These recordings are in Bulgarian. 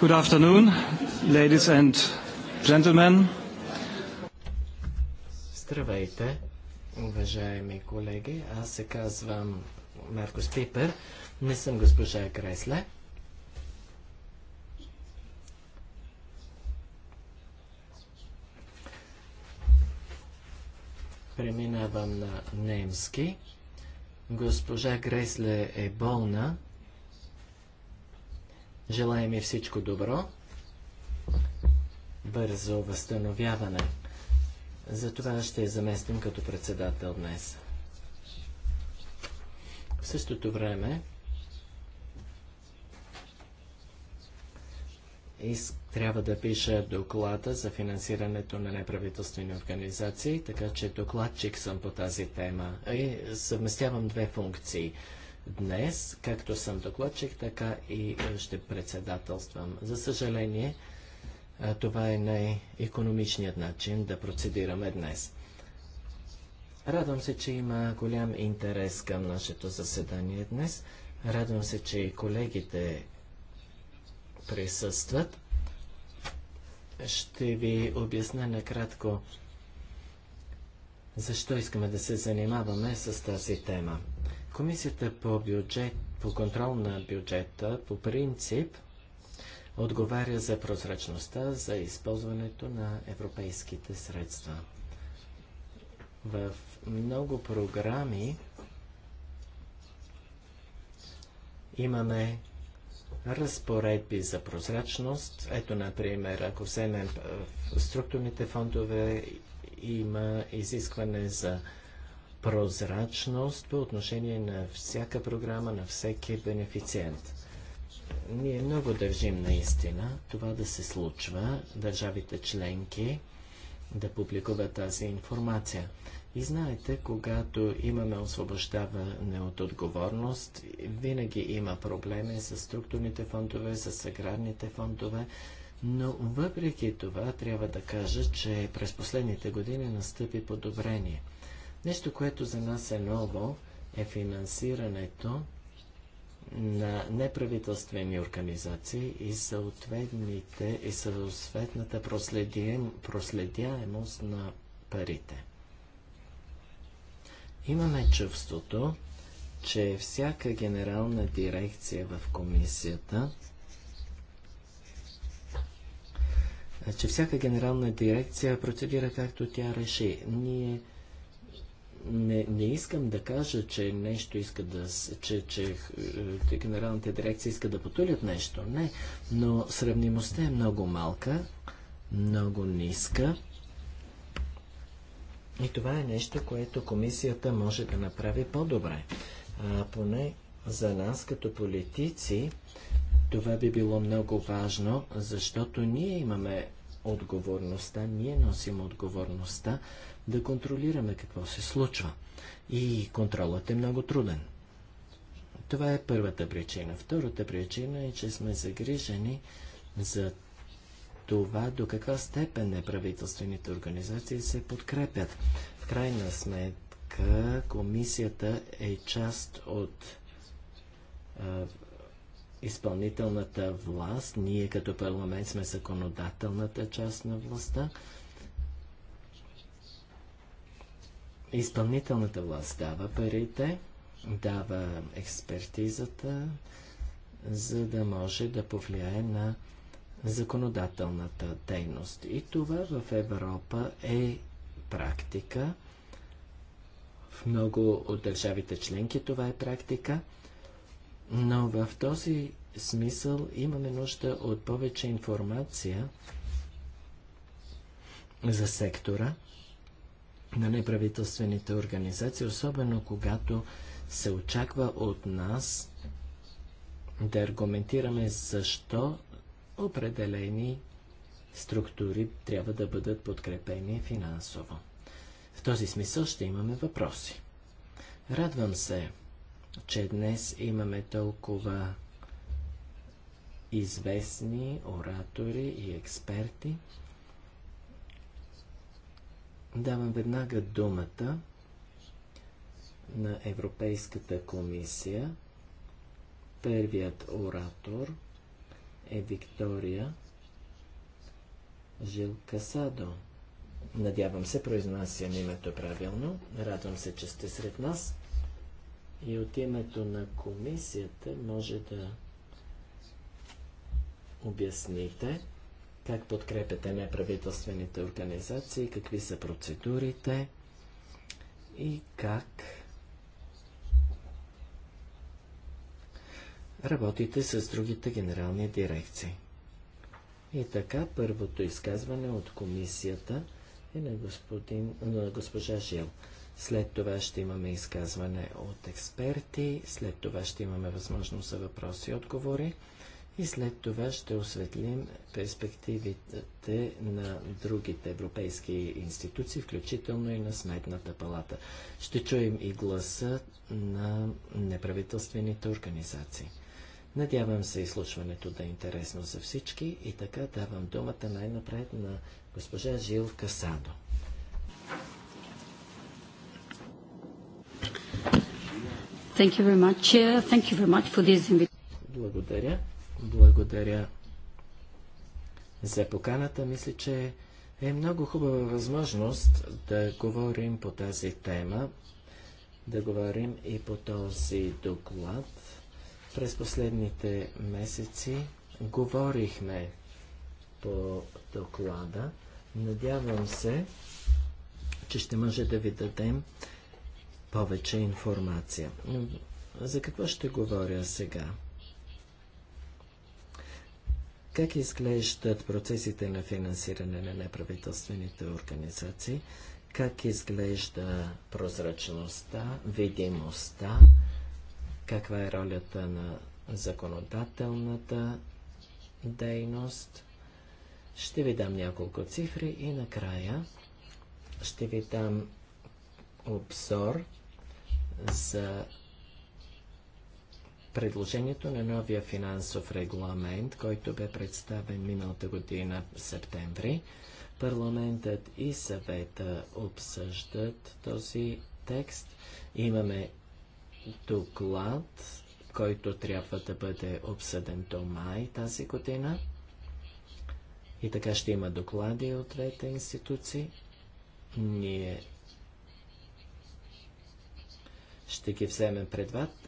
Good afternoon, ladies and gentlemen. Здравейте, уважаеми колеги. Аз се казвам Маркус Пипер. Не съм госпожа Кресле. Преминавам на немски. Госпожа Гресле е болна Желаем и всичко добро. Бързо възстановяване. За това ще я заместим като председател днес. В същото време трябва да пиша доклада за финансирането на неправителствени организации, така че докладчик съм по тази тема. И е, съвместявам две функции – днес, както съм докладчик, така и е, ще председателствам. За съжаление, е, това е най-економичният начин да процедираме днес. Радвам се, че има голям интерес към нашето заседание днес. Радвам се, че и колегите присъстват. Ще ви обясня накратко защо искаме да се занимаваме с тази тема. Комисията по, бюджет, по контрол на бюджета по принцип отговаря за прозрачността, за използването на европейските средства. В много програми имаме разпоредби за прозрачност. Ето, например, ако вземем структурните фондове, има изискване за прозрачност по отношение на всяка програма, на всеки бенефициент. Ние много държим наистина това да се случва, държавите членки да публикуват тази информация. И знаете, когато имаме освобождаване от отговорност, винаги има проблеми с структурните фондове, с аграрните фондове, но въпреки това трябва да кажа, че през последните години настъпи подобрение – Нещо, което за нас е ново, е финансирането на неправителствени организации и съответните и съответната проследим, проследяемост на парите. Имаме чувството, че всяка генерална дирекция в комисията че всяка генерална дирекция процедира както тя реши. Ние не, не искам да кажа, че нещо иска да. че, че е, генералната дирекция иска да потулят нещо. Не, но сравнимостта е много малка, много ниска. И това е нещо, което комисията може да направи по-добре. А, поне за нас като политици това би било много важно, защото ние имаме отговорността, ние носим отговорността да контролираме какво се случва. И контролът е много труден. Това е първата причина. Втората причина е, че сме загрижени за това до каква степен неправителствените организации се подкрепят. В крайна сметка комисията е част от а, изпълнителната власт. Ние като парламент сме законодателната част на властта. изпълнителната власт дава парите, дава експертизата, за да може да повлияе на законодателната дейност. И това в Европа е практика. В много от държавите членки това е практика. Но в този смисъл имаме нужда от повече информация за сектора, на неправителствените организации, особено когато се очаква от нас да аргументираме защо определени структури трябва да бъдат подкрепени финансово. В този смисъл ще имаме въпроси. Радвам се, че днес имаме толкова известни оратори и експерти, Давам веднага думата на Европейската комисия. Първият оратор е Виктория Касадо. Надявам се, произнасям името правилно. Радвам се, че сте сред нас. И от името на комисията може да обясните как подкрепяте неправителствените организации? Какви са процедурите? И как работите с другите генерални дирекции? И така, първото изказване от комисията е на, господин, на госпожа Жил. След това ще имаме изказване от експерти, след това ще имаме възможност за въпроси и отговори и след това ще осветлим перспективите на другите европейски институции, включително и на Сметната палата. Ще чуем и гласа на неправителствените организации. Надявам се изслушването да е интересно за всички и така давам думата най-напред на госпожа Жил Касадо. Thank you very much. Thank you very much for this invitation. Благодаря. Благодаря за поканата. Мисля, че е много хубава възможност да говорим по тази тема, да говорим и по този доклад. През последните месеци говорихме по доклада. Надявам се, че ще може да ви дадем повече информация. За какво ще говоря сега? Как изглеждат процесите на финансиране на неправителствените организации? Как изглежда прозрачността, видимостта? Каква е ролята на законодателната дейност? Ще ви дам няколко цифри и накрая ще ви дам обзор за предложението на новия финансов регламент, който бе представен миналата година в септември. Парламентът и съвета обсъждат този текст. Имаме доклад, който трябва да бъде обсъден до май тази година. И така ще има доклади от двете институции. Ние ще ги вземем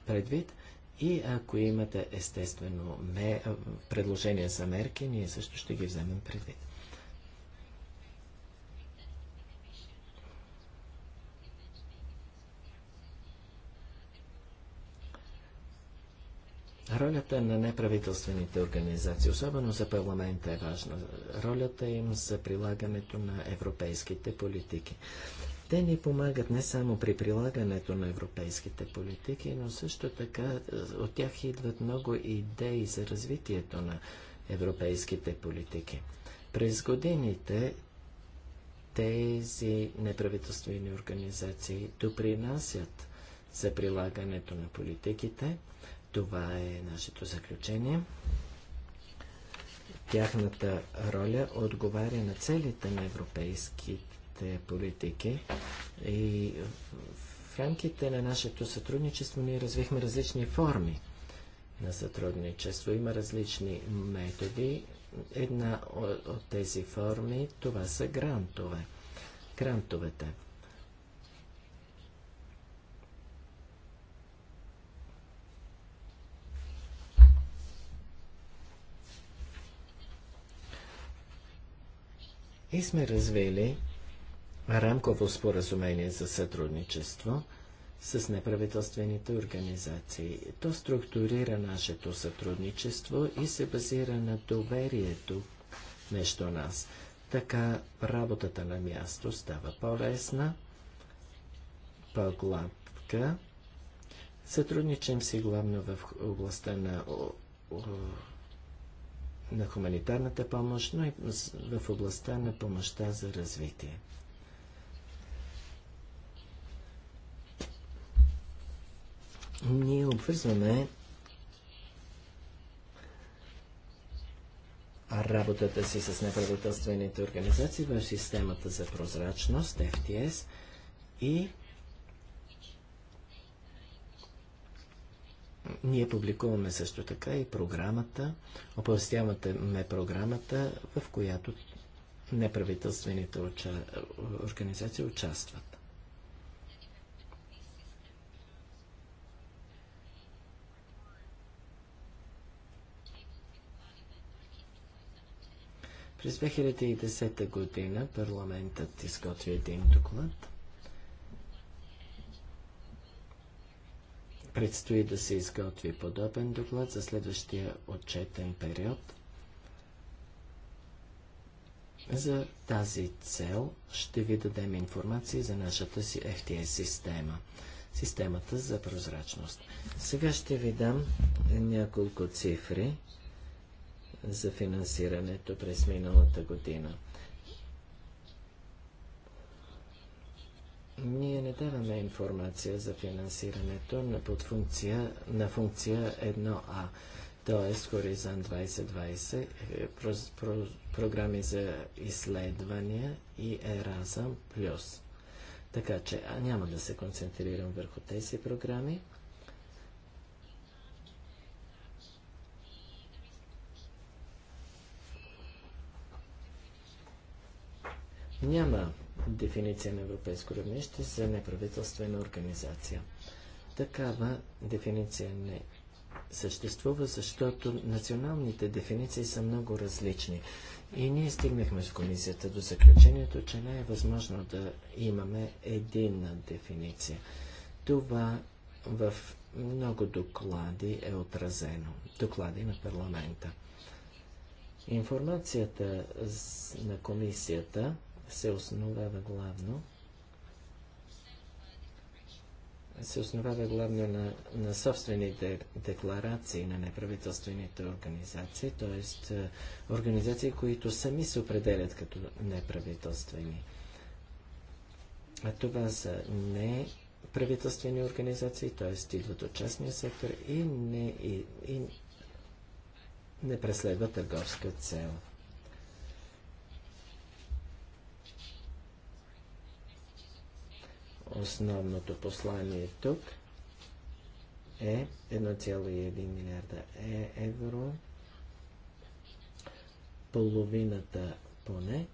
предвид и ако имате естествено ме, предложения за мерки, ние също ще ги вземем предвид. Ролята на неправителствените организации, особено за парламента, е важна. Ролята им за прилагането на европейските политики. Те ни помагат не само при прилагането на европейските политики, но също така е, от тях идват много идеи за развитието на европейските политики. През годините тези неправителствени организации допринасят за прилагането на политиките. Това е нашето заключение. Тяхната роля отговаря на целите на европейските нашите политики и в рамките на нашето сътрудничество ние развихме различни форми на сътрудничество. Има различни методи. Една от тези форми, това са грантове. Грантовете. И сме развили рамково споразумение за сътрудничество с неправителствените организации. То структурира нашето сътрудничество и се базира на доверието между нас. Така работата на място става по-лесна, по-гладка. Сътрудничим си главно в областта на, на хуманитарната помощ, но и в областта на помощта за развитие. Ние обвързваме работата си с неправителствените организации в системата за прозрачност, FTS и Ние публикуваме също така и програмата, оповестяваме програмата, в която неправителствените организации участват. През 2010 година парламентът изготви един доклад. Предстои да се изготви подобен доклад за следващия отчетен период. За тази цел ще ви дадем информация за нашата си FTS система системата за прозрачност. Сега ще ви дам няколко цифри за финансирането през миналата година. Ние не даваме информация за финансирането на подфункция на функция 1А, т.е. Хоризонт 2020, е, про, про, програми за изследвания и Erasmus+. Плюс. Така че няма да се концентрирам върху тези програми. Няма дефиниция на европейско равнище за неправителствена организация. Такава дефиниция не съществува, защото националните дефиниции са много различни. И ние стигнахме с комисията до заключението, че не е възможно да имаме единна дефиниция. Това в много доклади е отразено. Доклади на парламента. Информацията на комисията се основава главно се основава главно на, на собствените декларации на неправителствените организации, т.е. организации, които сами се определят като неправителствени. А това са не правителствени организации, т.е. идват от частния сектор и не, и, и не преследват търговска цел. Основното послание тук е 1,1 милиарда е евро, половината поне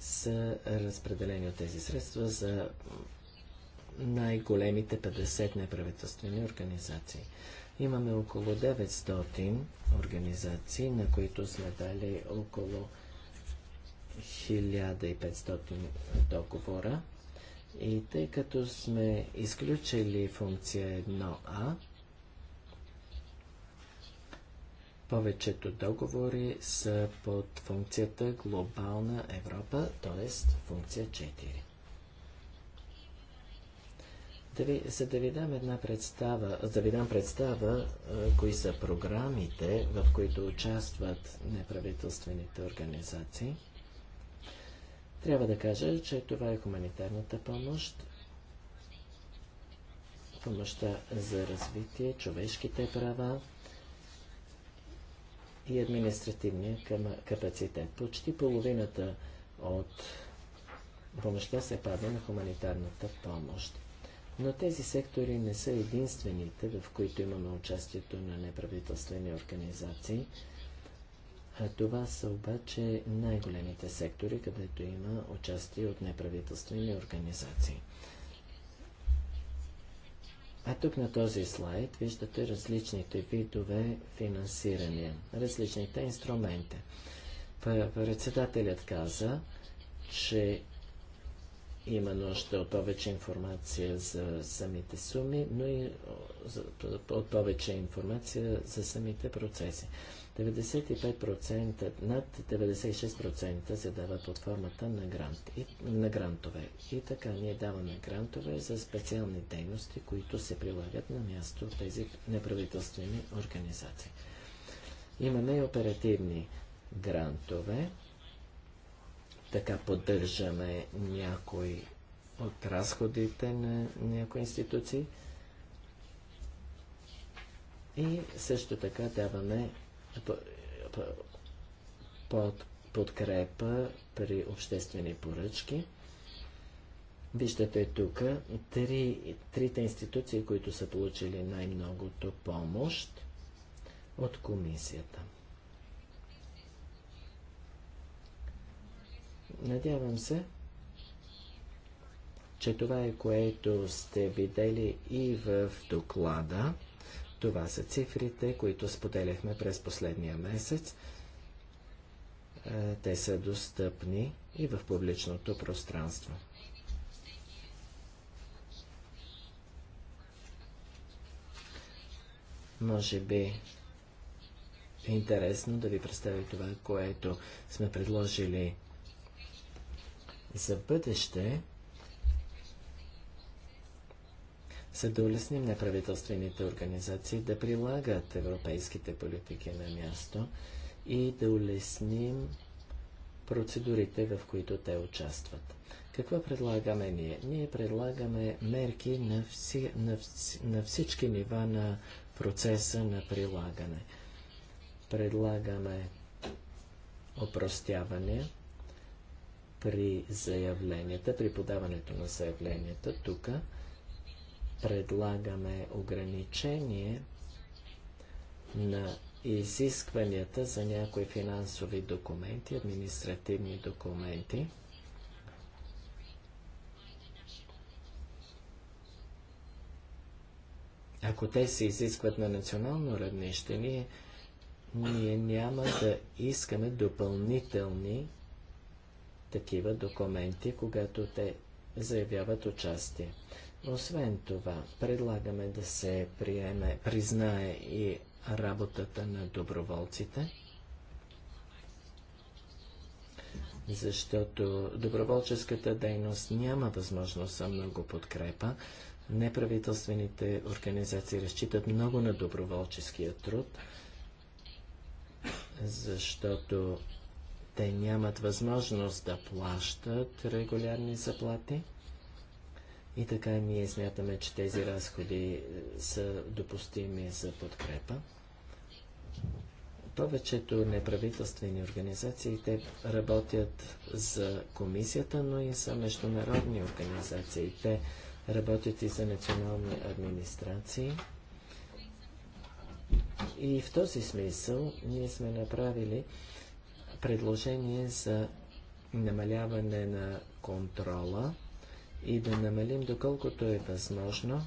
са разпределени от тези средства за най-големите 50 неправителствени организации. Имаме около 900 организации, на които сме дали около 1500 договора. И тъй като сме изключили функция 1а, повечето договори са под функцията Глобална Европа, т.е. функция 4. Да ви, за да ви дам една представа, да ви дам представа, е, кои са програмите, в които участват неправителствените организации – трябва да кажа, че това е хуманитарната помощ, помощта за развитие, човешките права и административния капацитет. Почти половината от помощта се пада на хуманитарната помощ. Но тези сектори не са единствените, в които имаме участието на неправителствени организации – това са обаче най-големите сектори, където има участие от неправителствени организации. А тук на този слайд виждате различните видове финансирания, различните инструменти. Председателят каза, че има нужда от повече информация за самите суми, но и от повече информация за самите процеси. 95%, над 96% се дава под формата на, грант, и, на грантове. И така ние даваме грантове за специални дейности, които се прилагат на място от тези неправителствени организации. Имаме и оперативни грантове, така поддържаме някои от разходите на някои институции. И също така даваме под подкрепа при обществени поръчки. Виждате тук три, трите институции, които са получили най-многото помощ от комисията. Надявам се, че това е което сте видели и в доклада. Това са цифрите, които споделяхме през последния месец. Е, те са достъпни и в публичното пространство. Може би е интересно да ви представя това, което сме предложили за бъдеще, са да улесним неправителствените организации да прилагат европейските политики на място и да улесним процедурите, в които те участват. Какво предлагаме ние? Ние предлагаме мерки на, вси, на, вси, на всички нива на процеса на прилагане. Предлагаме опростяване при заявленията, при подаването на заявленията. Тук предлагаме ограничение на изискванията за някои финансови документи, административни документи. Ако те се изискват на национално равнище, ние, ние няма да искаме допълнителни такива документи, когато те заявяват участие. Освен това, предлагаме да се приеме, признае и работата на доброволците, защото доброволческата дейност няма възможност за много подкрепа. Неправителствените организации разчитат много на доброволческия труд, защото те нямат възможност да плащат регулярни заплати. И така ние смятаме, че тези разходи е, са допустими за подкрепа. Повечето неправителствени организации, те работят за комисията, но и за международни организации. Те работят и за национални администрации. И в този смисъл ние сме направили предложение за намаляване на контрола и да намалим доколкото е възможно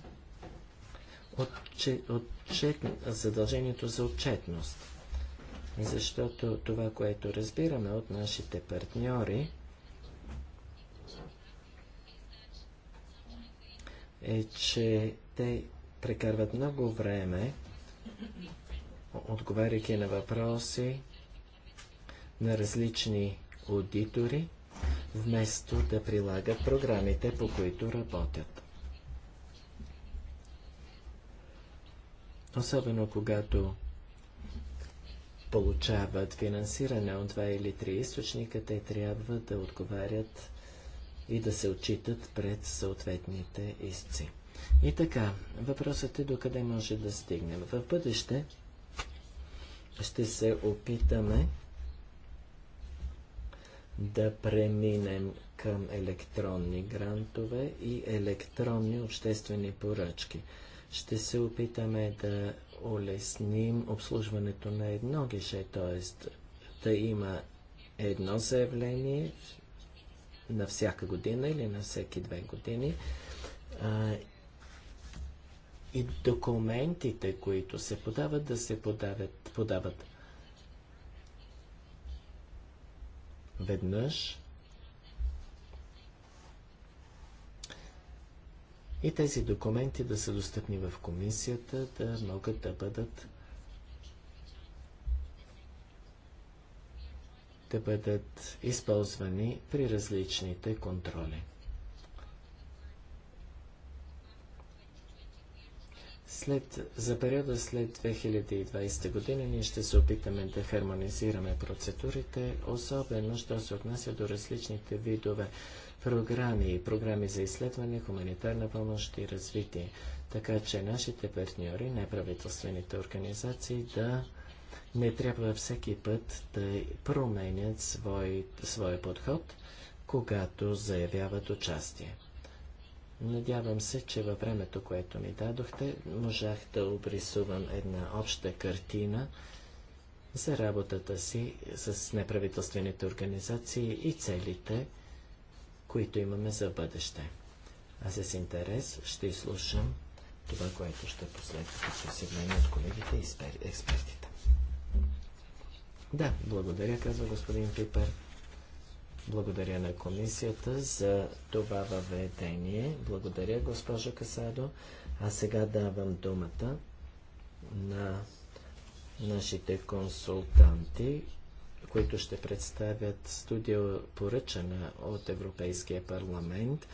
отчет, отчет, задължението за отчетност. Защото това, което разбираме от нашите партньори, е, че те прекарват много време, отговаряйки на въпроси, на различни аудитори, вместо да прилагат програмите, по които работят. Особено когато получават финансиране от два или три източника, те трябва да отговарят и да се отчитат пред съответните изци. И така, въпросът е докъде може да стигнем. В бъдеще ще се опитаме да преминем към електронни грантове и електронни обществени поръчки. Ще се опитаме да улесним обслужването на едно гише, т.е. да има едно заявление на всяка година или на всеки две години. и документите, които се подават, да се подават, подават веднъж. И тези документи да са достъпни в комисията, да могат да бъдат да бъдат използвани при различните контроли. След, за периода след 2020 година ние ще се опитаме да хармонизираме процедурите, особено що се отнася до различните видове програми, програми за изследване, хуманитарна помощ и развитие, така че нашите партньори, неправителствените организации да не трябва всеки път да променят свой, своя подход, когато заявяват участие. Надявам се, че във времето, което ми дадохте, можах да обрисувам една обща картина за работата си с неправителствените организации и целите, които имаме за бъдеще. А с интерес ще изслушам това, което ще последва се изявление от колегите и експертите. Да, благодаря, казва господин Пипер. Благодаря на комисията за това въведение. Благодаря, госпожо Касадо. А сега давам думата на нашите консултанти, които ще представят студия поръчана от Европейския парламент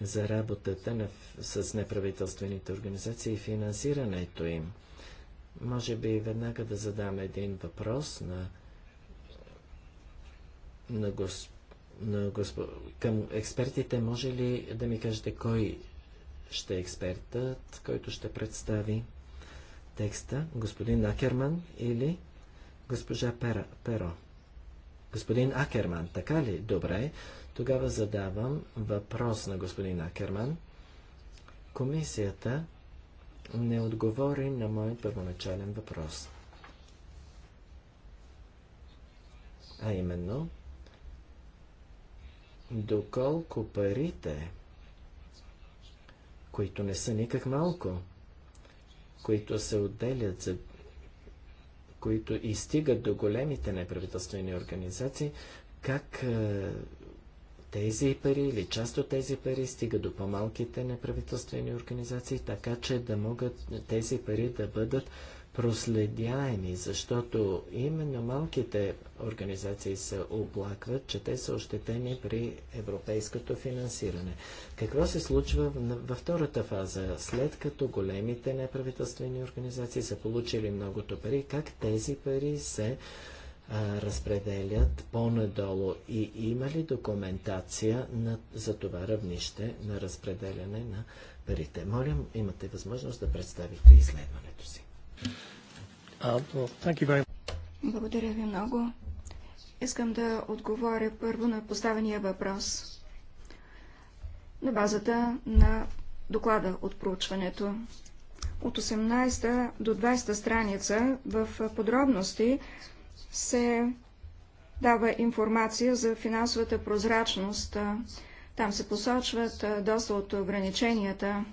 за работата на, с неправителствените организации и финансирането им. Може би веднага да задам един въпрос на, на господин на госпо... към експертите, може ли да ми кажете кой ще е експертът, който ще представи текста? Господин Акерман или госпожа Пера... Перо? Господин Акерман, така ли? Добре. Тогава задавам въпрос на господин Акерман. Комисията не отговори на моят първоначален въпрос. А именно, доколко парите, които не са никак малко, които се отделят за които и стигат до големите неправителствени организации, как е, тези пари или част от тези пари стигат до по-малките неправителствени организации, така че да могат тези пари да бъдат проследяеми, защото именно малките организации се облакват, че те са ощетени при европейското финансиране. Какво се случва във втората фаза, след като големите неправителствени организации са получили многото пари, как тези пари се а, разпределят по-надолу и има ли документация на, за това равнище на разпределяне на парите? Моля, имате възможност да представите изследването си. Uh, Благодаря ви много. Искам да отговоря първо на поставения въпрос на базата на доклада от проучването. От 18 до 20 страница в подробности се дава информация за финансовата прозрачност. Там се посочват доста от ограниченията.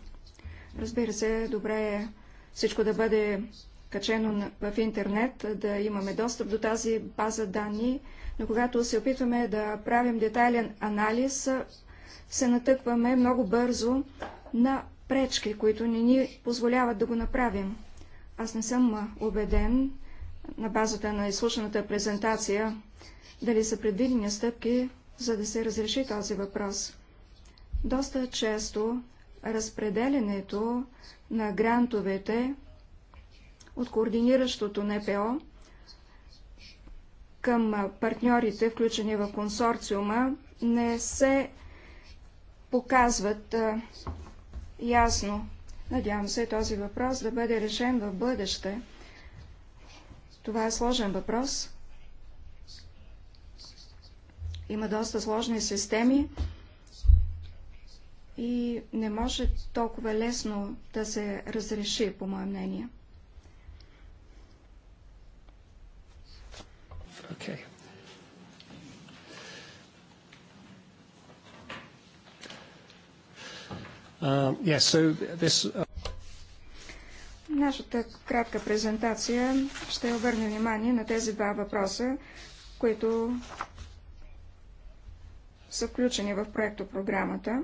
Разбира се, добре е всичко да бъде качено в интернет, да имаме достъп до тази база данни, но когато се опитваме да правим детайлен анализ, се натъкваме много бързо на пречки, които не ни позволяват да го направим. Аз не съм убеден на базата на изслушаната презентация дали са предвидени стъпки, за да се разреши този въпрос. Доста често разпределенето на грантовете от координиращото НПО към партньорите, включени в консорциума, не се показват ясно. Надявам се този въпрос да бъде решен в бъдеще. Това е сложен въпрос. Има доста сложни системи, и не може толкова лесно да се разреши, по мое мнение. Okay. Uh, yeah, so this... Uh, Нашата кратка презентация ще обърне внимание на тези два въпроса, които са включени в проекто програмата.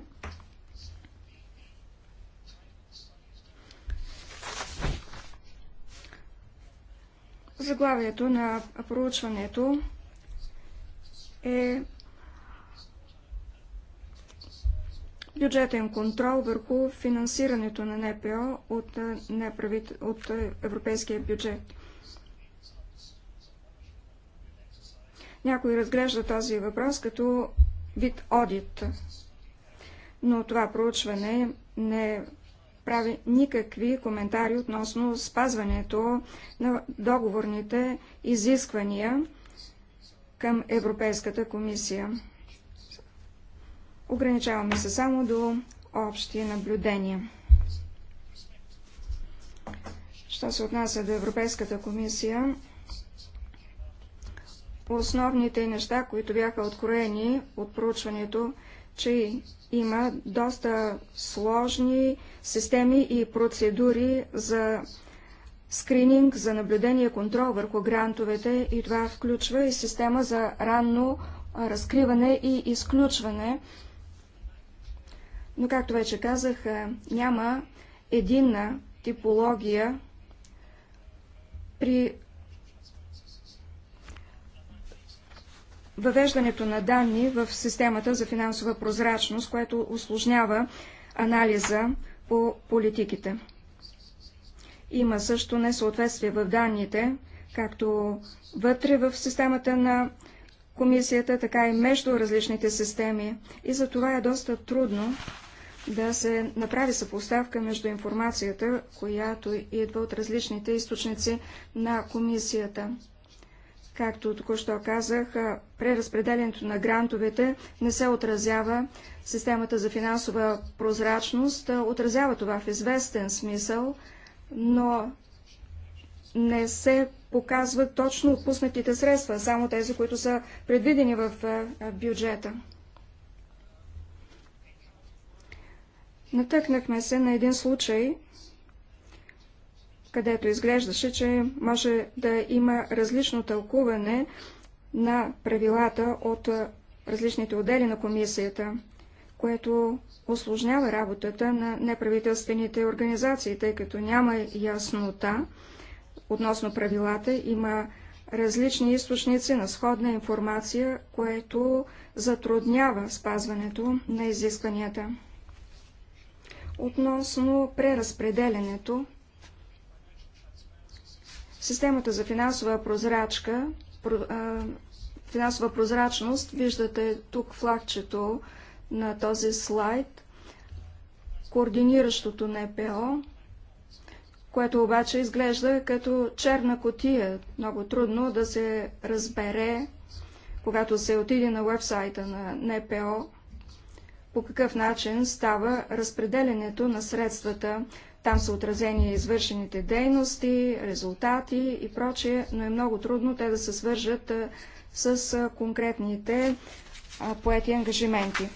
Заглавието на проучването е бюджетен контрол върху финансирането на НПО от, неправит... от европейския бюджет. Някой разглежда този въпрос като вид одит, но това проучване не прави никакви коментари относно спазването на договорните изисквания към Европейската комисия. Ограничаваме се само до общи наблюдения. Що се отнася до Европейската комисия, основните неща, които бяха откроени от проучването, че има доста сложни системи и процедури за скрининг, за наблюдение и контрол върху грантовете и това включва и система за ранно разкриване и изключване. Но, както вече казах, няма единна типология при въвеждането на данни в системата за финансова прозрачност, което осложнява анализа по политиките. Има също несъответствие в данните, както вътре в системата на комисията, така и между различните системи. И за това е доста трудно да се направи съпоставка между информацията, която идва от различните източници на комисията. Както току-що казах, преразпределението на грантовете не се отразява. Системата за финансова прозрачност отразява това в известен смисъл, но не се показват точно отпуснатите средства, само тези, които са предвидени в бюджета. Натъкнахме се на един случай, където изглеждаше, че може да има различно тълкуване на правилата от различните отдели на комисията, което осложнява работата на неправителствените организации, тъй като няма яснота относно правилата, има различни източници на сходна информация, което затруднява спазването на изискванията. Относно преразпределенето, Системата за финансова прозрачка, про, а, финансова прозрачност, виждате тук флагчето на този слайд, координиращото НПО, което обаче изглежда като черна котия. Много трудно да се разбере, когато се отиде на вебсайта на НПО, по какъв начин става разпределенето на средствата. Там са отразени извършените дейности, резултати и прочее, но е много трудно те да се свържат с конкретните поети ангажименти.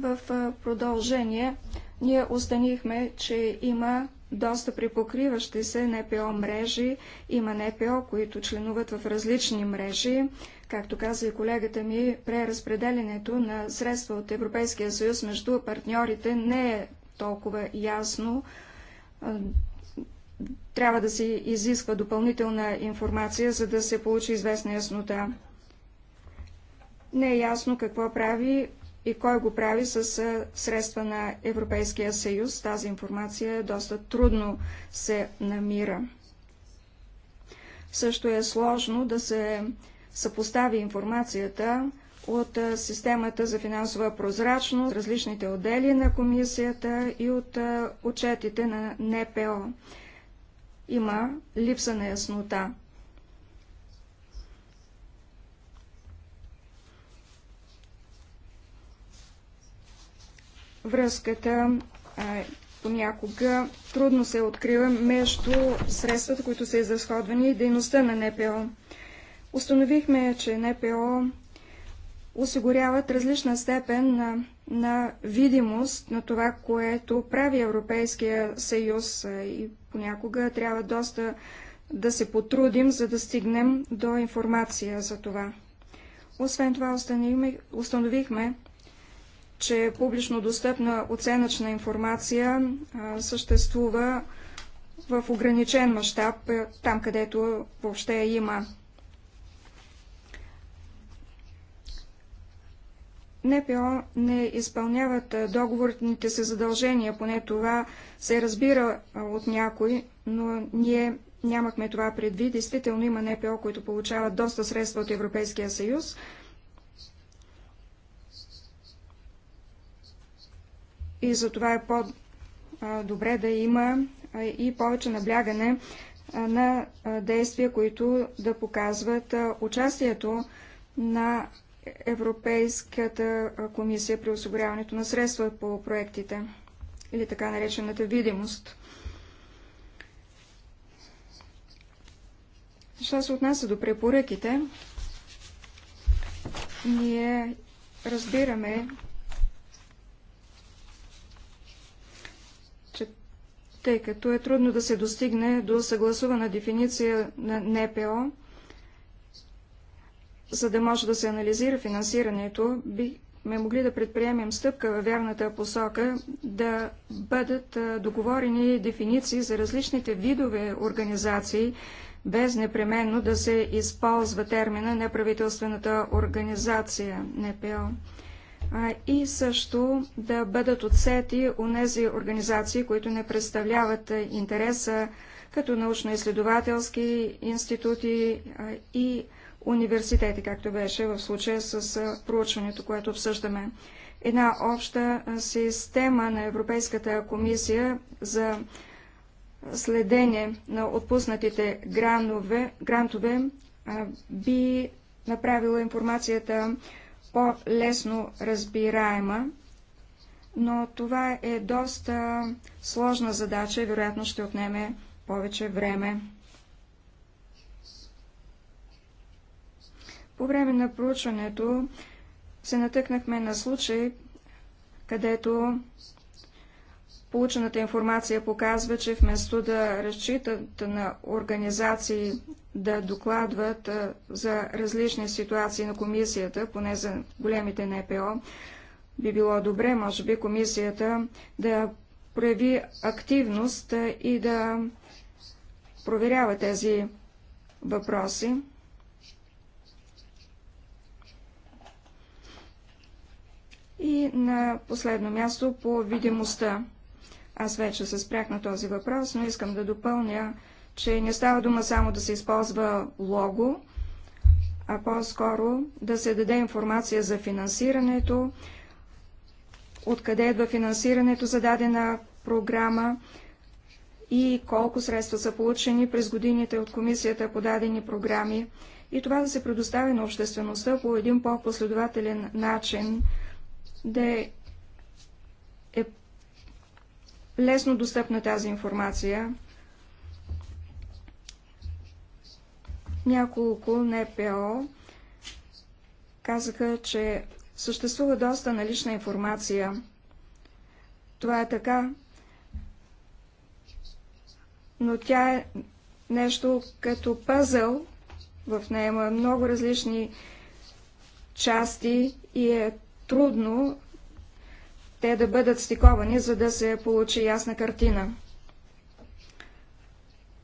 В продължение ние устанихме, че има доста припокриващи се НПО мрежи. Има НПО, които членуват в различни мрежи. Както каза и колегата ми, преразпределенето на средства от Европейския съюз между партньорите не е толкова ясно. Трябва да се изисква допълнителна информация, за да се получи известна яснота. Не е ясно какво прави и кой го прави с средства на Европейския съюз. Тази информация доста трудно се намира. Също е сложно да се съпостави информацията от системата за финансова прозрачност, различните отдели на комисията и от отчетите на НПО. Има липса на яснота. Връзката понякога трудно се открива между средствата, които са изразходвани и дейността на НПО. Установихме, че НПО осигуряват различна степен на, на видимост на това, което прави Европейския съюз и понякога трябва доста да се потрудим, за да стигнем до информация за това. Освен това установихме, че публично достъпна оценъчна информация а, съществува в ограничен мащаб, там където въобще има НПО не изпълняват договорните си задължения, поне това се разбира от някой, но ние нямахме това предвид. Действително има НПО, които получават доста средства от Европейския съюз. И за това е по-добре да има и повече наблягане на действия, които да показват участието на Европейската комисия при осигуряването на средства по проектите или така наречената видимост. Що се отнася до препоръките, ние разбираме, че тъй като е трудно да се достигне до съгласувана дефиниция на НПО, за да може да се анализира финансирането, бихме могли да предприемем стъпка във вярната посока да бъдат договорени дефиниции за различните видове организации, без непременно да се използва термина неправителствената организация НПО. И също да бъдат отсети у нези организации, които не представляват интереса като научно-изследователски институти и университети, както беше в случая с проучването, което обсъждаме. Една обща система на Европейската комисия за следене на отпуснатите гранове, грантове би направила информацията по-лесно разбираема, но това е доста сложна задача и вероятно ще отнеме повече време. По време на проучването се натъкнахме на случай, където получената информация показва, че вместо да разчитат на организации да докладват за различни ситуации на комисията, поне за големите НПО, би било добре, може би, комисията да прояви активност и да проверява тези въпроси. И на последно място по видимостта. Аз вече се спрях на този въпрос, но искам да допълня, че не става дума само да се използва лого, а по-скоро да се даде информация за финансирането, откъде идва финансирането за дадена програма, и колко средства са получени през годините от комисията по дадени програми и това да се предостави на обществеността по един по-последователен начин, да е, е лесно достъпна тази информация. Няколко НПО казаха, че съществува доста налична информация. Това е така, но тя е нещо като пъзъл. В нея има много различни части и е трудно те да бъдат стиковани, за да се получи ясна картина.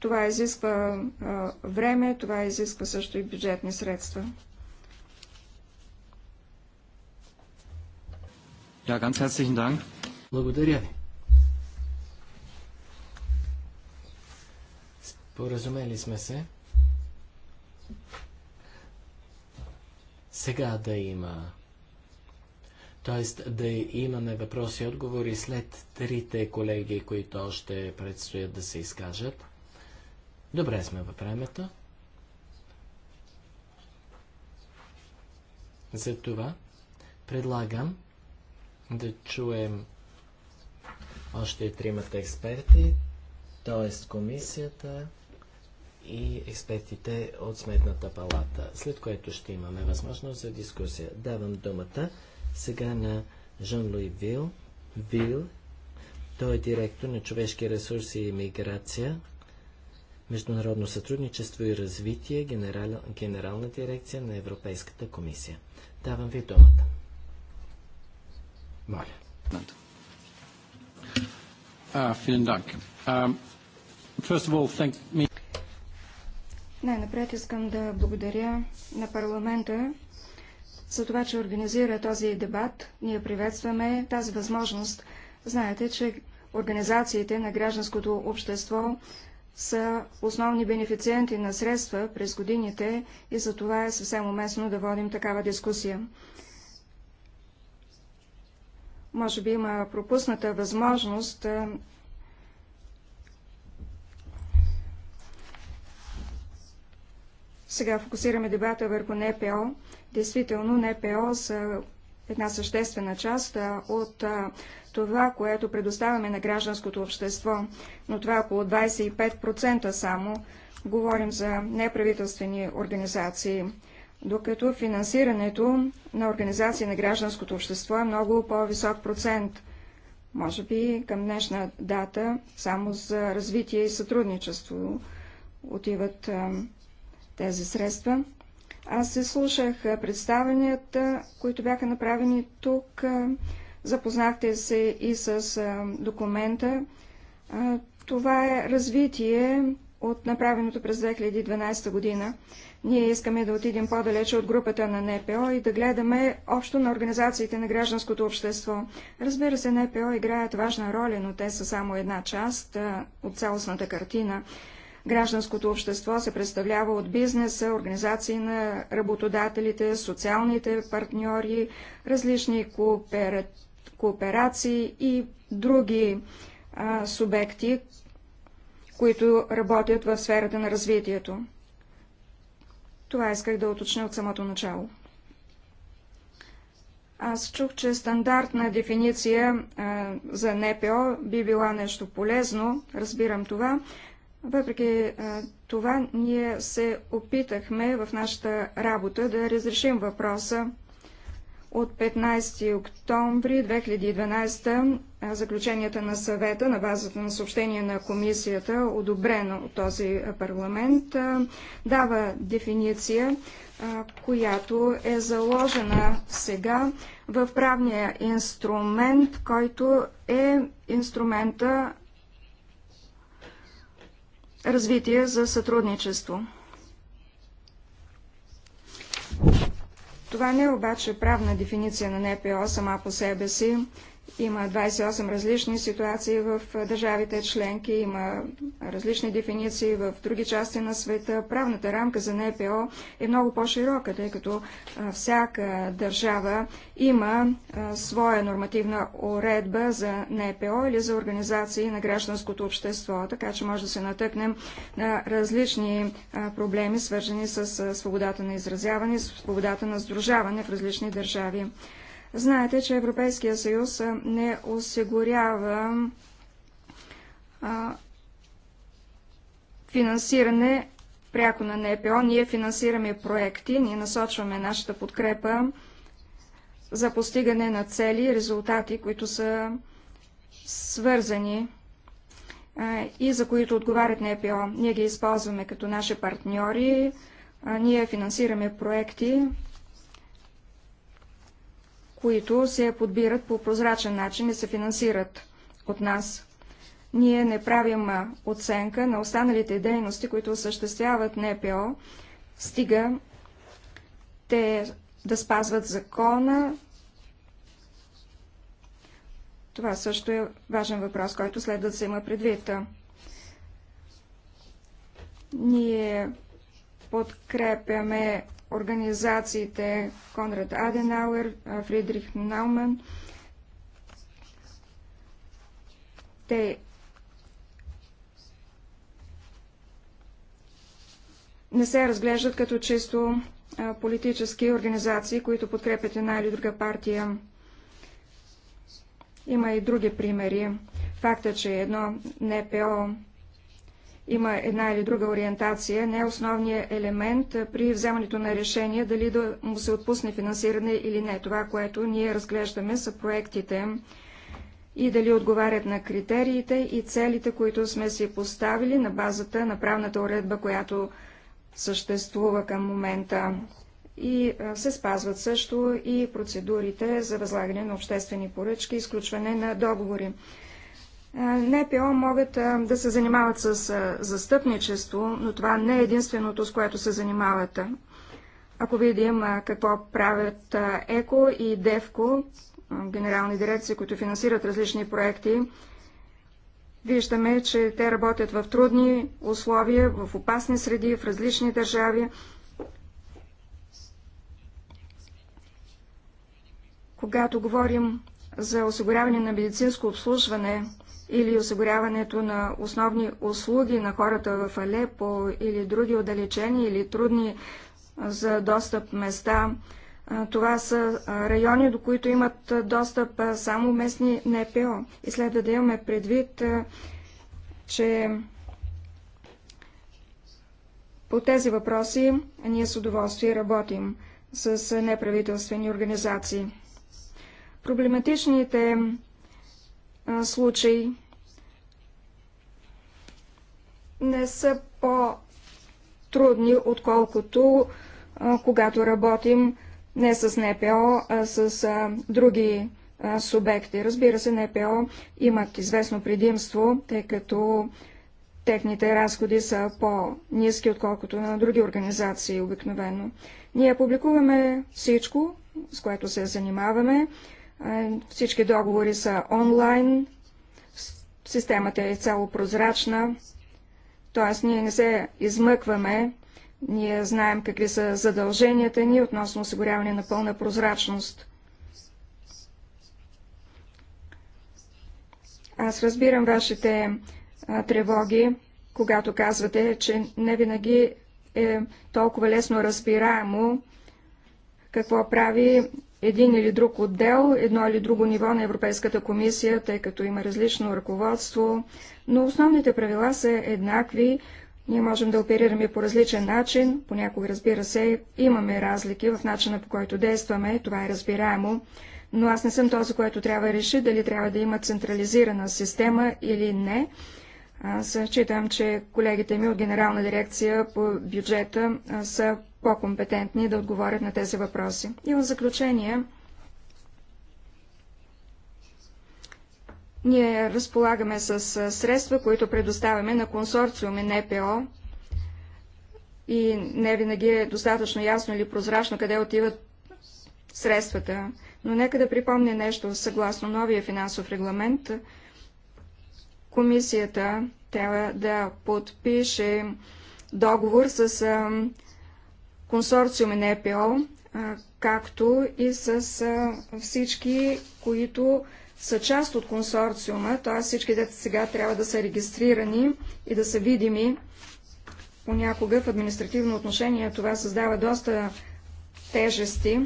Това изисква а, време, това изисква също и бюджетни средства. Благодаря ви. Поразумели сме се сега да има т.е. да имаме въпроси и отговори след трите колеги, които още предстоят да се изкажат. Добре сме във времето. Затова предлагам да чуем още тримата експерти, т.е. комисията, и експертите от Сметната палата, след което ще имаме възможност за дискусия. Давам думата сега на Жан-Луи Вил. Вил, той е директор на човешки ресурси и миграция, международно сътрудничество и развитие, генерал, генерална дирекция на Европейската комисия. Давам ви думата. Моля. Uh, vielen Dank. Um, first of all, thank me. Най-напред искам да благодаря на парламента за това, че организира този дебат. Ние приветстваме тази възможност. Знаете, че организациите на гражданското общество са основни бенефициенти на средства през годините и за това е съвсем уместно да водим такава дискусия. Може би има пропусната възможност Сега фокусираме дебата върху НПО. Действително, НПО са една съществена част от това, което предоставяме на гражданското общество, но това е около 25% само. Говорим за неправителствени организации, докато финансирането на организации на гражданското общество е много по-висок процент. Може би към днешна дата само за развитие и сътрудничество отиват тези средства. Аз се слушах представенията, които бяха направени тук. Запознахте се и с документа. Това е развитие от направеното през 2012 година. Ние искаме да отидем по-далече от групата на НПО и да гледаме общо на организациите на гражданското общество. Разбира се, НПО играят важна роля, но те са само една част от цялостната картина. Гражданското общество се представлява от бизнеса, организации на работодателите, социалните партньори, различни коопера... кооперации и други а, субекти, които работят в сферата на развитието. Това исках да уточня от самото начало. Аз чух, че стандартна дефиниция а, за НПО би била нещо полезно, разбирам това, въпреки е, това, ние се опитахме в нашата работа да разрешим въпроса от 15 октомври 2012 е, заключенията на съвета на базата на съобщение на комисията, одобрено от този парламент, е, дава дефиниция, която е заложена сега в правния инструмент, който е инструмента развитие за сътрудничество. Това не е обаче правна дефиниция на НПО сама по себе си. Има 28 различни ситуации в държавите членки, има различни дефиниции в други части на света. Правната рамка за НПО е много по-широка, тъй като всяка държава има своя нормативна уредба за НПО или за организации на гражданското общество, така че може да се натъкнем на различни проблеми, свързани с свободата на изразяване, свободата на сдружаване в различни държави. Знаете, че Европейския съюз не осигурява а, финансиране пряко на НПО. Ние финансираме проекти, ние насочваме нашата подкрепа за постигане на цели и резултати, които са свързани а, и за които отговарят НПО. Ние ги използваме като наши партньори, а, ние финансираме проекти, които се подбират по прозрачен начин и се финансират от нас. Ние не правим оценка на останалите дейности, които осъществяват НПО, стига те да спазват закона. Това също е важен въпрос, който следва да се има предвид. Ние подкрепяме организациите Конрад Аденауер, Фридрих Науман. Те не се разглеждат като чисто политически организации, които подкрепят една или друга партия. Има и други примери. Факта, че едно НПО има една или друга ориентация, не е основният елемент при вземането на решение дали да му се отпусне финансиране или не. Това, което ние разглеждаме, са проектите и дали отговарят на критериите и целите, които сме си поставили на базата на правната уредба, която съществува към момента. И се спазват също и процедурите за възлагане на обществени поръчки изключване на договори. НПО могат да се занимават с застъпничество, но това не е единственото, с което се занимават. Ако видим какво правят ЕКО и ДЕВКО, генерални дирекции, които финансират различни проекти, виждаме, че те работят в трудни условия, в опасни среди, в различни държави. Когато говорим за осигуряване на медицинско обслужване или осигуряването на основни услуги на хората в Алепо или други отдалечени или трудни за достъп места. Това са райони, до които имат достъп само местни НПО. И следва да имаме предвид, че по тези въпроси ние с удоволствие работим с неправителствени организации. Проблематичните случаи не са по-трудни, отколкото когато работим не с НПО, а с а, други а, субекти. Разбира се, НПО имат известно предимство, тъй като техните разходи са по-низки, отколкото на други организации обикновено. Ние публикуваме всичко, с което се занимаваме. Всички договори са онлайн. Системата е цяло прозрачна. Т.е. ние не се измъкваме. Ние знаем какви са задълженията ни относно осигуряване на пълна прозрачност. Аз разбирам вашите а, тревоги, когато казвате, че не винаги е толкова лесно разбираемо какво прави един или друг отдел, едно или друго ниво на Европейската комисия, тъй като има различно ръководство, но основните правила са еднакви. Ние можем да оперираме по различен начин, понякога, разбира се, имаме разлики в начина по който действаме, това е разбираемо, но аз не съм този, който трябва да реши дали трябва да има централизирана система или не. Аз считам, че колегите ми от Генерална дирекция по бюджета са по-компетентни да отговорят на тези въпроси. И в заключение, ние разполагаме с средства, които предоставяме на консорциуми НПО и не винаги е достатъчно ясно или прозрачно къде отиват средствата. Но нека да припомня нещо съгласно новия финансов регламент. Комисията трябва да подпише договор с консорциуми на ЕПО, както и с всички, които са част от консорциума, т.е. всички деца сега трябва да са регистрирани и да са видими. Понякога в административно отношение това създава доста тежести,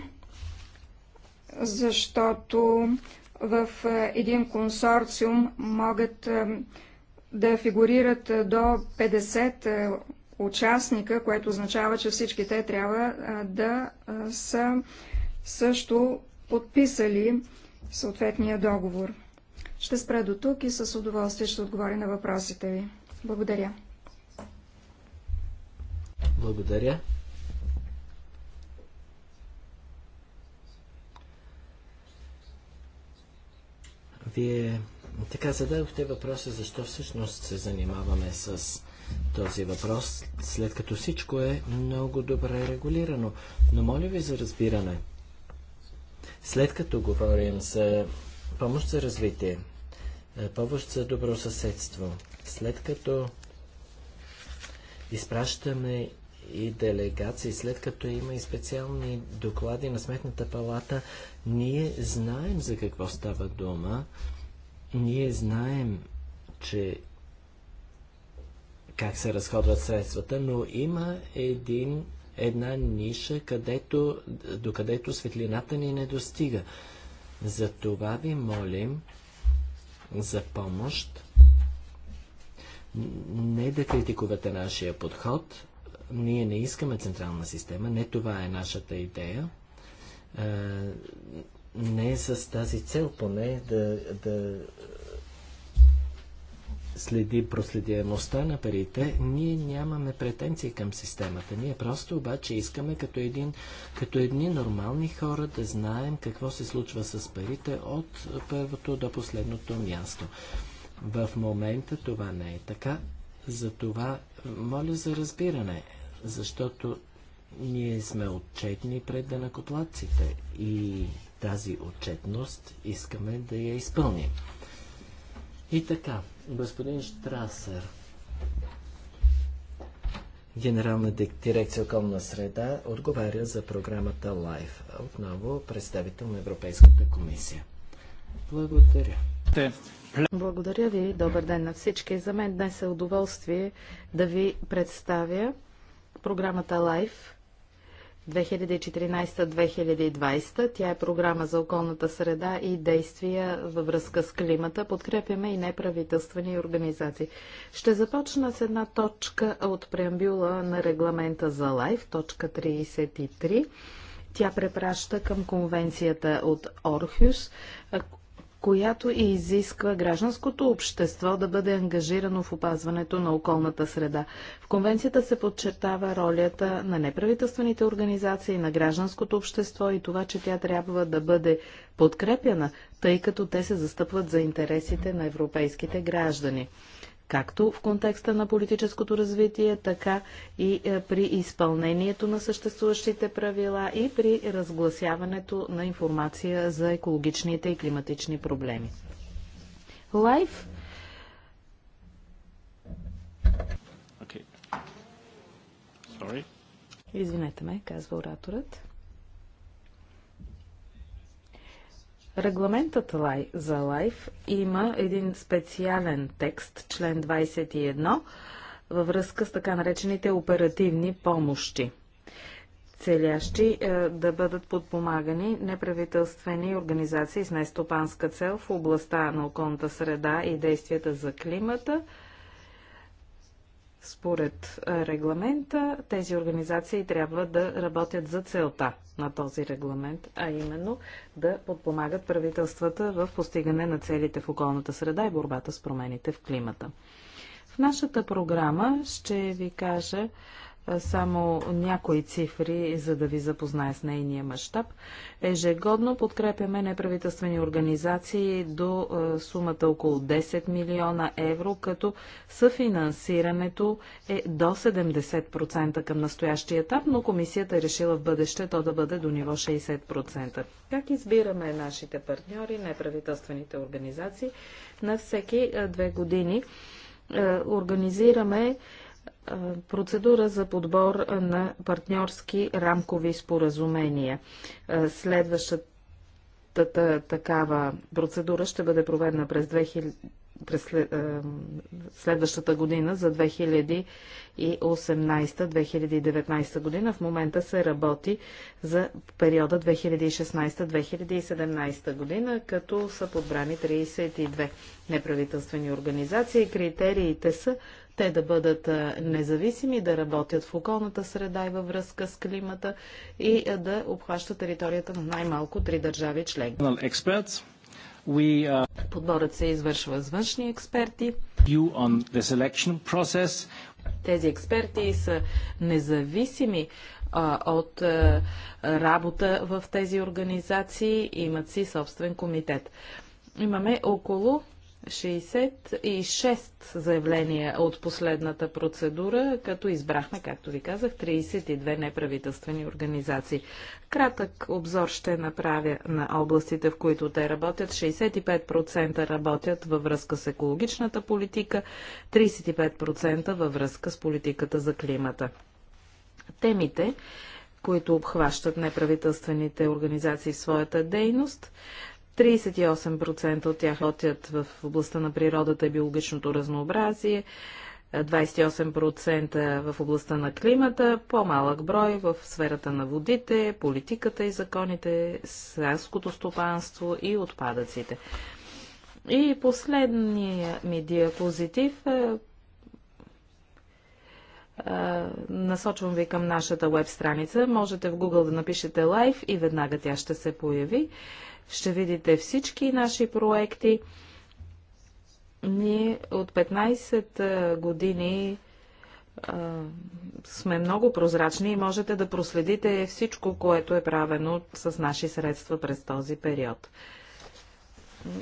защото в един консорциум могат да фигурират до 50 участника, което означава, че всички те трябва да са също подписали съответния договор. Ще спра до тук и с удоволствие ще отговоря на въпросите ви. Благодаря. Благодаря. Вие така зададохте въпроса, защо всъщност се занимаваме с този въпрос, след като всичко е много добре регулирано. Но моля ви за разбиране. След като говорим за помощ за развитие, е, помощ за добро съседство, след като изпращаме и делегации, след като има и специални доклади на Сметната палата, ние знаем за какво става дума, ние знаем, че как се разходват средствата, но има един, една ниша, където, докъдето светлината ни не достига. За това ви молим за помощ. Не да критикувате нашия подход. Ние не искаме централна система. Не това е нашата идея. Е, не с тази цел поне да, да следи проследяемостта на парите, ние нямаме претенции към системата. Ние просто обаче искаме като, един, като едни нормални хора да знаем какво се случва с парите от първото до последното място. В момента това не е така. Затова моля за разбиране, защото ние сме отчетни пред денакоплаците и тази отчетност искаме да я изпълним. И така, Господин Штрасер, Генерална дирекция околна среда, отговаря за програмата LIFE. Отново представител на Европейската комисия. Благодаря. Благодаря ви. Добър ден на всички. За мен днес е удоволствие да ви представя програмата LIFE, 2014-2020. Тя е програма за околната среда и действия във връзка с климата. Подкрепяме и неправителствени организации. Ще започна с една точка от преамбюла на регламента за лайф, точка 33. Тя препраща към конвенцията от Орхюс, която и изисква гражданското общество да бъде ангажирано в опазването на околната среда. В конвенцията се подчертава ролята на неправителствените организации, на гражданското общество и това, че тя трябва да бъде подкрепяна, тъй като те се застъпват за интересите на европейските граждани както в контекста на политическото развитие, така и е, при изпълнението на съществуващите правила и при разгласяването на информация за екологичните и климатични проблеми. Лайф Извинете ме, казва ораторът. Регламентът за лайф има един специален текст, член 21, във връзка с така наречените оперативни помощи целящи е, да бъдат подпомагани неправителствени организации с нестопанска цел в областта на околната среда и действията за климата, според регламента тези организации трябва да работят за целта на този регламент, а именно да подпомагат правителствата в постигане на целите в околната среда и борбата с промените в климата. В нашата програма ще ви кажа само някои цифри, за да ви запозная с нейния мащаб. Ежегодно подкрепяме неправителствени организации до сумата около 10 милиона евро, като съфинансирането е до 70% към настоящия етап, но комисията е решила в бъдеще то да бъде до ниво 60%. Как избираме нашите партньори, неправителствените организации? На всеки две години организираме е, процедура за подбор на партньорски рамкови споразумения. Е, следващата такава процедура ще бъде проведена през 2000 през е, следващата година за 2018-2019 година. В момента се работи за периода 2016-2017 година, като са подбрани 32 неправителствени организации. Критериите са те да бъдат независими, да работят в околната среда и във връзка с климата и да обхващат територията на най-малко три държави члени. Подборът се извършва с външни експерти. Тези експерти са независими от работа в тези организации и имат си собствен комитет. Имаме около 66 заявления от последната процедура, като избрахме, както ви казах, 32 неправителствени организации. Кратък обзор ще направя на областите, в които те работят. 65% работят във връзка с екологичната политика, 35% във връзка с политиката за климата. Темите, които обхващат неправителствените организации в своята дейност, 38% от тях отят в областта на природата и биологичното разнообразие, 28% в областта на климата, по-малък брой в сферата на водите, политиката и законите, селското стопанство и отпадъците. И последния ми диапозитив е, е, насочвам ви към нашата веб страница. Можете в Google да напишете Live и веднага тя ще се появи ще видите всички наши проекти. Ние от 15 години а, сме много прозрачни и можете да проследите всичко, което е правено с наши средства през този период.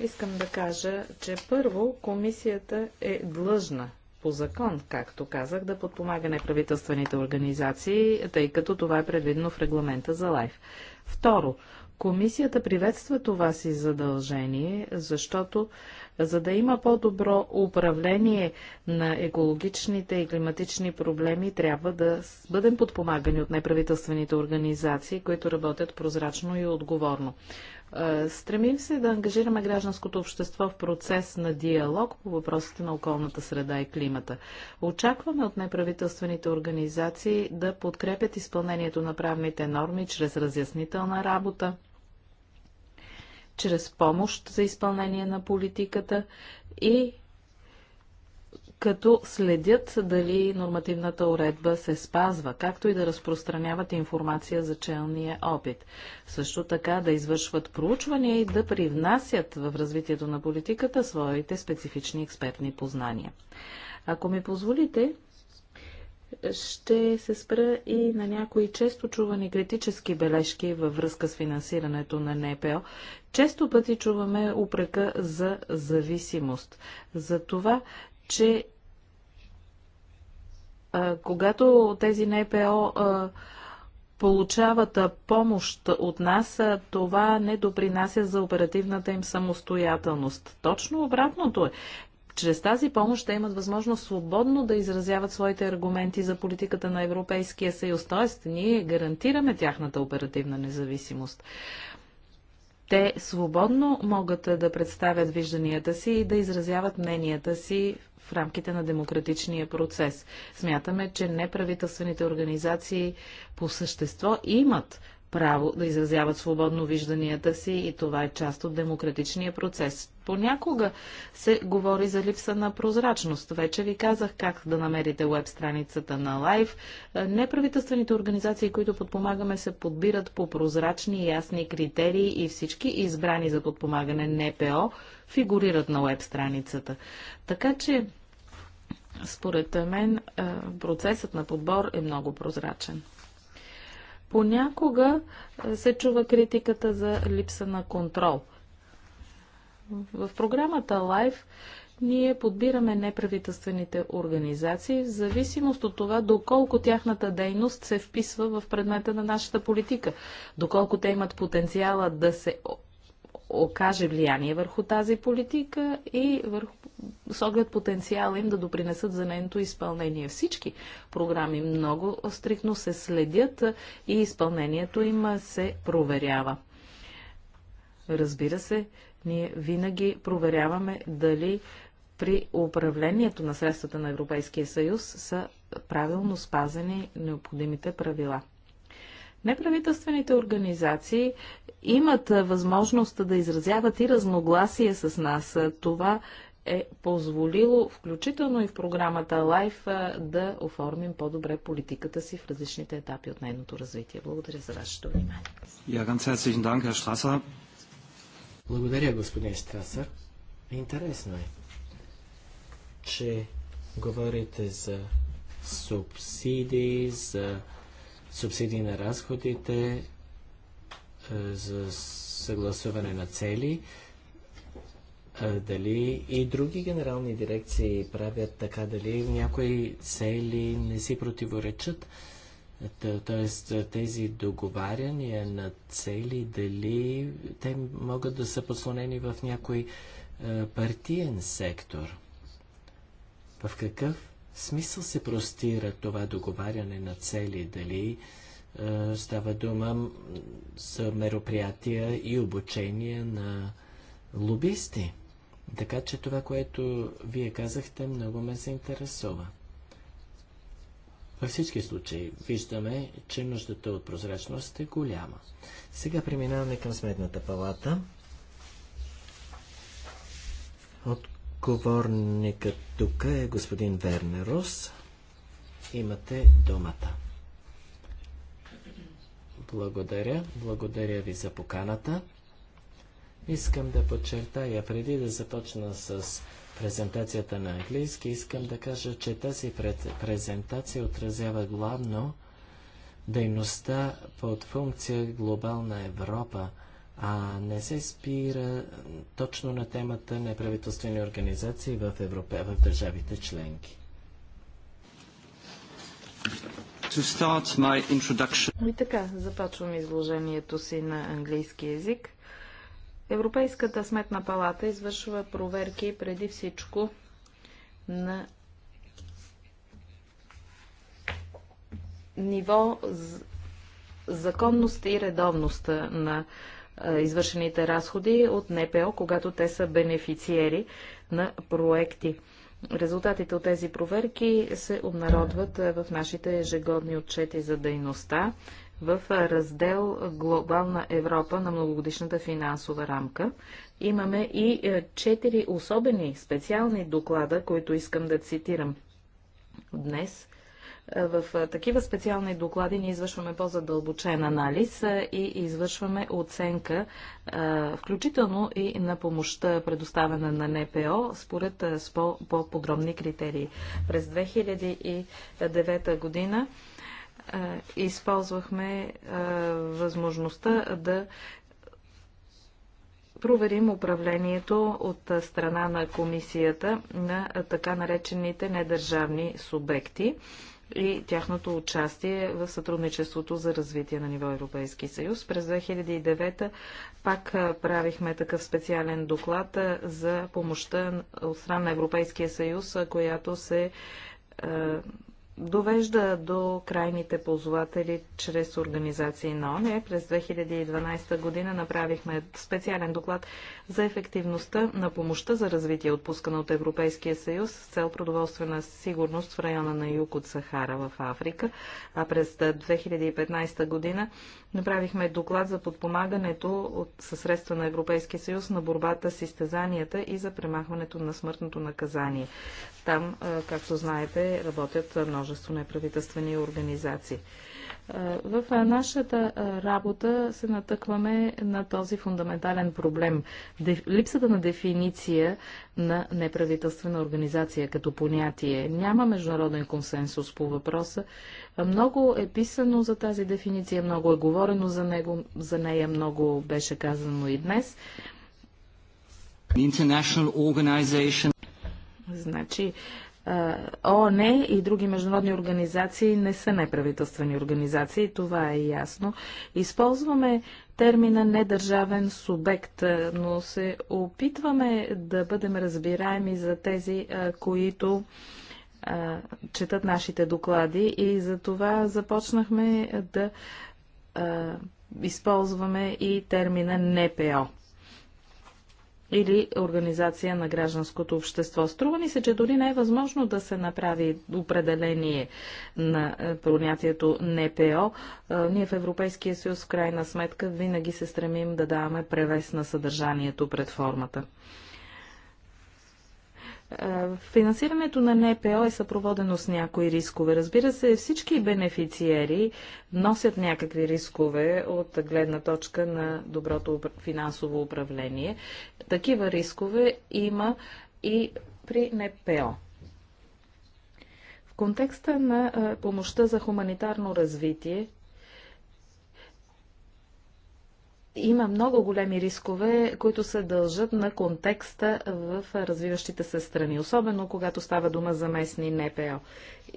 Искам да кажа, че първо комисията е длъжна по закон, както казах, да подпомага неправителствените организации, тъй като това е предвидено в регламента за лайф. Второ, Комисията приветства това си задължение, защото за да има по-добро управление на екологичните и климатични проблеми, трябва да бъдем подпомагани от неправителствените организации, които работят прозрачно и отговорно. Е, стремим се да ангажираме гражданското общество в процес на диалог по въпросите на околната среда и климата. Очакваме от неправителствените организации да подкрепят изпълнението на правните норми чрез разяснителна работа, чрез помощ за изпълнение на политиката и като следят дали нормативната уредба се спазва, както и да разпространяват информация за челния опит. Също така да извършват проучвания и да привнасят в развитието на политиката своите специфични експертни познания. Ако ми позволите, ще се спра и на някои често чувани критически бележки във връзка с финансирането на НПО. Често пъти чуваме упрека за зависимост, за това, че а, когато тези НПО а, получават помощ от нас, това не допринася за оперативната им самостоятелност. Точно обратното е чрез тази помощ те имат възможност свободно да изразяват своите аргументи за политиката на Европейския съюз. т.е. ние гарантираме тяхната оперативна независимост. Те свободно могат да представят вижданията си и да изразяват мненията си в рамките на демократичния процес. Смятаме, че неправителствените организации по същество имат право да изразяват свободно вижданията си и това е част от демократичния процес. Понякога се говори за липса на прозрачност. Вече ви казах как да намерите веб страницата на лайф. Е, неправителствените организации, които подпомагаме, се подбират по прозрачни и ясни критерии и всички избрани за подпомагане НПО фигурират на веб страницата. Така че, според мен, е, процесът на подбор е много прозрачен. Понякога е, се чува критиката за липса на контрол. В програмата ЛАЙФ ние подбираме неправителствените организации в зависимост от това доколко тяхната дейност се вписва в предмета на нашата политика, доколко те имат потенциала да се окаже влияние върху тази политика и върху, с оглед потенциала им да допринесат за нейното изпълнение. Всички програми много стрикно се следят и изпълнението им се проверява. Разбира се, ние винаги проверяваме дали при управлението на средствата на Европейския съюз са правилно спазени необходимите правила. Неправителствените организации имат възможност да изразяват и разногласие с нас. Това е позволило, включително и в програмата LIFE, да оформим по-добре политиката си в различните етапи от нейното развитие. Благодаря за вашето внимание. Благодаря, господин Штрасър. Интересно е, че говорите за субсидии, за субсидии на разходите, е, за съгласуване на цели, е, дали и други генерални дирекции правят така, дали някои цели не си противоречат. Тоест, тези договаряния на цели, дали те могат да са послонени в някой е, партиен сектор? В какъв смисъл се простира това договаряне на цели, дали е, става дума за мероприятия и обучение на лобисти. Така че това, което вие казахте, много ме заинтересува. Във всички случаи виждаме, че нуждата от прозрачност е голяма. Сега преминаваме към Сметната палата. От Говорникът тук е господин Вернерос. Имате думата. Благодаря. Благодаря ви за поканата. Искам да подчертая, преди да започна с презентацията на английски, искам да кажа, че тази презентация отразява главно дейността под функция Глобална Европа – а не се спира точно на темата неправителствени организации в, Европе, в държавите членки. To start my introduction. И така, започвам изложението си на английски язик. Европейската сметна палата извършва проверки преди всичко на ниво законност и редовността на извършените разходи от НПО, когато те са бенефициери на проекти. Резултатите от тези проверки се обнародват в нашите ежегодни отчети за дейността в раздел Глобална Европа на многогодишната финансова рамка. Имаме и четири особени специални доклада, които искам да цитирам днес – е, в е, такива специални доклади ние извършваме по-задълбочен анализ е, и извършваме оценка, включително и на помощта, предоставена на НПО, според по-подробни критерии. През 2009 година използвахме възможността да проверим управлението от страна на комисията на така наречените недържавни субекти и тяхното участие в сътрудничеството за развитие на ниво Европейски съюз. През 2009 пак правихме такъв специален доклад за помощта от страна на Европейския съюз, която се довежда до крайните ползватели чрез организации на ОНЕ. През 2012 година направихме специален доклад за ефективността на помощта за развитие, отпускана от Европейския съюз с цел продоволствена сигурност в района на юг от Сахара в Африка. А през 2015 година направихме доклад за подпомагането от, със средства на Европейския съюз на борбата с изтезанията и за премахването на смъртното наказание. Там, както знаете, работят множество множество неправителствени организации. В нашата работа се натъкваме на този фундаментален проблем. Липсата на дефиниция на неправителствена организация като понятие. Няма международен консенсус по въпроса. Много е писано за тази дефиниция, много е говорено за, него, за нея, много беше казано и днес. Значи, ООН и други международни организации не са неправителствени организации, това е ясно. Използваме термина недържавен субект, но се опитваме да бъдем разбираеми за тези, които четат нашите доклади и за това започнахме да използваме и термина НПО или организация на гражданското общество. Струва ни се, че дори не е възможно да се направи определение на е, понятието НПО. Е, ние в Европейския съюз в крайна сметка винаги се стремим да даваме превес на съдържанието пред формата. Финансирането на НПО е съпроводено с някои рискове. Разбира се, всички бенефициери носят някакви рискове от гледна точка на доброто финансово управление. Такива рискове има и при НПО. В контекста на помощта за хуманитарно развитие има много големи рискове, които се дължат на контекста в развиващите се страни, особено когато става дума за местни НПО.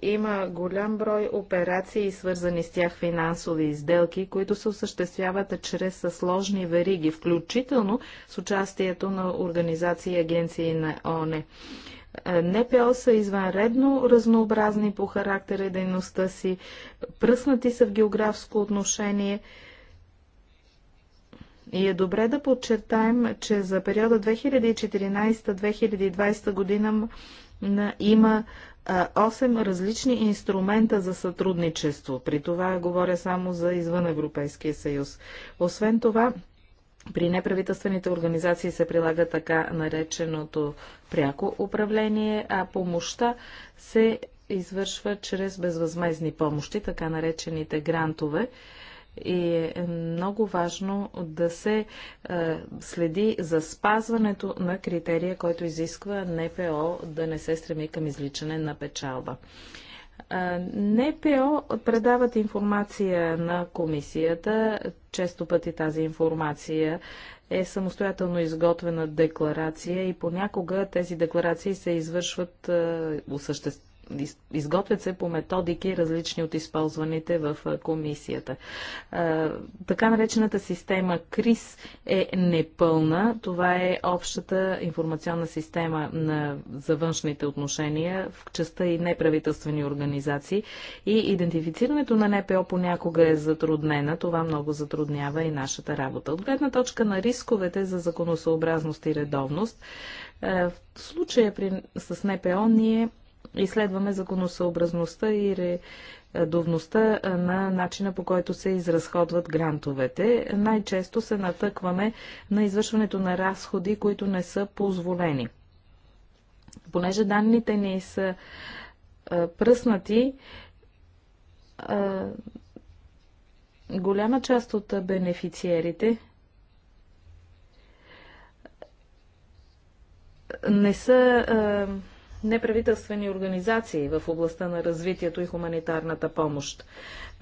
Има голям брой операции свързани с тях финансови изделки, които се осъществяват чрез сложни вериги, включително с участието на организации и агенции на ОНЕ. НПО са извънредно разнообразни по характера и дейността си, пръснати са в географско отношение – и е добре да подчертаем, че за периода 2014-2020 година има 8 различни инструмента за сътрудничество. При това говоря само за извън Европейския съюз. Освен това, при неправителствените организации се прилага така нареченото пряко управление, а помощта се извършва чрез безвъзмезни помощи, така наречените грантове и е много важно да се е, следи за спазването на критерия, който изисква НПО да не се стреми към изличане на печалба. Е, НПО предават информация на комисията. Често пъти тази информация е самостоятелно изготвена декларация и понякога тези декларации се извършват, е, осъществяват Изготвят се по методики, различни от използваните в комисията. Така наречената система КРИС е непълна. Това е общата информационна система на, за външните отношения в частта и неправителствени организации. И идентифицирането на НПО понякога е затруднена. Това много затруднява и нашата работа. От гледна точка на рисковете за законосъобразност и редовност, в случая при, с НПО ние изследваме законосъобразността и редовността на начина по който се изразходват грантовете. Най-често се натъкваме на извършването на разходи, които не са позволени. Понеже данните ни са пръснати, голяма част от бенефициерите не са а, неправителствени организации в областта на развитието и хуманитарната помощ.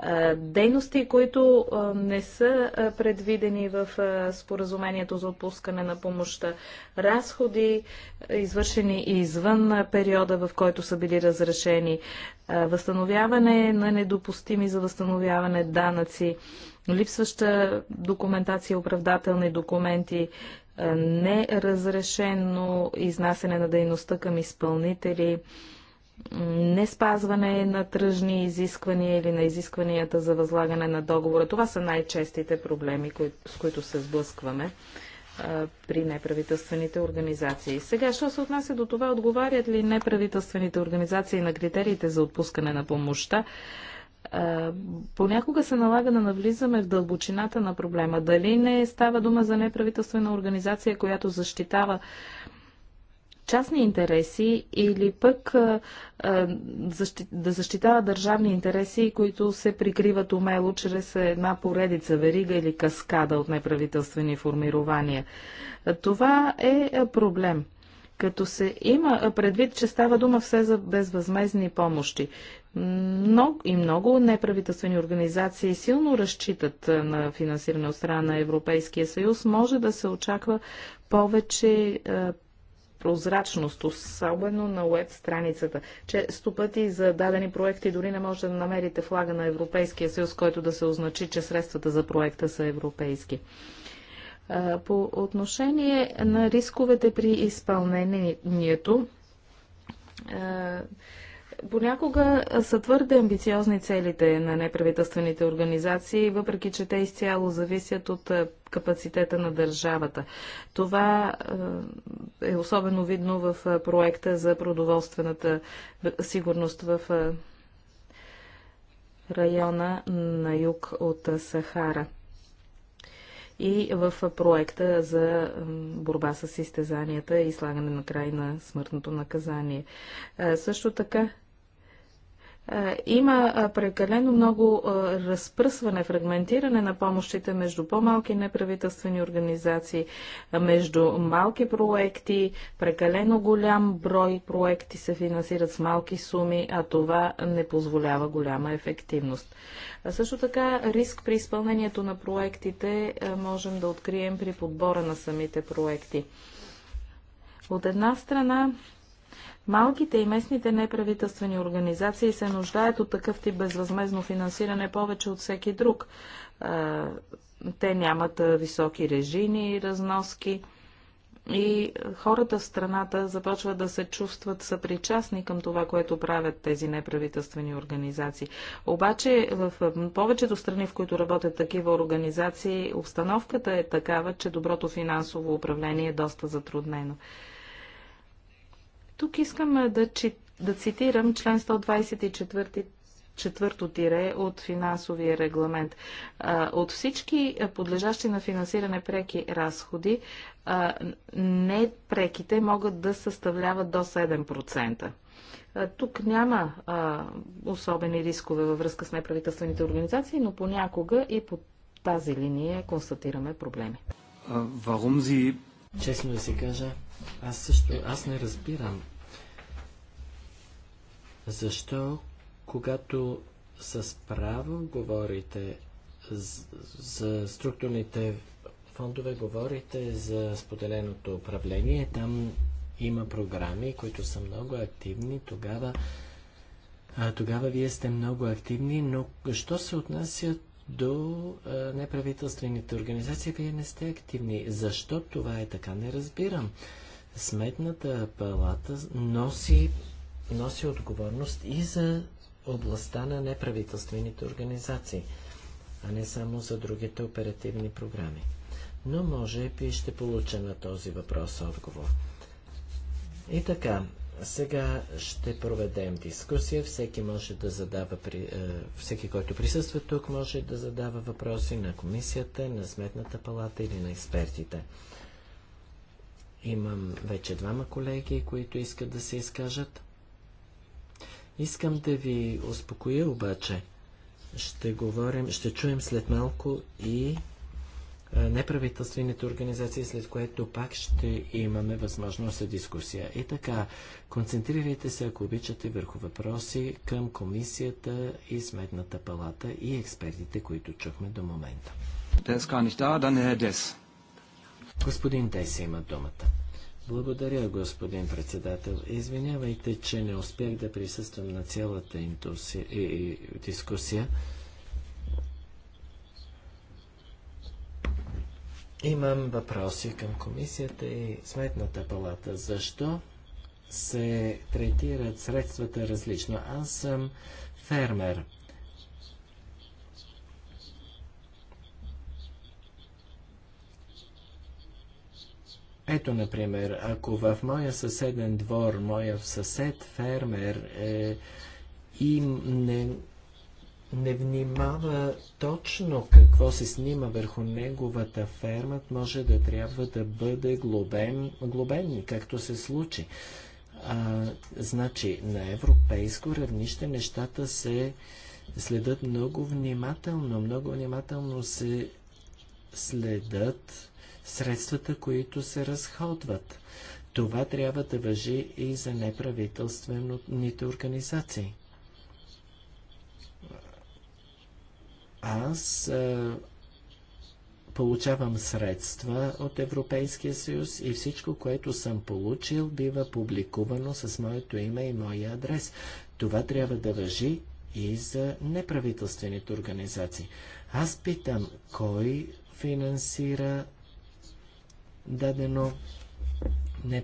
Е, дейности, които е, не са е, предвидени в споразумението за отпускане на помощта, разходи, извършени извън периода, в който са били разрешени, възстановяване на недопустими за възстановяване данъци, липсваща документация, оправдателни документи, неразрешено изнасяне на дейността към изпълнители, не спазване на тръжни изисквания или на изискванията за възлагане на договора. Това са най-честите проблеми, с които се сблъскваме при неправителствените организации. Сега, що се отнася до това, отговарят ли неправителствените организации на критериите за отпускане на помощта? Е, понякога се налага да навлизаме в дълбочината на проблема. Дали не става дума за неправителствена организация, която защитава частни интереси или пък е, е, да защитава държавни интереси, които се прикриват умело чрез една поредица, верига или каскада от неправителствени формирования. Това е проблем като се има предвид, че става дума все за безвъзмезни помощи. Много и много неправителствени организации силно разчитат на финансиране от страна на Европейския съюз. Може да се очаква повече прозрачност, особено на уеб страницата. Често пъти за дадени проекти дори не може да намерите флага на Европейския съюз, който да се означи, че средствата за проекта са европейски. по отношение на рисковете при изпълнението, Понякога са твърде амбициозни целите на неправителствените организации, въпреки че те изцяло зависят от капацитета на държавата. Това е особено видно в проекта за продоволствената сигурност в района на юг от Сахара и в проекта за борба с изтезанията и слагане на край на смъртното наказание. Също така е, има е, прекалено много е, разпръсване, фрагментиране на помощите между по-малки неправителствени организации, между малки проекти, прекалено голям брой проекти се финансират с малки суми, а това не позволява голяма ефективност. А също така риск при изпълнението на проектите можем да открием при подбора на самите проекти. От една страна, Малките и местните неправителствени организации се нуждаят от такъв тип безвъзмезно финансиране повече от всеки друг. Те нямат високи режими и разноски и хората в страната започват да се чувстват съпричастни към това, което правят тези неправителствени организации. Обаче в повечето страни, в които работят такива организации, обстановката е такава, че доброто финансово управление е доста затруднено. Тук искам да, да цитирам член 124 четвърто тире от финансовия регламент. От всички подлежащи на финансиране преки разходи, не преките могат да съставляват до 7%. Тук няма особени рискове във връзка с неправителствените организации, но понякога и по тази линия констатираме проблеми. Варумзи, Честно да си кажа, аз също, аз не разбирам защо, когато с право говорите за структурните фондове, говорите за споделеното управление, там има програми, които са много активни, тогава, а, тогава вие сте много активни, но що се отнася до а, неправителствените организации, вие не сте активни. Защо това е така, не разбирам. Сметната палата носи носи отговорност и за областта на неправителствените организации, а не само за другите оперативни програми. Но може би ще получа на този въпрос отговор. И така, сега ще проведем дискусия. Всеки може да задава, е, всеки, който присъства тук, може да задава въпроси на комисията, на сметната палата или на експертите. Имам вече двама колеги, които искат да се изкажат. Искам да ви успокоя обаче. Ще говорим, ще чуем след малко и неправителствените организации, след което пак ще имаме възможност за дискусия. И така, концентрирайте се, ако обичате, върху въпроси към комисията и сметната палата и експертите, които чухме до момента. Е Господин Дес има думата. Благодаря, господин председател. Извинявайте, че не успях да присъствам на цялата интуси... и, и, дискусия. Имам въпроси към комисията и сметната палата. Защо се третират средствата различно? Аз съм фермер Ето, например, ако в моя съседен двор, моя съсед фермер е, им не, не внимава точно какво се снима върху неговата ферма, може да трябва да бъде глобен, глобен както се случи. А, значи, на европейско равнище нещата се следят много внимателно, много внимателно се следят средствата, които се разходват. Това трябва да въжи и за неправителствените организации. Аз а, получавам средства от Европейския съюз и всичко, което съм получил, бива публикувано с моето име и моя адрес. Това трябва да въжи и за неправителствените организации. Аз питам, кой финансира дадено на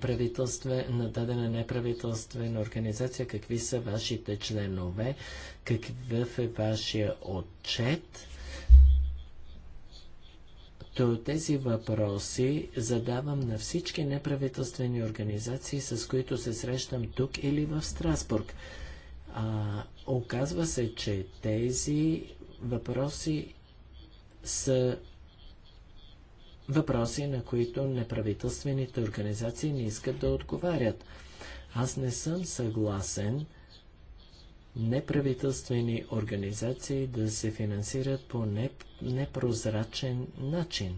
дадена неправителствена организация, какви са вашите членове, какъв е вашия отчет. То тези въпроси задавам на всички неправителствени организации, с които се срещам тук или в Страсбург. А, оказва се, че тези въпроси са въпроси, на които неправителствените организации не искат да отговарят. Аз не съм съгласен неправителствени организации да се финансират по непрозрачен начин.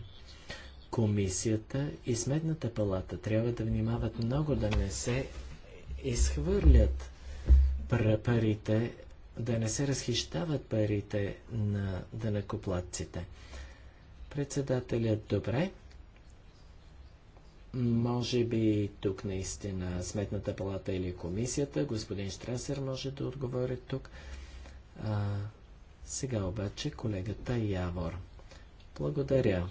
Комисията и Сметната палата трябва да внимават много да не се изхвърлят парите, да не се разхищават парите на дънакоплатците. Да Председателят добре. Може би тук наистина Сметната палата или комисията, господин Штрасер може да отговори тук. А, сега обаче колегата Явор. Благодаря.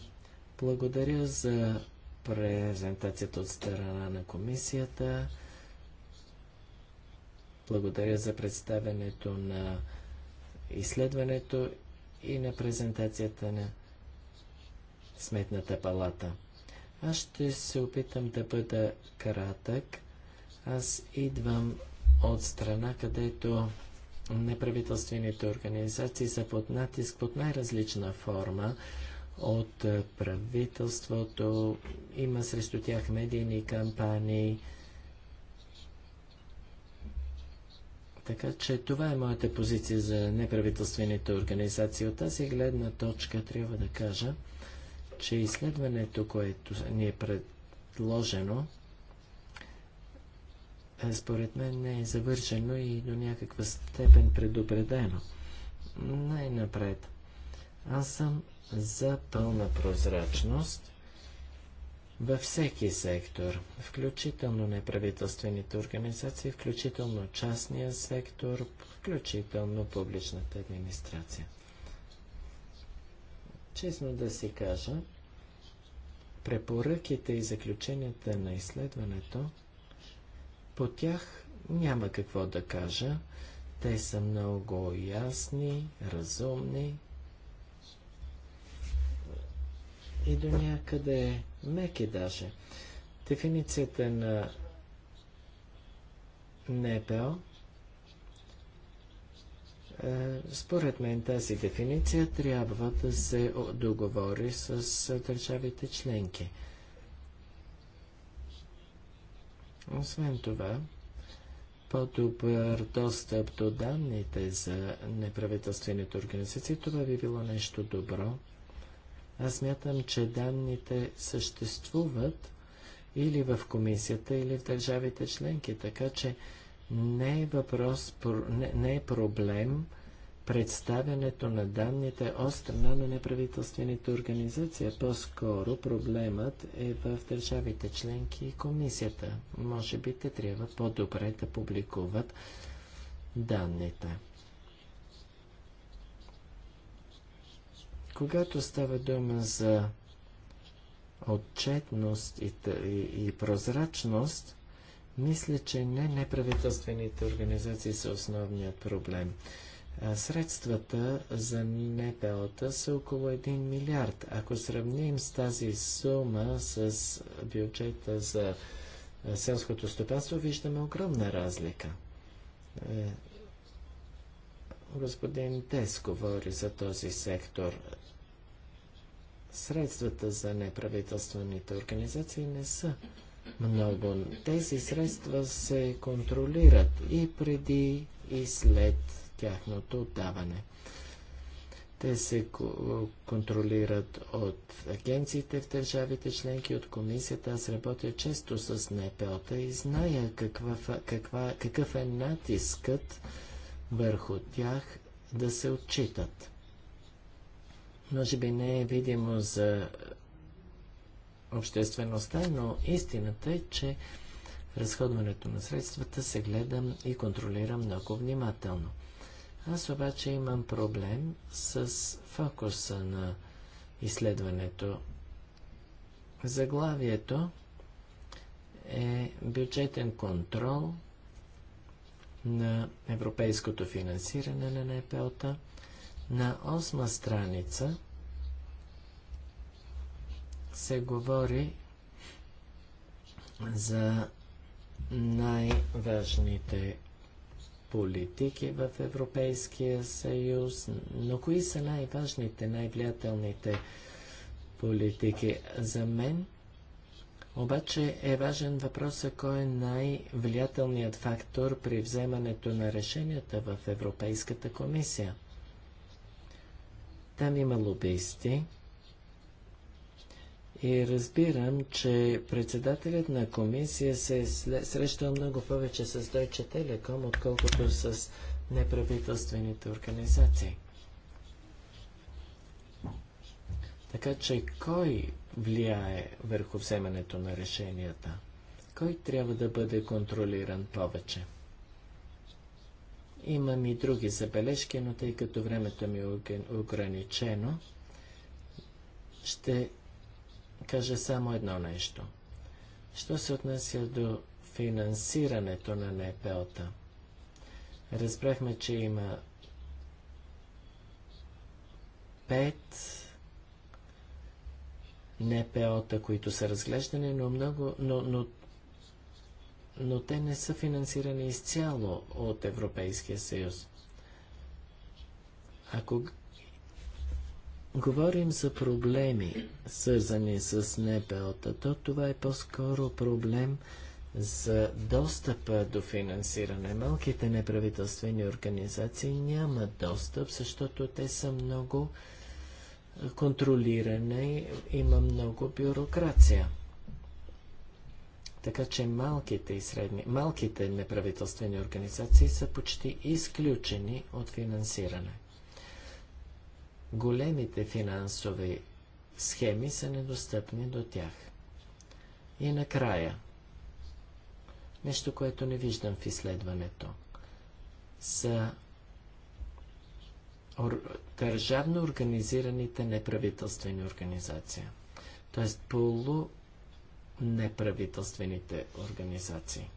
Благодаря за презентацията от страна на комисията. Благодаря за представенето на изследването и на презентацията на Сметната палата. Аз ще се опитам да бъда кратък. Аз идвам от страна, където неправителствените организации са под натиск под най-различна форма от е, правителството. Има срещу тях медийни кампании. Така че това е моята позиция за неправителствените организации. От тази гледна точка трябва да кажа, че изследването, което ни е предложено, е, според мен не е завършено и до някаква степен предупредено. Най-напред. Аз съм за пълна прозрачност във всеки сектор, включително неправителствените организации, включително частния сектор, включително публичната администрация. Честно да си кажа, препоръките и заключенията на изследването, по тях няма какво да кажа. Те са много ясни, разумни и до някъде меки даже. Дефиницията на НПО е, според мен тази дефиниция трябва да се договори с е, държавите членки. Освен това, по-добър достъп до данните за неправителствените организации, това би било нещо добро. Аз мятам, че данните съществуват или в комисията, или в държавите членки, така че не е въпрос, не, е проблем представянето на данните от страна на неправителствените организации. По-скоро проблемът е в държавите членки и комисията. Може би те трябва по-добре да публикуват данните. Когато става дума за отчетност и, и, и прозрачност, мисля, че не неправителствените организации са основният проблем. Средствата за НПО-та са около 1 милиард. Ако сравним с тази сума с бюджета за селското стопанство, виждаме огромна разлика. Е, господин Тес говори за този сектор. Средствата за неправителствените организации не са много. Тези средства се контролират и преди, и след тяхното отдаване. Те се контролират от агенциите в държавите членки, от комисията. Аз работя често с НПО-та и зная каква, каква, какъв е натискът върху тях да се отчитат. Може би не е видимо за обществеността, но истината е, че разходването на средствата се гледам и контролирам много внимателно. Аз обаче имам проблем с фокуса на изследването. Заглавието е бюджетен контрол на европейското финансиране на НПО-та. На осма страница – се говори за най-важните политики в Европейския съюз, но кои са най-важните, най-влиятелните политики? За мен обаче е важен въпросът кой е най-влиятелният фактор при вземането на решенията в Европейската комисия. Там има лобисти, и разбирам, че председателят на комисия се среща много повече с Deutsche Telekom, отколкото с неправителствените организации. Така че кой влияе върху вземането на решенията? Кой трябва да бъде контролиран повече? Имам и други забележки, но тъй като времето ми е ограничено, ще кажа само едно нещо. Що се отнася до финансирането на НПО-та? Разбрахме, че има пет НПО-та, които са разглеждани, но, много, но, но, но те не са финансирани изцяло от Европейския съюз. Ако говорим за проблеми, свързани с НПО-та, то това е по-скоро проблем за достъпа до финансиране. Малките неправителствени организации нямат достъп, защото те са много контролиране, има много бюрокрация. Така че малките и средни, малките неправителствени организации са почти изключени от финансиране големите финансови схеми са недостъпни до тях. И накрая, нещо, което не виждам в изследването, са държавно организираните неправителствени организации, т.е. полу неправителствените организации.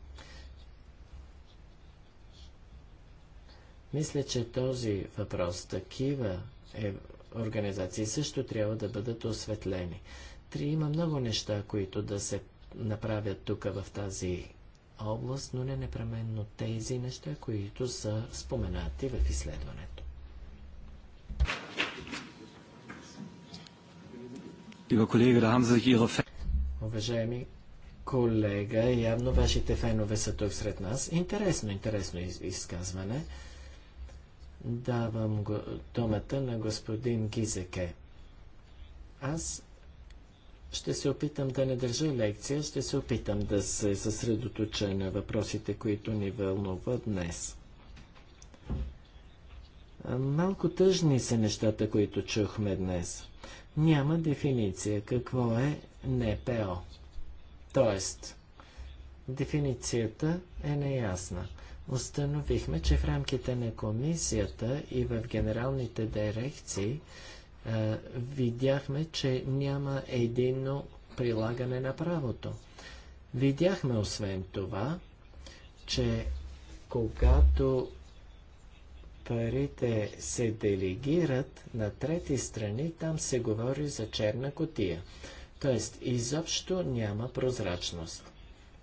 Мисля, че този въпрос, такива е, организации също трябва да бъдат осветлени. Три има много неща, които да се направят тук в тази област, но не непременно тези неща, които са споменати в изследването. Уважаеми колега, явно вашите фенове са тук сред нас. Интересно, интересно изказване. Давам го, думата на господин Гизеке. Аз ще се опитам да не държа лекция, ще се опитам да се съсредоточа на въпросите, които ни вълнуват днес. Малко тъжни са нещата, които чухме днес. Няма дефиниция какво е НПО. Тоест, дефиницията е неясна установихме, че в рамките на комисията и в генералните дирекции видяхме, че няма едино прилагане на правото. Видяхме освен това, че когато парите се делегират на трети страни, там се говори за черна котия. Тоест, изобщо няма прозрачност.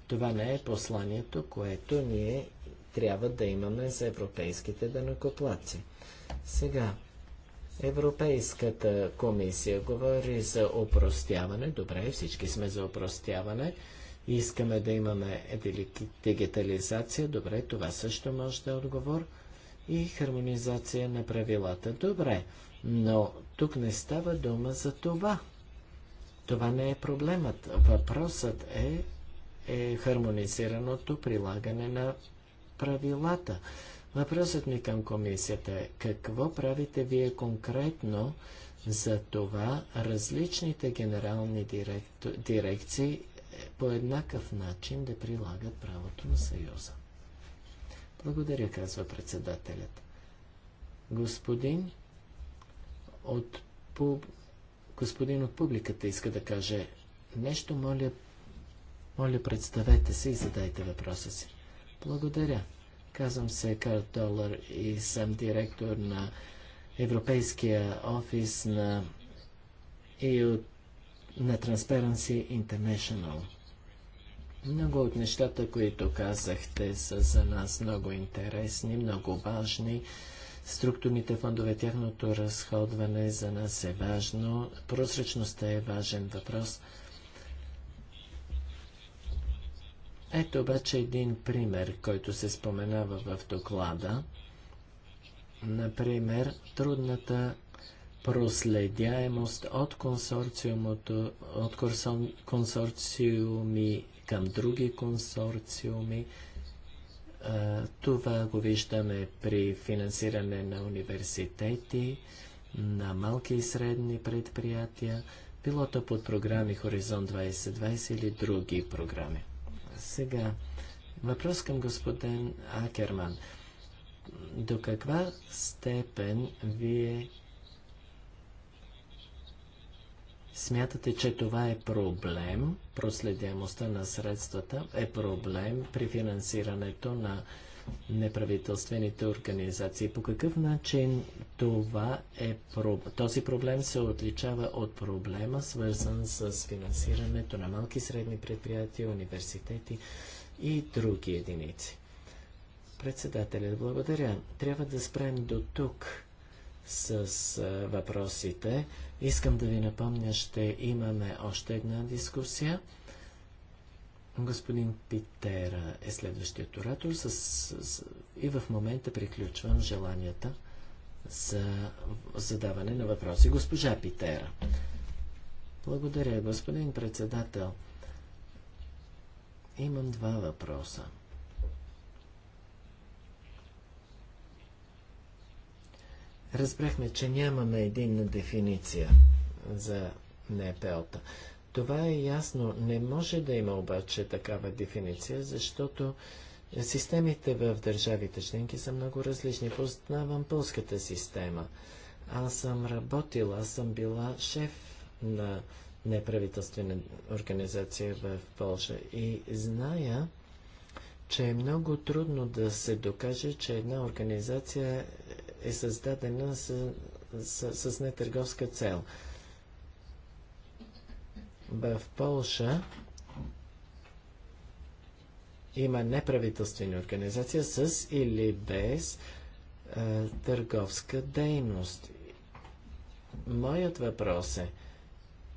Това не е посланието, което ние трябва да имаме за европейските данъкоплаци. Сега, Европейската комисия говори за опростяване. Добре, всички сме за опростяване. Искаме да имаме дигитализация. Добре, това също може да е отговор. И хармонизация на правилата. Добре, но тук не става дума за това. Това не е проблемът. Въпросът е, е хармонизираното прилагане на правилата. Въпросът ми към комисията е какво правите вие конкретно за това различните генерални дирекции е, по еднакъв начин да прилагат правото на Съюза? Благодаря, казва председателят. Господин от, пуб... господин от публиката иска да каже нещо, моля, моля представете се и задайте въпроса си. Благодаря. Казвам се Карл Толър и съм директор на Европейския офис на, EU, на Transparency International. Много от нещата, които казахте, са за нас много интересни, много важни. Структурните фондове, тяхното разходване за нас е важно. Прозрачността е важен въпрос. Ето обаче един пример, който се споменава в доклада. Например, трудната проследяемост от, от консорциуми към други консорциуми. Това го виждаме при финансиране на университети, на малки и средни предприятия, пилота под програми Хоризонт 2020 или други програми. Сега, въпрос към господин Акерман. До каква степен вие Смятате, че това е проблем, проследяемостта на средствата е проблем при финансирането на неправителствените организации. По какъв начин това е, този проблем се отличава от проблема, свързан с финансирането на малки и средни предприятия, университети и други единици? Председателят, благодаря. Трябва да спрем до тук с въпросите. Искам да ви напомня, ще имаме още една дискусия. Господин Питера е следващият оратор с, с, и в момента приключвам желанията за задаване на въпроси. Госпожа Питера. Благодаря, господин председател. Имам два въпроса. Разбрахме, че нямаме единна дефиниция за НПО-та. Това е ясно. Не може да има обаче такава дефиниция, защото системите в държавите членки са много различни. Познавам пълската система. Аз съм работила, аз съм била шеф на неправителствена организация в Польша и зная, че е много трудно да се докаже, че една организация е създадена с, с, с нетърговска цел. В Полша има неправителствени организации с или без а, е, търговска дейност. Моят въпрос е,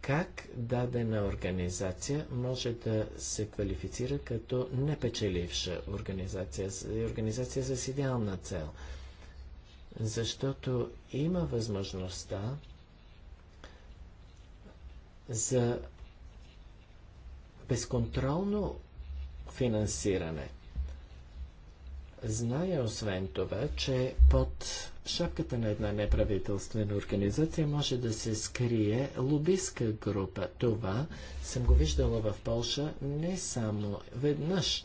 как дадена организация може да се квалифицира като непечеливша организация, организация с идеална цел? Защото има възможността за безконтролно финансиране. Зная освен това, че под шапката на една неправителствена организация може да се скрие лобистка група. Това съм го виждала в Польша не само веднъж.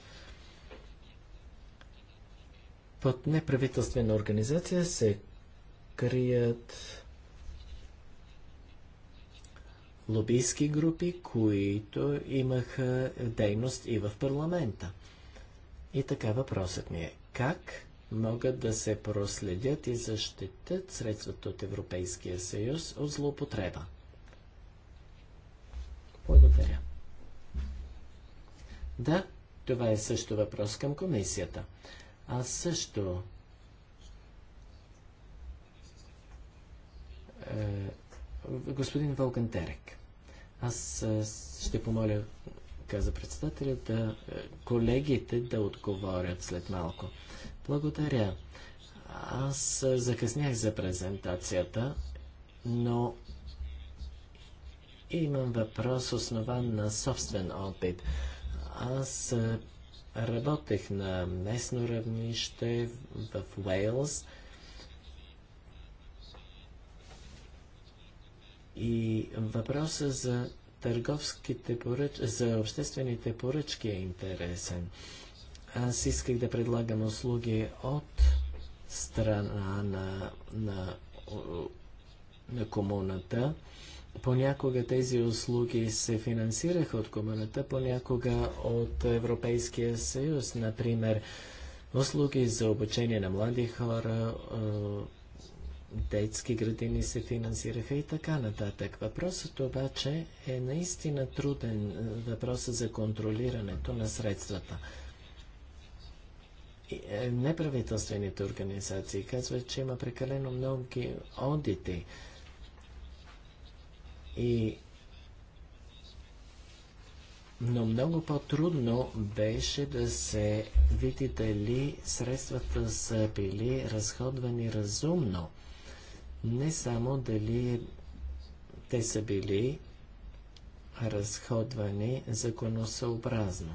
Под неправителствена организация се крият лобийски групи, които имаха дейност и в парламента. И така въпросът ми е, как могат да се проследят и защитят средствата от Европейския съюз от злоупотреба? Благодаря. Да, това е също въпрос към комисията. А също е, господин Волгантерек. Аз ще помоля, каза председателя, да колегите да отговорят след малко. Благодаря. Аз закъснях за презентацията, но имам въпрос основан на собствен опит. Аз работех на местно равнище в Уейлс И въпросът за търговските поръч... за обществените поръчки е интересен. Аз исках да предлагам услуги от страна на, на, на комуната. Понякога тези услуги се финансираха от комуната, понякога от Европейския съюз. Например, услуги за обучение на млади хора, детски градини се финансираха и така нататък. Въпросът обаче е наистина труден, е, въпросът за контролирането на средствата. Е, неправителствените организации казват, че има прекалено много одити и но много по-трудно беше да се види дали средствата са били разходвани разумно не само дали те са били разходвани законосъобразно.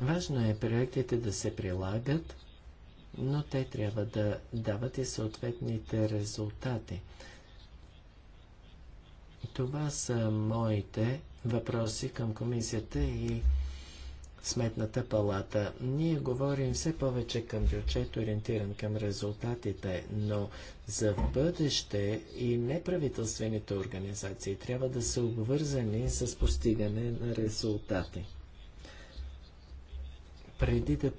Важно е проектите да се прилагат, но те трябва да дават и съответните резултати. Това са моите въпроси към комисията и Сметната палата. Ние говорим все повече към бюджет, ориентиран към резултатите, но за в бъдеще и неправителствените организации трябва да са обвързани с постигане на резултати. Преди да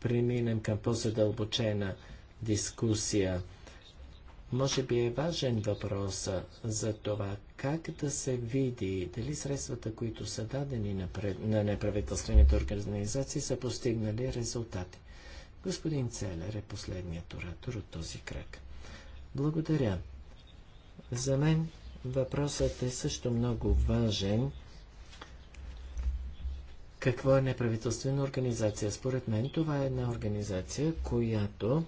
преминем към по-задълбочена дискусия, може би е важен въпрос за това как да се види дали средствата, които са дадени на, пред... на неправителствените организации, са постигнали резултати. Господин Целер е последният оратор от този кръг. Благодаря. За мен въпросът е също много важен. Какво е неправителствена организация? Според мен това е една организация, която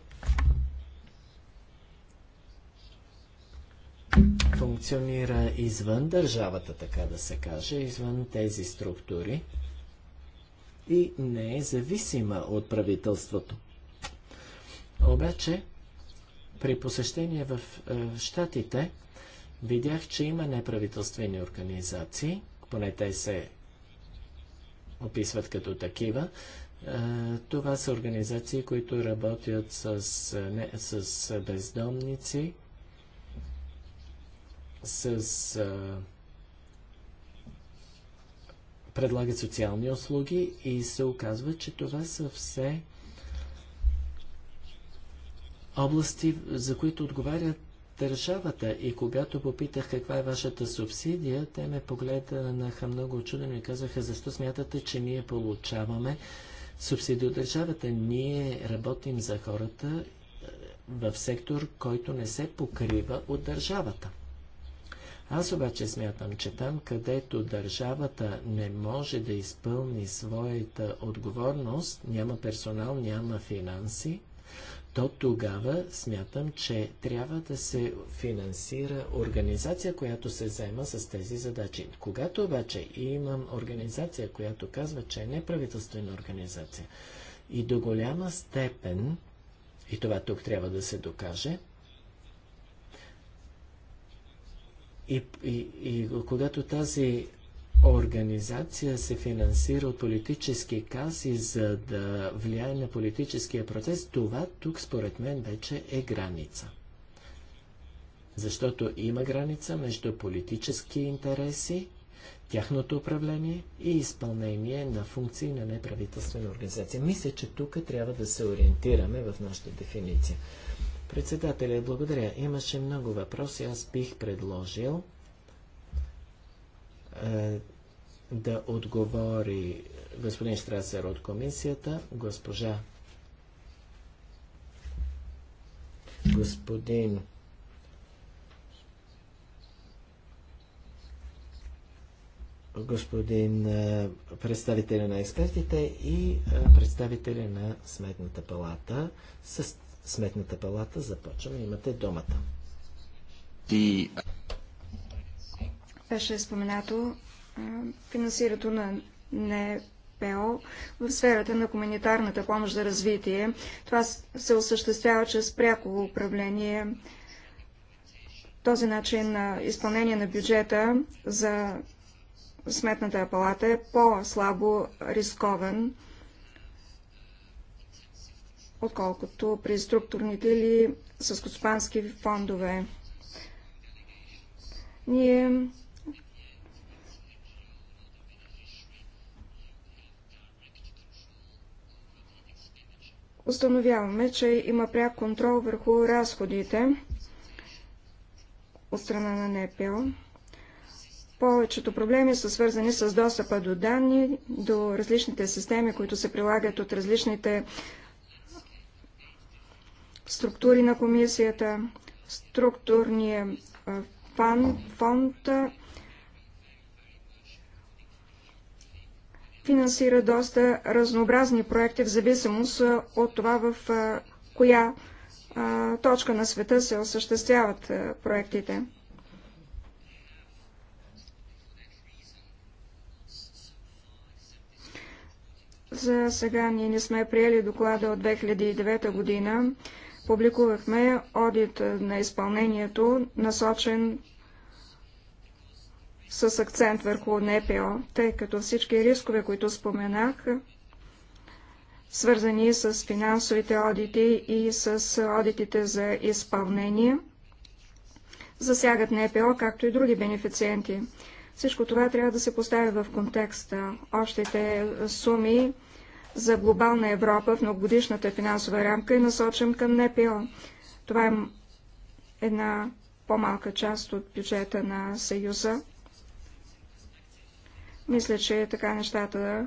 функционира извън държавата, така да се каже, извън тези структури и не е зависима от правителството. Обаче, при посещение в е, Штатите, видях, че има неправителствени организации, поне те се описват като такива. Е, това са организации, които работят с, не, с бездомници, с а, предлагат социални услуги и се оказва, че това са все области, за които отговарят държавата. И когато попитах каква е вашата субсидия, те ме погледнаха много очудено и казаха, защо смятате, че ние получаваме субсидия от държавата. Ние работим за хората в сектор, който не се покрива от държавата. Аз обаче смятам, че там, където държавата не може да изпълни своята отговорност, няма персонал, няма финанси, то тогава смятам, че трябва да се финансира организация, която се заема с тези задачи. Когато обаче имам организация, която казва, че е неправителствена организация и до голяма степен, и това тук трябва да се докаже, И, и, и когато тази организация се финансира от политически каси, за да влияе на политическия процес, това тук според мен вече е граница. Защото има граница между политически интереси, тяхното управление и изпълнение на функции на неправителствена организация. Мисля, че тук трябва да се ориентираме в нашата дефиниция. Председателя, благодаря. Имаше много въпроси. Аз бих предложил е, да отговори господин Штрасер от комисията, госпожа господин господин е, представителя на експертите и е, представителя на Сметната палата с Сметната палата. Започваме. Имате думата. Ти... Беше споменато финансирането на НПО в сферата на комунитарната помощ за развитие. Това се осъществява чрез пряко управление. Този начин на изпълнение на бюджета за Сметната палата е по-слабо рискован отколкото при структурните или съскоспански фондове. Ние установяваме, че има пряк контрол върху разходите от страна на НПО. Повечето проблеми са свързани с достъпа до данни, до различните системи, които се прилагат от различните структури на комисията, структурния фан, фонд финансира доста разнообразни проекти в зависимост от това в коя точка на света се осъществяват проектите. За сега ние не сме приели доклада от 2009 година публикувахме одит на изпълнението, насочен с акцент върху НПО, тъй като всички рискове, които споменах, свързани с финансовите одити и с одитите за изпълнение, засягат НПО, както и други бенефициенти. Всичко това трябва да се постави в контекста. Общите суми за глобална Европа в многогодишната финансова рамка е насочен към НПО. Това е една по-малка част от бюджета на Съюза. Мисля, че така нещата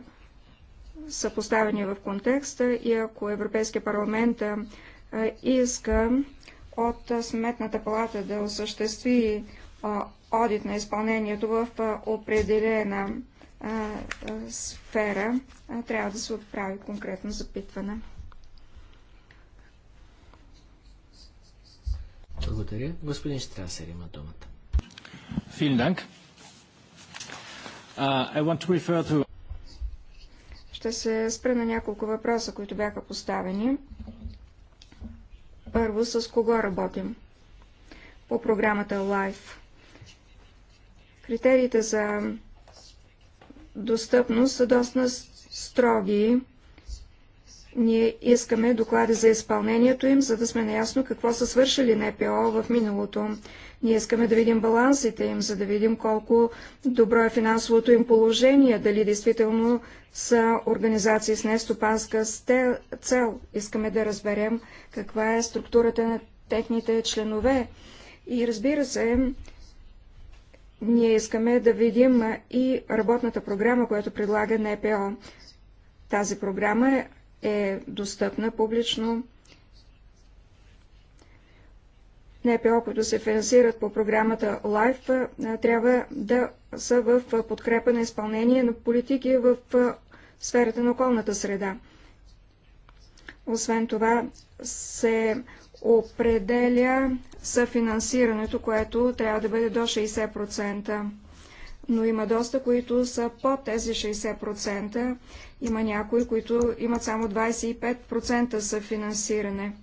са поставени в контекста и ако Европейския парламент иска от Сметната палата да осъществи одит на изпълнението в определена сфера трябва да се отправи конкретно запитване. Благодаря. Господин Штрасер има думата. Ще се спра на няколко въпроса, които бяха поставени. Първо, с кого работим? По програмата LIFE. Критериите за достъпност са доста строги. Ние искаме доклади за изпълнението им, за да сме наясно какво са свършили НПО в миналото. Ние искаме да видим балансите им, за да видим колко добро е финансовото им положение, дали действително са организации с нестопанска цел. Искаме да разберем каква е структурата на техните членове. И разбира се, ние искаме да видим и работната програма, която предлага НПО. Тази програма е достъпна публично. НПО, които се финансират по програмата LIFE, трябва да са в подкрепа на изпълнение на политики в сферата на околната среда. Освен това се определя съфинансирането, което трябва да бъде до 60%. Но има доста, които са под тези 60%. Има някои, които имат само 25% съфинансиране.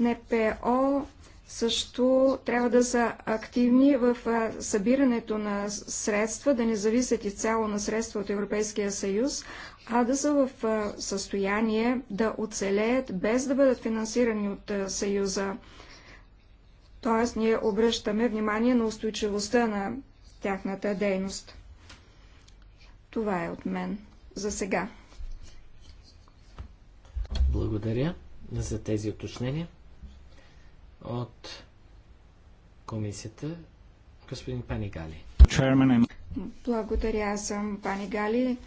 НПО също трябва да са активни в събирането на средства, да не зависят изцяло на средства от Европейския съюз, а да са в състояние да оцелеят без да бъдат финансирани от Съюза т.е. ние обръщаме внимание на устойчивостта на тяхната дейност. Това е от мен за сега. Благодаря за тези уточнения. От комисията господин Панигали. Благодаря, аз съм Панигали.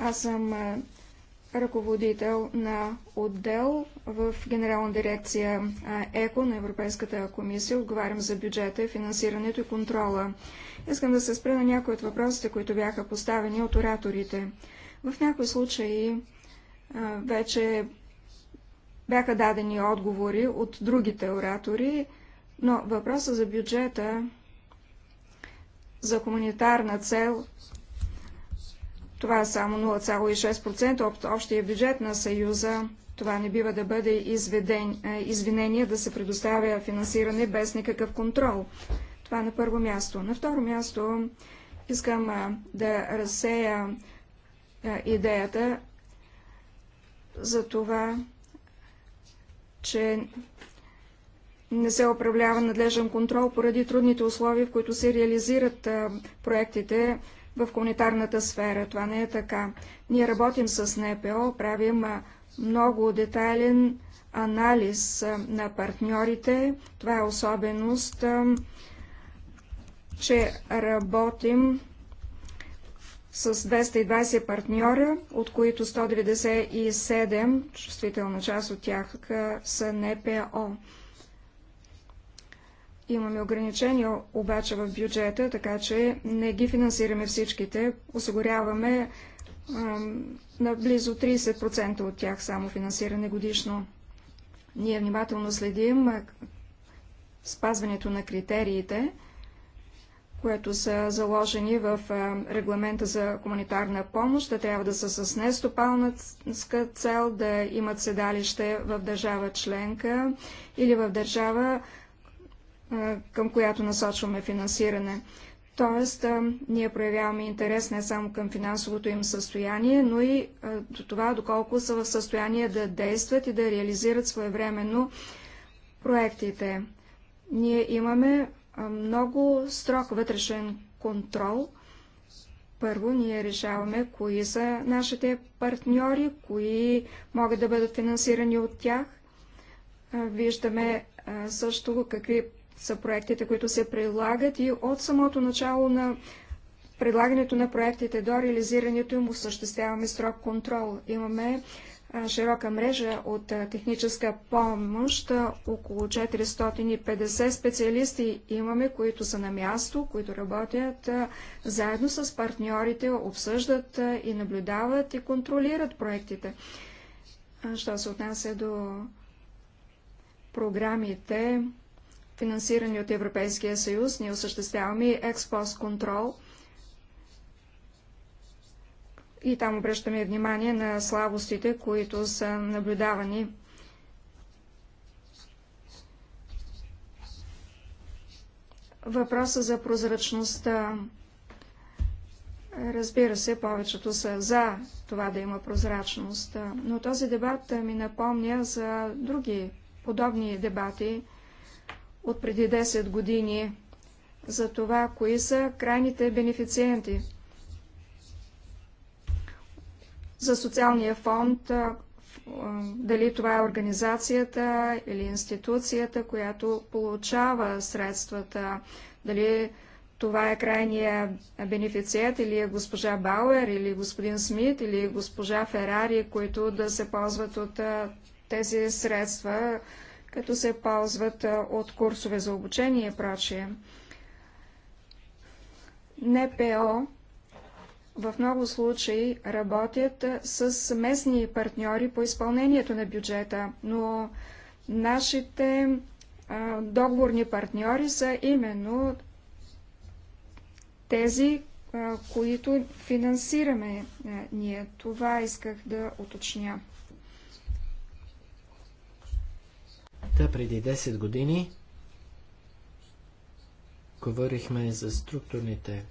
Аз съм ръководител на отдел в Генерална дирекция ЕКО на Европейската комисия. Отговарям за бюджета, финансирането и контрола. Искам да се спра на някои от въпросите, които бяха поставени от ораторите. В някои случаи вече бяха дадени отговори от другите оратори, но въпросът за бюджета за хуманитарна цел това е само 0,6% от общия бюджет на Съюза. Това не бива да бъде изведен, е, извинение да се предоставя финансиране без никакъв контрол. Това на първо място. На второ място искам е, да разсея е, идеята за това, че не се управлява надлежен контрол поради трудните условия, в които се реализират проектите в комунитарната сфера. Това не е така. Ние работим с НПО, правим много детайлен анализ на партньорите. Това е особеност, че работим с 220 партньора, от които 197, чувствителна част от тях са НПО. Имаме ограничения обаче в бюджета, така че не ги финансираме всичките. Осигуряваме на близо 30% от тях само финансиране годишно. Ние внимателно следим спазването на критериите, които са заложени в регламента за хуманитарна помощ. Те трябва да са с нестопалнатска цел, да имат седалище в държава членка или в държава, към която насочваме финансиране. Тоест, ние проявяваме интерес не само към финансовото им състояние, но и до това, доколко са в състояние да действат и да реализират своевременно проектите. Ние имаме много строг вътрешен контрол. Първо, ние решаваме кои са нашите партньори, кои могат да бъдат финансирани от тях. Виждаме също какви са проектите, които се прилагат и от самото начало на предлагането на проектите до реализирането им осъществяваме строг контрол. Имаме широка мрежа от техническа помощ, около 450 специалисти имаме, които са на място, които работят заедно с партньорите, обсъждат и наблюдават и контролират проектите. Що се отнася до програмите, финансирани от Европейския съюз. Ние осъществяваме експост контрол и там обръщаме внимание на слабостите, които са наблюдавани. Въпроса за прозрачността. Разбира се, повечето са за това да има прозрачност, но този дебат ми напомня за други подобни дебати, от преди 10 години за това, кои са крайните бенефициенти за социалния фонд, дали това е организацията или институцията, която получава средствата, дали това е крайния бенефициент или е госпожа Бауер, или господин Смит, или е госпожа Ферари, които да се ползват от тези средства, като се ползват от курсове за обучение и прочие. НПО в много случаи работят с местни партньори по изпълнението на бюджета, но нашите договорни партньори са именно тези, които финансираме ние. Това исках да уточня. Та преди 10 години говорихме за структурните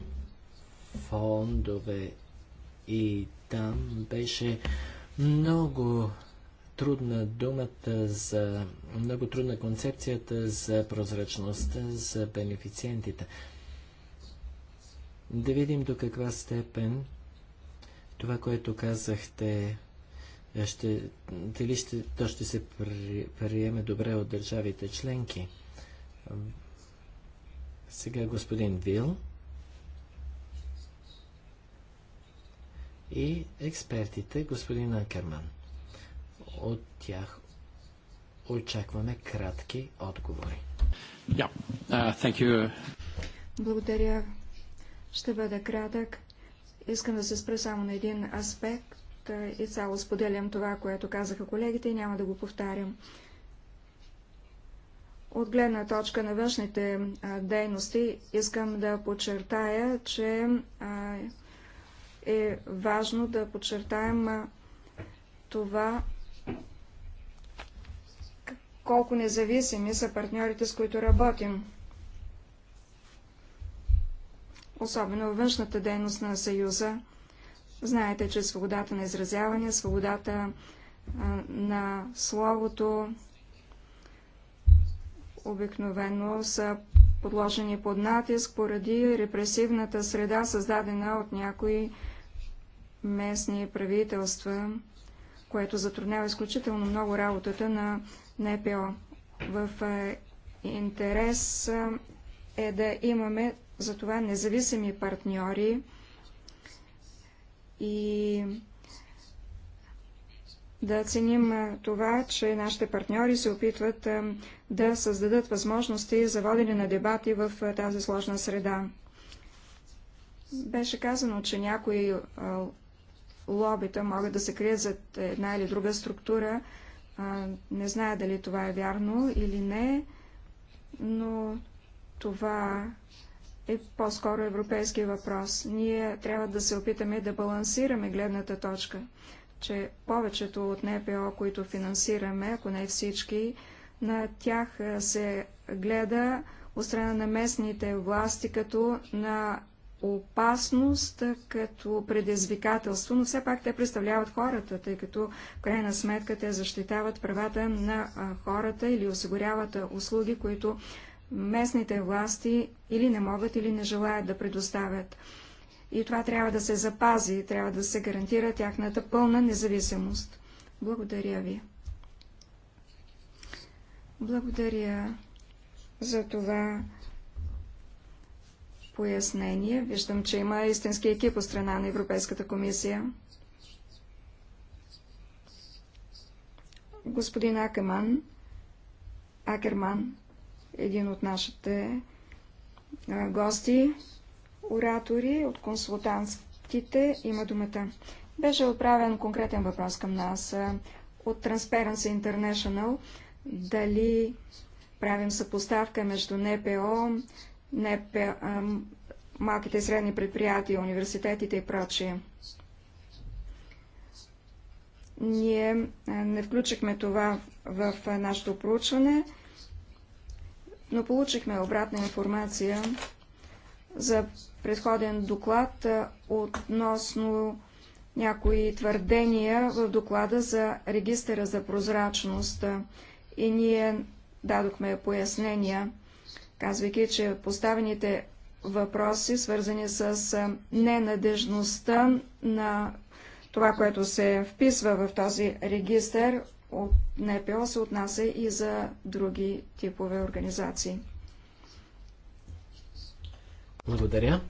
фондове и там беше много трудна думата за, много трудна концепцията за прозрачността за бенефициентите. Да видим до каква степен това, което казахте е, ще, дали ще, то ще се приеме добре от държавите членки. Сега господин Вил и експертите господин Акерман. От тях очакваме кратки отговори. Yeah. Uh, Благодаря. Ще бъда кратък. Искам да се спра само на един аспект и цяло споделям това, което казаха колегите и няма да го повтарям. От гледна точка на външните дейности искам да подчертая, че е важно да подчертаем това, колко независими са партньорите, с които работим. Особено външната дейност на Съюза Знаете, че свободата на изразяване, свободата на словото обикновено са подложени под натиск поради репресивната среда, създадена от някои местни правителства, което затруднява изключително много работата на НПО. В интерес е да имаме за това независими партньори, и да ценим това, че нашите партньори се опитват да създадат възможности за водене на дебати в тази сложна среда. Беше казано, че някои лобита могат да се крият за една или друга структура. Не зная дали това е вярно или не, но това е по-скоро европейски въпрос. Ние трябва да се опитаме да балансираме гледната точка, че повечето от НПО, които финансираме, ако не всички, на тях се гледа от страна на местните власти като на опасност, като предизвикателство, но все пак те представляват хората, тъй като в крайна сметка те защитават правата на хората или осигуряват услуги, които местните власти или не могат, или не желаят да предоставят. И това трябва да се запази, трябва да се гарантира тяхната пълна независимост. Благодаря ви. Благодаря за това пояснение. Виждам, че има истински екип от страна на Европейската комисия. Господин Акерман, Акерман един от нашите гости, оратори от консултантските има думата. Беше отправен конкретен въпрос към нас от Transparency International. Дали правим съпоставка между НПО, НПО малките и средни предприятия, университетите и прочие. Ние не включихме това в нашето проучване но получихме обратна информация за предходен доклад относно някои твърдения в доклада за регистъра за прозрачност и ние дадохме пояснения, казвайки, че поставените въпроси, свързани с ненадежността на това, което се вписва в този регистър, от НПО се отнася и за други типове организации. Благодаря.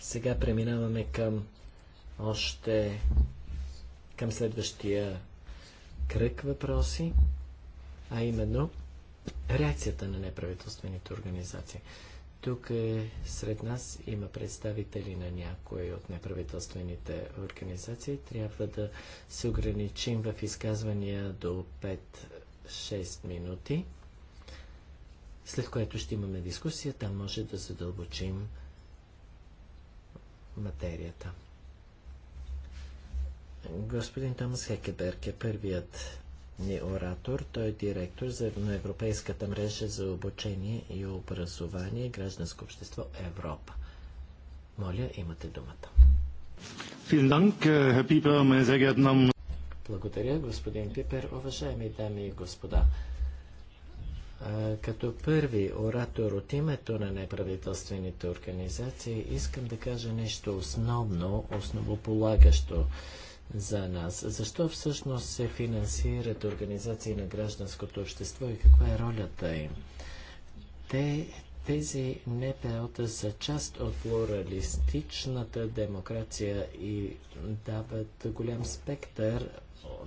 Сега преминаваме към още към следващия кръг въпроси, а именно реакцията на неправителствените организации. Тук е, сред нас има представители на някои от неправителствените организации. Трябва да се ограничим в изказвания до 5-6 минути, след което ще имаме дискусия. Там може да задълбочим материята. Господин Томас Хекеберг е първият ни оратор. Той е директор на Европейската мрежа за обучение и образование гражданско общество Европа. Моля, имате думата. Äh, Благодаря, господин Пипер. Уважаеми дами и господа, като първи оратор от името на неправителствените организации искам да кажа нещо основно, основополагащо за нас. Защо всъщност се финансират организации на гражданското общество и каква е ролята им? Те, тези НПО-та са част от плуралистичната демокрация и дават голям спектър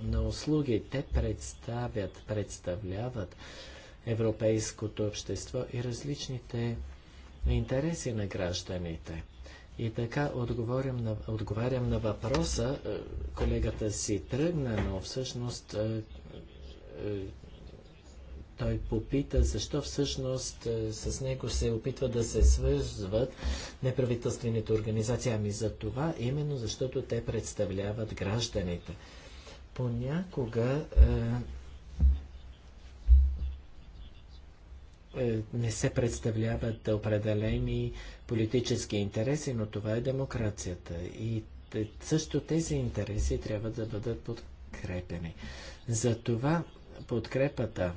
на услуги. Те представят, представляват европейското общество и различните интереси на гражданите. И така отговорям на, отговарям на въпроса. Е, колегата си тръгна, но всъщност е, е, той попита защо всъщност с него се опитва да се свързват неправителствените организации. Ами за това, именно защото те представляват гражданите. Понякога е, Е, не се представляват определени политически интереси, но това е демокрацията. И също тези интереси трябва да бъдат подкрепени. Затова подкрепата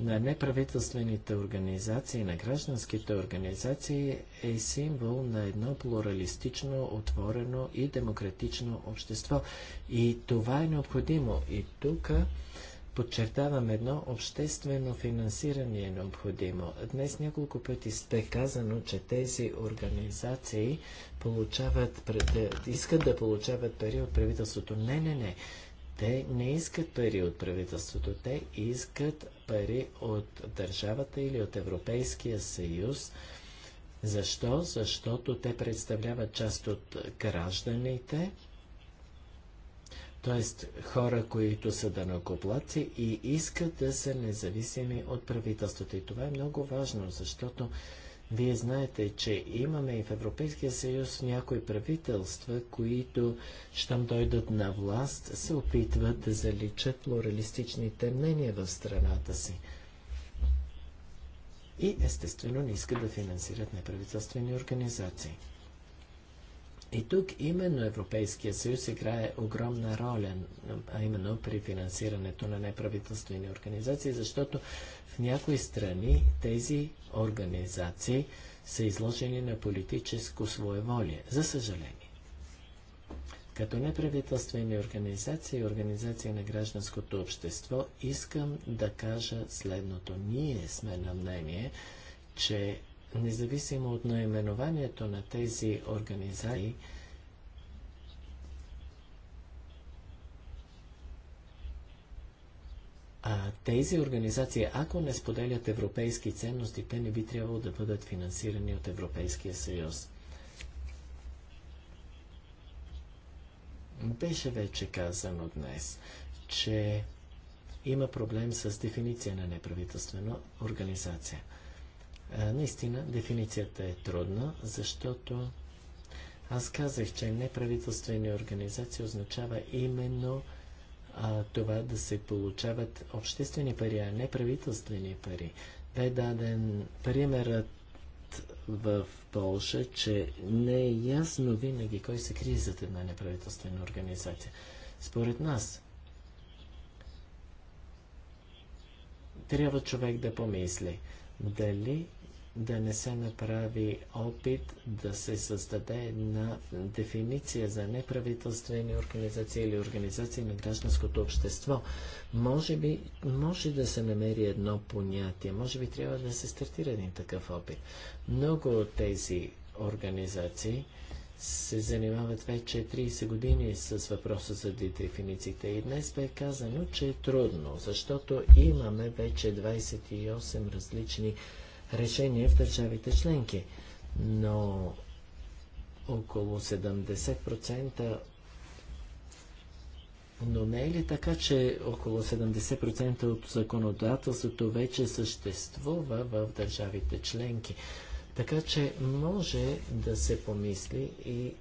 на неправителствените организации, на гражданските организации е символ на едно плуралистично, отворено и демократично общество. И това е необходимо. И тук подчертавам едно, обществено финансиране е необходимо. Днес няколко пъти сте казано, че тези организации получават, искат да получават пари от правителството. Не, не, не. Те не искат пари от правителството, те искат пари от държавата или от Европейския съюз. Защо? Защото те представляват част от гражданите т.е. хора, които са данъкоплаци и искат да са независими от правителството. И това е много важно, защото вие знаете, че имаме и в Европейския съюз някои правителства, които, щом дойдат на власт, се опитват да заличат плуралистичните мнения в страната си. И естествено не искат да финансират неправителствени организации. И тук именно Европейския съюз играе огромна роля, а именно при финансирането на неправителствени организации, защото в някои страни тези организации са изложени на политическо своеволие, за съжаление. Като неправителствени организации и организации на гражданското общество искам да кажа следното. Ние сме на мнение, че Независимо от наименованието на тези организации, А тези организации, ако не споделят европейски ценности, те не би трябвало да бъдат финансирани от Европейския съюз. Беше вече казано днес, че има проблем с дефиниция на неправителствена организация – Наистина, дефиницията е трудна, защото аз казах, че неправителствени организации означава именно а, това да се получават обществени пари, а неправителствени пари. Бе даден примерът в Полша, че не е ясно винаги кой се крие зад една неправителствена организация. Според нас, трябва човек да помисли дали да не се направи опит да се създаде една дефиниция за неправителствени организации или организации на гражданското общество. Може би може да се намери едно понятие, може би трябва да се стартира един такъв опит. Много от тези организации се занимават вече 30 години с въпроса за дефинициите. И днес бе казано, че е трудно, защото имаме вече 28 различни решение в държавите членки. Но около 70% но не е ли така, че около 70% от законодателството вече съществува в държавите членки? Така че може да се помисли и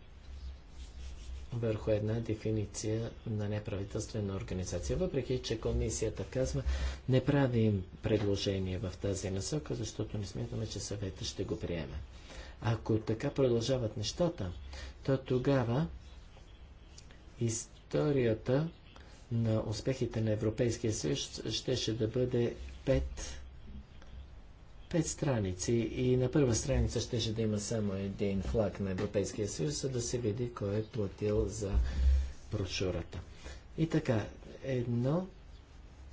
върху една дефиниция на неправителствена организация. Въпреки, че комисията казва, не правим предложение в тази насока, защото не смятаме, че съвета ще го приеме. Ако така продължават нещата, то тогава историята на успехите на Европейския съюз щеше да бъде пет пет страници и на първа страница щеше да има само един флаг на Европейския съюз, за да се види кой е платил за брошурата. И така, едно,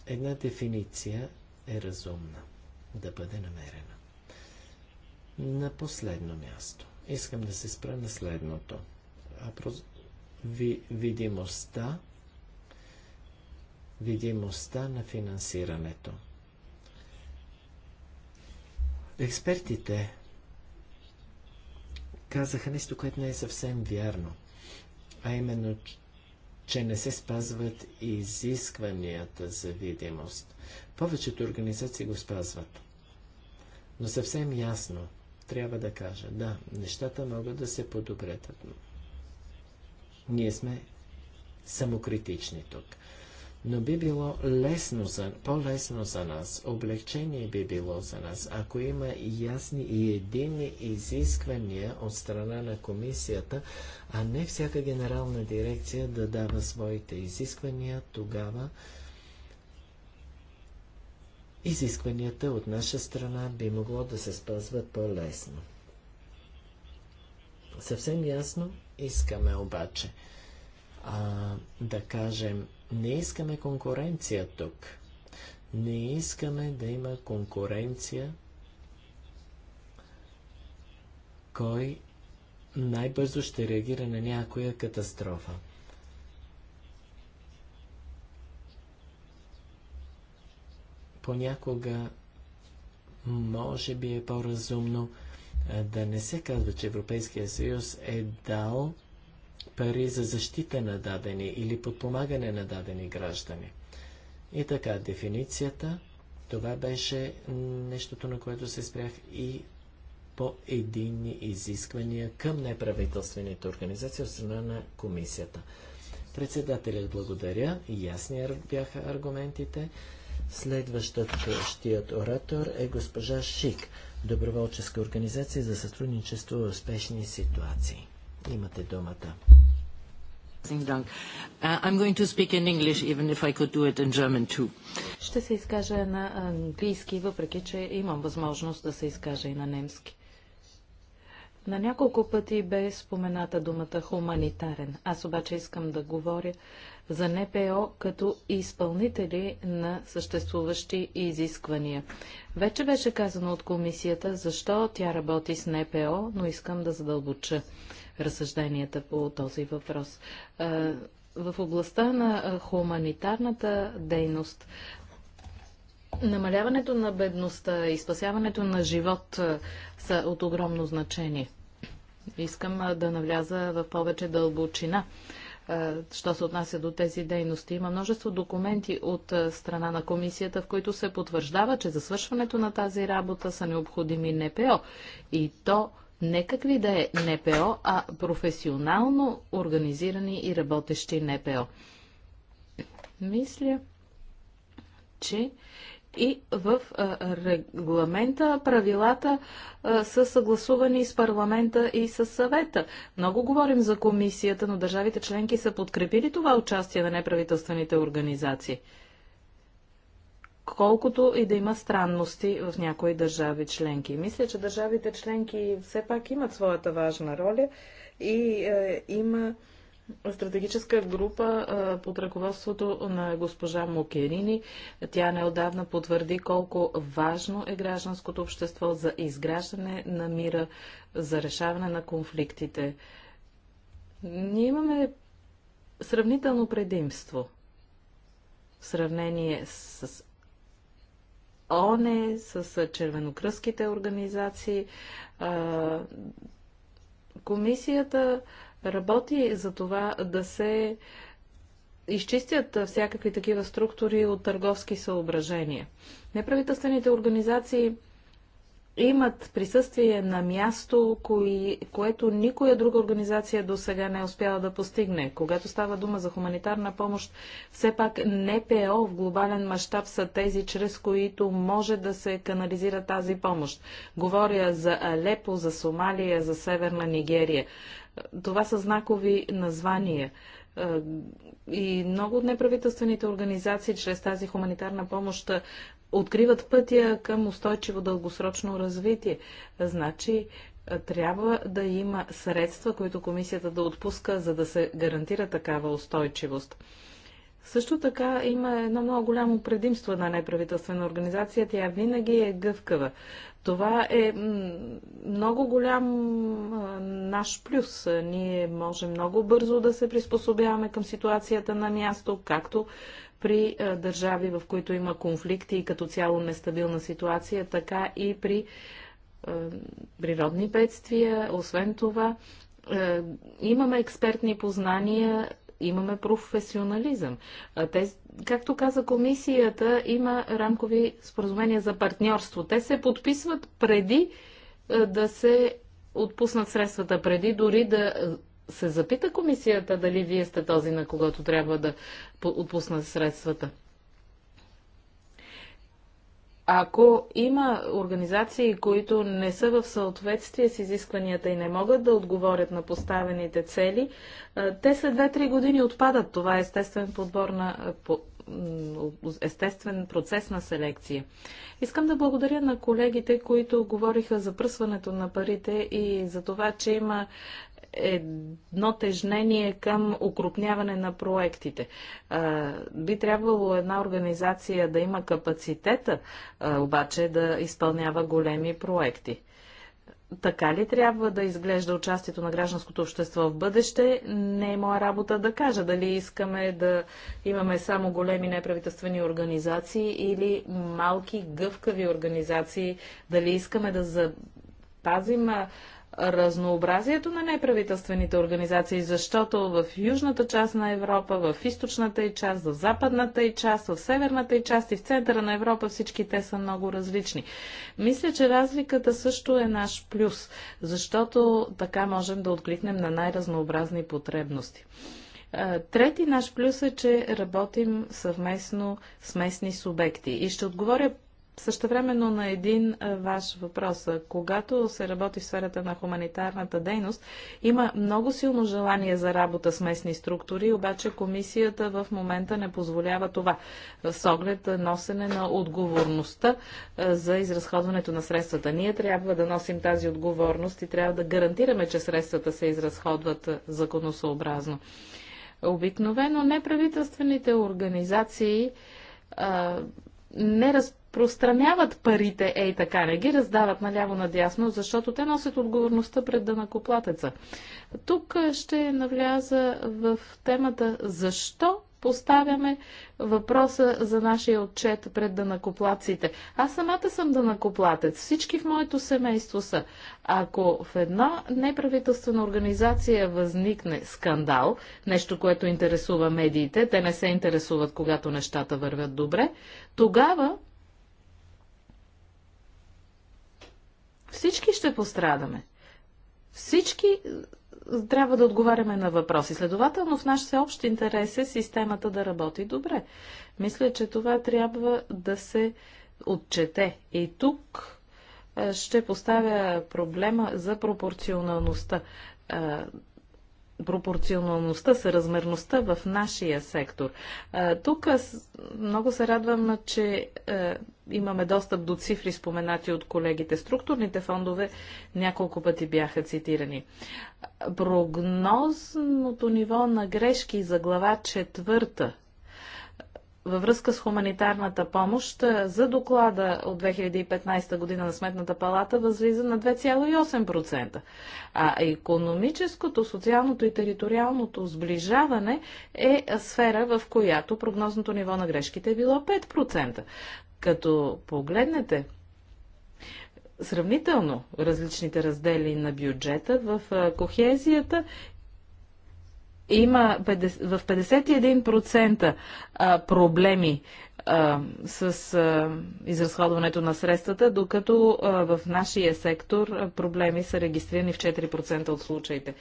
една дефиниция е разумна да бъде намерена. На последно място. Искам да се спра на следното. А проз... ви, видимостта, видимостта на финансирането. Експертите казаха нещо, което не е съвсем вярно, а именно, че не се спазват изискванията за видимост. Повечето организации го спазват. Но съвсем ясно трябва да кажа, да, нещата могат да се подобрят. Ние сме самокритични тук но би било лесно за, по-лесно за нас, облегчение би било за нас, ако има ясни и единни изисквания от страна на комисията, а не всяка генерална дирекция да дава своите изисквания, тогава изискванията от наша страна би могло да се спазват по-лесно. Съвсем ясно искаме обаче а, да кажем не искаме конкуренция тук. Не искаме да има конкуренция кой най-бързо ще реагира на някоя катастрофа. Понякога може би е по-разумно да не се казва, че Европейския съюз е дал пари за защита на дадени или подпомагане на дадени граждани. И така, дефиницията, това беше нещото, на което се спрях и по-единни изисквания към неправителствените организации от страна на комисията. Председателят благодаря, ясни бяха аргументите. Следващият оратор е госпожа Шик, доброволческа организация за сътрудничество в успешни ситуации. Имате думата. Uh, Ще се изкажа на английски, въпреки че имам възможност да се изкажа и на немски. На няколко пъти бе спомената думата хуманитарен. Аз обаче искам да говоря за НПО като изпълнители на съществуващи изисквания. Вече беше казано от комисията защо тя работи с НПО, но искам да задълбоча разсъжденията по този въпрос. В областта на хуманитарната дейност намаляването на бедността и спасяването на живот са от огромно значение. Искам да навляза в повече дълбочина що се отнася до тези дейности. Има множество документи от страна на комисията, в които се потвърждава, че за свършването на тази работа са необходими НПО. И то не какви да е НПО, а професионално организирани и работещи НПО. Мисля, че и в регламента правилата а, са съгласувани с парламента и с съвета. Много говорим за комисията, но държавите членки са подкрепили това участие на неправителствените организации колкото и да има странности в някои държави членки. Мисля, че държавите членки все пак имат своята важна роля и е, има стратегическа група е, под ръководството на госпожа Мокерини. Тя неодавна потвърди колко важно е гражданското общество за изграждане на мира, за решаване на конфликтите. Ние имаме сравнително предимство в сравнение с ОНЕ, с червенокръските организации. Комисията работи за това да се изчистят всякакви такива структури от търговски съображения. Неправителствените организации имат присъствие на място, кои, което никоя друга организация до сега не е успяла да постигне. Когато става дума за хуманитарна помощ, все пак НПО в глобален мащаб са тези, чрез които може да се канализира тази помощ. Говоря за Алепо, за Сомалия, за Северна Нигерия. Това са знакови названия. Е, и много от неправителствените организации чрез тази хуманитарна помощ е, откриват пътя към устойчиво дългосрочно развитие. Значи, трябва да има средства, които комисията да отпуска, за да се гарантира такава устойчивост. Също така има едно много голямо предимство на неправителствена организация. Тя винаги е гъвкава. Това е много голям наш плюс. Ние можем много бързо да се приспособяваме към ситуацията на място, както при държави, в които има конфликти и като цяло нестабилна ситуация, така и при природни бедствия. Освен това, имаме експертни познания, имаме професионализъм. Те, както каза комисията, има рамкови споразумения за партньорство. Те се подписват преди да се отпуснат средствата, преди дори да се запита комисията дали вие сте този, на когото трябва да отпуснат средствата. Ако има организации, които не са в съответствие с изискванията и не могат да отговорят на поставените цели, те след 2-3 години отпадат. Това е естествен подбор на естествен процес на селекция. Искам да благодаря на колегите, които говориха за пръсването на парите и за това, че има едно тежнение към укрупняване на проектите. Би трябвало една организация да има капацитета, обаче да изпълнява големи проекти. Така ли трябва да изглежда участието на гражданското общество в бъдеще? Не е моя работа да кажа дали искаме да имаме само големи неправителствени организации или малки гъвкави организации, дали искаме да запазим разнообразието на неправителствените организации, защото в южната част на Европа, в източната и част, в западната и част, в северната и част и в центъра на Европа всички те са много различни. Мисля, че разликата също е наш плюс, защото така можем да откликнем на най-разнообразни потребности. Трети наш плюс е, че работим съвместно с местни субекти. И ще отговоря Същевременно на един е, ваш въпрос. Когато се работи в сферата на хуманитарната дейност, има много силно желание за работа с местни структури, обаче комисията в момента не позволява това с оглед носене на отговорността е, за изразходването на средствата. Ние трябва да носим тази отговорност и трябва да гарантираме, че средствата се изразходват е, законосъобразно. Обикновено неправителствените организации не разпределят разпространяват парите, ей така, не ги раздават наляво-надясно, защото те носят отговорността пред дънакоплатеца. Тук ще навляза в темата защо поставяме въпроса за нашия отчет пред дънакоплаците. Аз самата съм дънакоплатец. Всички в моето семейство са. Ако в една неправителствена организация възникне скандал, нещо, което интересува медиите, те не се интересуват, когато нещата вървят добре, тогава Всички ще пострадаме. Всички е, трябва да отговаряме на въпроси. Следователно, в наш всеобщ интерес е системата да работи добре. Мисля, че това трябва да се отчете. И тук е, ще поставя проблема за пропорционалността е, пропорционалността, съразмерността в нашия сектор. Тук аз много се радвам, че имаме достъп до цифри, споменати от колегите. Структурните фондове няколко пъти бяха цитирани. Прогнозното ниво на грешки за глава четвърта във връзка с хуманитарната помощ за доклада от 2015 година на Сметната палата възлиза на 2,8%. А економическото, социалното и териториалното сближаване е сфера, в която прогнозното ниво на грешките е било 5%. Като погледнете сравнително различните раздели на бюджета в кохезията има 50, в 51% проблеми с изразходването на средствата, докато в нашия сектор проблеми са регистрирани в 4% от случаите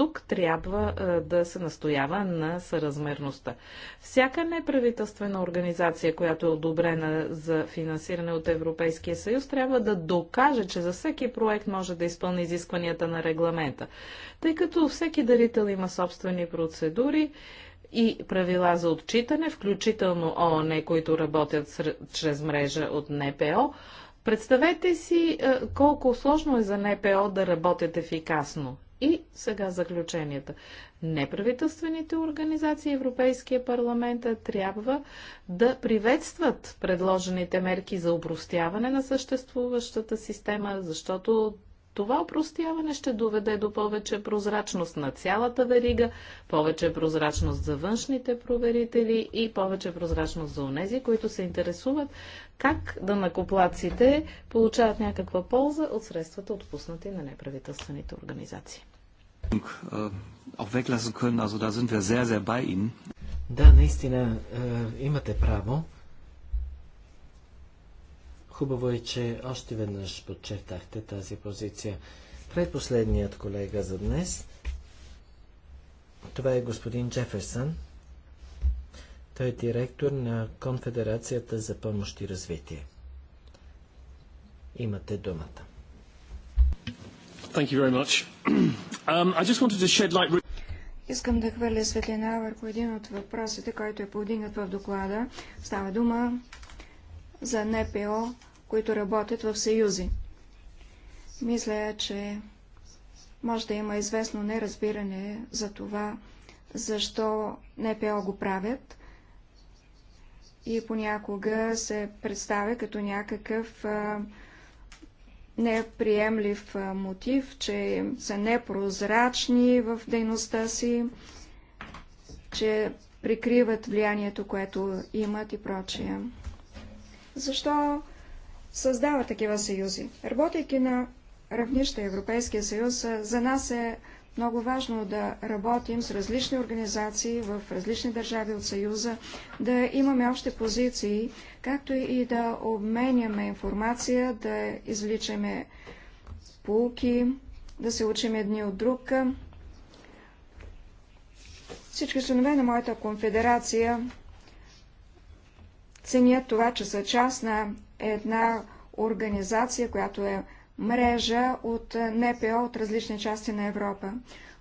тук трябва е, да се настоява на съразмерността. Всяка неправителствена организация, която е одобрена за финансиране от Европейския съюз, трябва да докаже, че за всеки проект може да изпълни изискванията на регламента. Тъй като всеки дарител има собствени процедури, и правила за отчитане, включително ООН, които работят чрез мрежа от НПО. Представете си е, колко сложно е за НПО да работят ефикасно. И сега заключенията. Неправителствените организации Европейския парламент трябва да приветстват предложените мерки за упростяване на съществуващата система, защото това опростяване ще доведе до повече прозрачност на цялата верига, повече прозрачност за външните проверители и повече прозрачност за онези, които се интересуват как да накоплаците получават някаква полза от средствата отпуснати на неправителствените организации. Да, наистина э, имате право. Хубаво е, че още веднъж подчертахте тази позиция. Предпоследният колега за днес, това е господин Джеферсън. Той е директор на Конфедерацията за помощ и развитие. Имате думата. Thank you very much. Um, I just wanted to shed light... Искам да хвърля светлина върху един от въпросите, който е повдигнат в доклада. Става дума за НПО, които работят в съюзи. Мисля, че може да има известно неразбиране за това, защо НПО го правят и понякога се представя като някакъв а, неприемлив мотив, че са непрозрачни в дейността си, че прикриват влиянието, което имат и прочие. Защо създава такива съюзи? Работейки на равнище Европейския съюз, за нас е много важно е да работим с различни организации в различни държави от Съюза, да имаме още позиции, както и да обменяме информация, да извличаме полки, да се учим едни от друг. Всички членове на моята конфедерация ценят това, че са част на една организация, която е мрежа от е, НПО от различни части на Европа.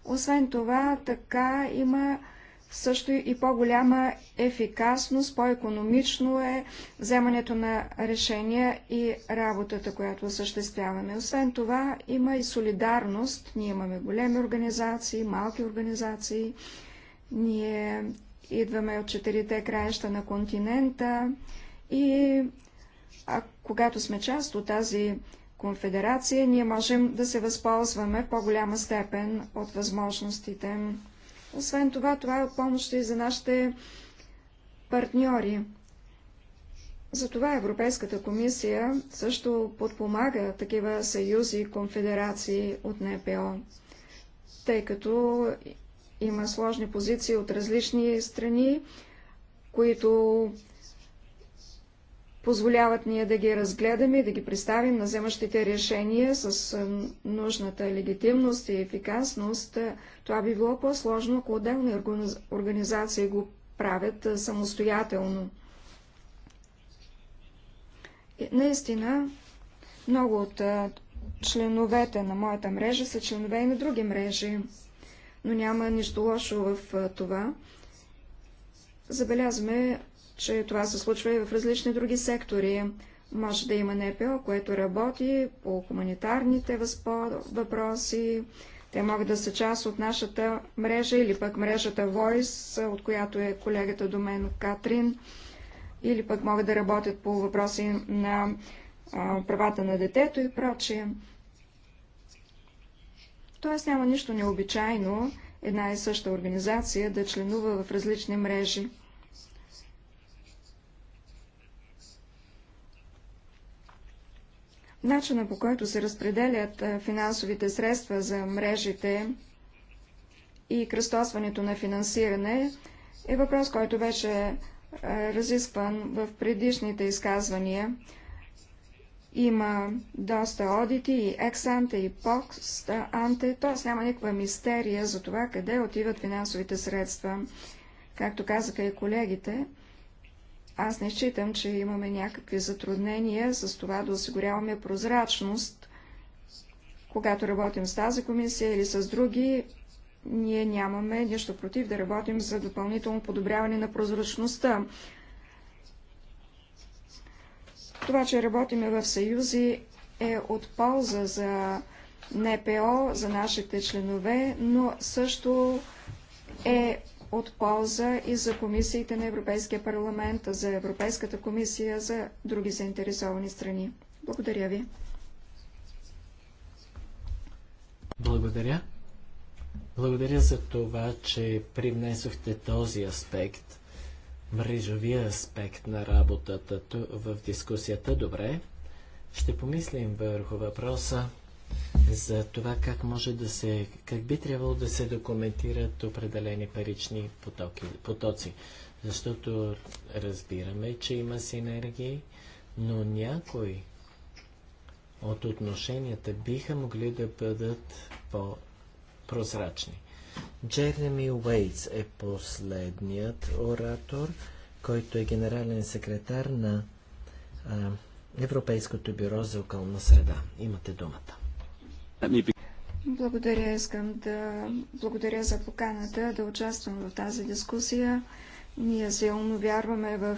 Освен това, така има също и по-голяма ефикасност, по-економично е вземането на решения и работата, която осъществяваме. Освен това, има и солидарност. Ние имаме големи организации, малки организации. Ние идваме от четирите краища на континента и а когато сме част от тази конфедерация, ние можем да се възползваме в по-голяма степен от възможностите. Освен това, това е от помощ и за нашите партньори. Затова Европейската комисия също подпомага такива съюзи и конфедерации от НПО, тъй като има сложни позиции от различни страни, които позволяват ние да ги разгледаме, и да ги представим на вземащите решения с е, нужната легитимност и ефикасност. Е, това би било по-сложно, ако отделни организации го правят е, самостоятелно. И наистина, много от членовете на моята мрежа са членове и на други мрежи, но няма нищо лошо в това. Забелязваме че това се случва и в различни други сектори. Може да има НПО, което работи по хуманитарните въпроси. Те могат да са част от нашата мрежа или пък мрежата Voice, от която е колегата до мен Катрин, или пък могат да работят по въпроси на а, правата на детето и прочие. Тоест няма нищо необичайно една и съща организация да членува в различни мрежи. Начина по който се разпределят е, финансовите средства за мрежите и кръстосването на финансиране е въпрос, който вече е разискван в предишните изказвания. Има доста одити и ексанте, и покс т.е. няма никаква мистерия за това къде отиват финансовите средства. Както казаха и колегите, аз не считам, че имаме някакви затруднения с това да осигуряваме прозрачност. Когато работим с тази комисия или с други, ние нямаме нищо против да работим за допълнително подобряване на прозрачността. Това, че работиме в съюзи е от полза за НПО, за нашите членове, но също е от полза и за комисиите на Европейския парламент, за Европейската комисия, за други заинтересовани страни. Благодаря ви. Благодаря. Благодаря за това, че привнесохте този аспект, мрежовия аспект на работата в дискусията. Добре. Ще помислим върху въпроса за това как може да се, как би трябвало да се документират определени парични потоки, потоци. Защото разбираме, че има синергии, но някои от отношенията биха могли да бъдат по-прозрачни. Джереми Уейтс е последният оратор, който е генерален секретар на а, Европейското бюро за околна среда. Имате думата. Благодаря. Искам да благодаря за поканата да участвам в тази дискусия. Ние силно вярваме в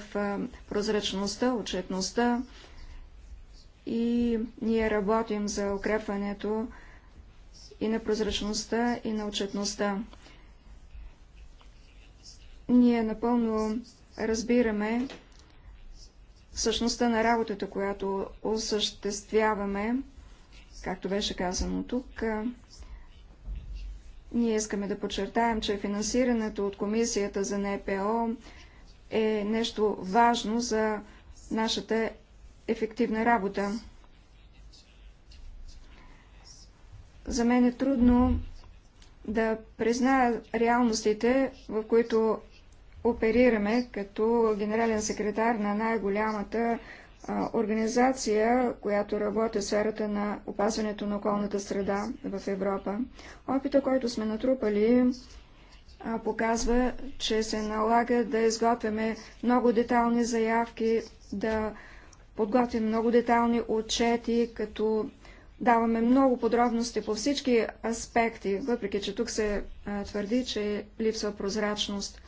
прозрачността, отчетността и ние работим за укрепването и на прозрачността, и на отчетността. Ние напълно разбираме същността на работата, която осъществяваме Както беше казано тук, ние искаме да подчертаем, че финансирането от комисията за НПО е нещо важно за нашата ефективна работа. За мен е трудно да призная реалностите, в които оперираме като генерален секретар на най-голямата организация, която работи в сферата на опазването на околната среда в Европа. Опита, който сме натрупали, показва, че се налага да изготвяме много детални заявки, да подготвим много детални отчети, като даваме много подробности по всички аспекти, въпреки че тук се твърди, че липсва прозрачност.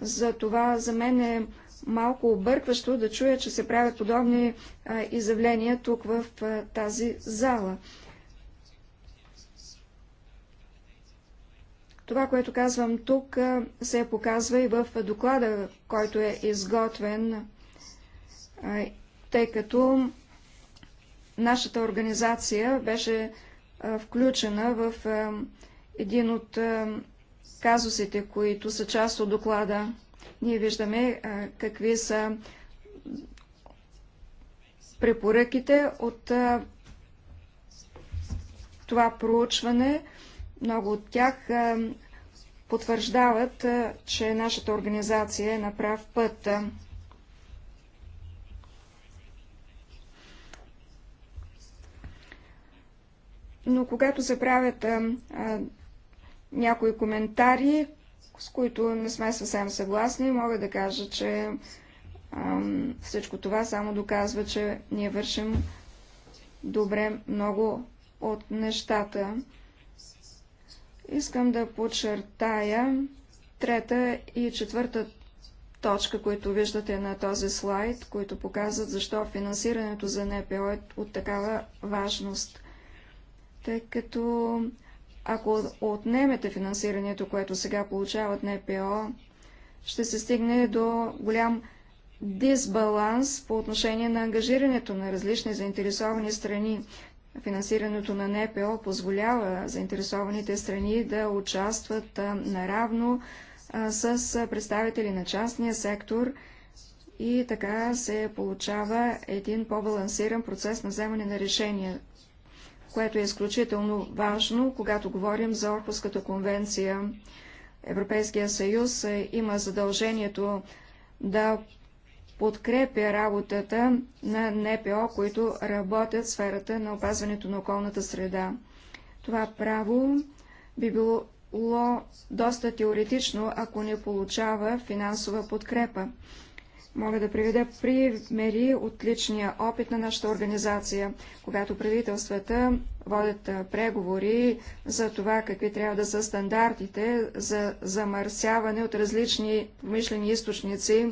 За това за мен е малко объркващо да чуя, че се правят подобни а, изявления тук в а, тази зала. Това, което казвам тук, а, се показва и в доклада, който е изготвен, а, тъй като нашата организация беше а, включена в а, един от а, казусите, които са част от доклада. Ние виждаме какви са препоръките от това проучване. Много от тях потвърждават, че нашата организация е на прав път. Но когато се правят някои коментари, с които не сме съвсем съгласни. Мога да кажа, че ам, всичко това само доказва, че ние вършим добре много от нещата. Искам да подчертая трета и четвърта точка, които виждате на този слайд, които показват защо финансирането за НПО е от такава важност. Тъй като ако отнемете финансирането, което сега получават НПО, ще се стигне до голям дисбаланс по отношение на ангажирането на различни заинтересовани страни. Финансирането на НПО позволява заинтересованите страни да участват наравно с представители на частния сектор и така се получава един по-балансиран процес на вземане на решения което е изключително важно, когато говорим за Орхуската конвенция. Европейския съюз е, има задължението да подкрепя работата на НПО, които работят в сферата на опазването на околната среда. Това право би било доста теоретично, ако не получава финансова подкрепа. Мога да приведа примери от личния опит на нашата организация, когато правителствата водят преговори за това какви трябва да са стандартите за замърсяване от различни мишлени източници.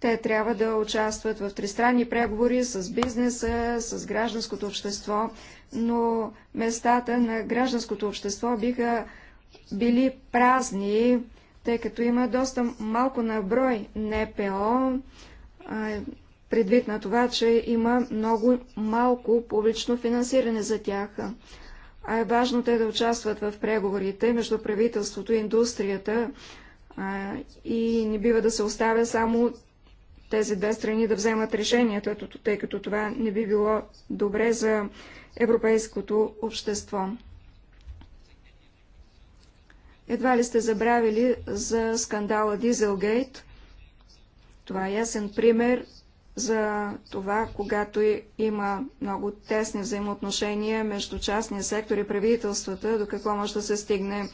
Те трябва да участват в тристранни преговори с бизнеса, с гражданското общество, но местата на гражданското общество биха били празни, тъй като има доста малко на брой НПО, предвид на това, че има много малко публично финансиране за тях. А е важно те да участват в преговорите между правителството и индустрията и не бива да се оставя само тези две страни да вземат решенията, тъй като това не би било добре за европейското общество. Едва ли сте забравили за скандала Дизелгейт? Това е ясен пример за това, когато има много тесни взаимоотношения между частния сектор и правителствата, до какво може да се стигне.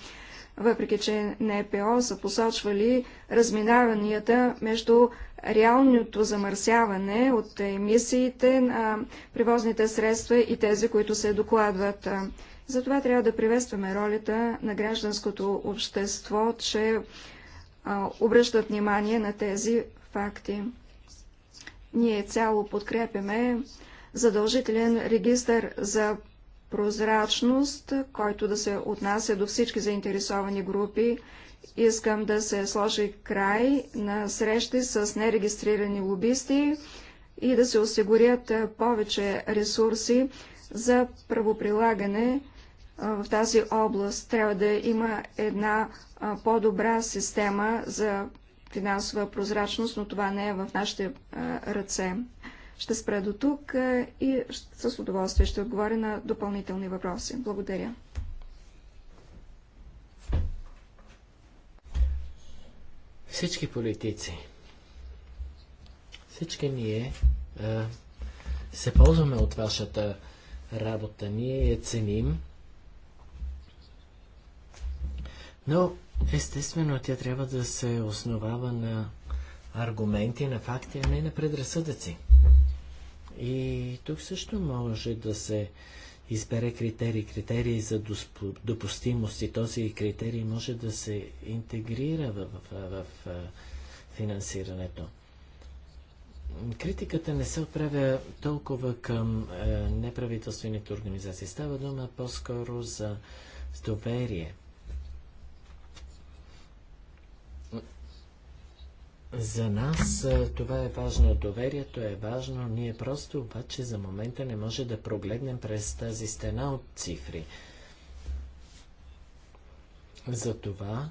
Въпреки, че НПО са посочвали разминаванията между реалното замърсяване от емисиите на превозните средства и тези, които се докладват. Затова трябва да приветстваме ролята на гражданското общество, че а, обръщат внимание на тези факти. Ние цяло подкрепяме задължителен регистр за прозрачност, който да се отнася до всички заинтересовани групи. Искам да се сложи край на срещи с нерегистрирани лобисти и да се осигурят повече ресурси за правоприлагане в тази област. Трябва да има една по-добра система за финансова прозрачност, но това не е в нашите ръце. Ще спра до тук и с удоволствие ще отговоря на допълнителни въпроси. Благодаря. Всички политици, всички ние се ползваме от вашата работа. Ние я ценим Но, естествено, тя трябва да се основава на аргументи, на факти, а не на предразсъдъци. И тук също може да се избере критерии, критерии за допустимост и този критерий може да се интегрира в, в, в, в финансирането. Критиката не се отправя толкова към е, неправителствените организации. Става дума по-скоро за доверие. За нас това е важно, доверието е важно, ние просто обаче за момента не може да прогледнем през тази стена от цифри. Затова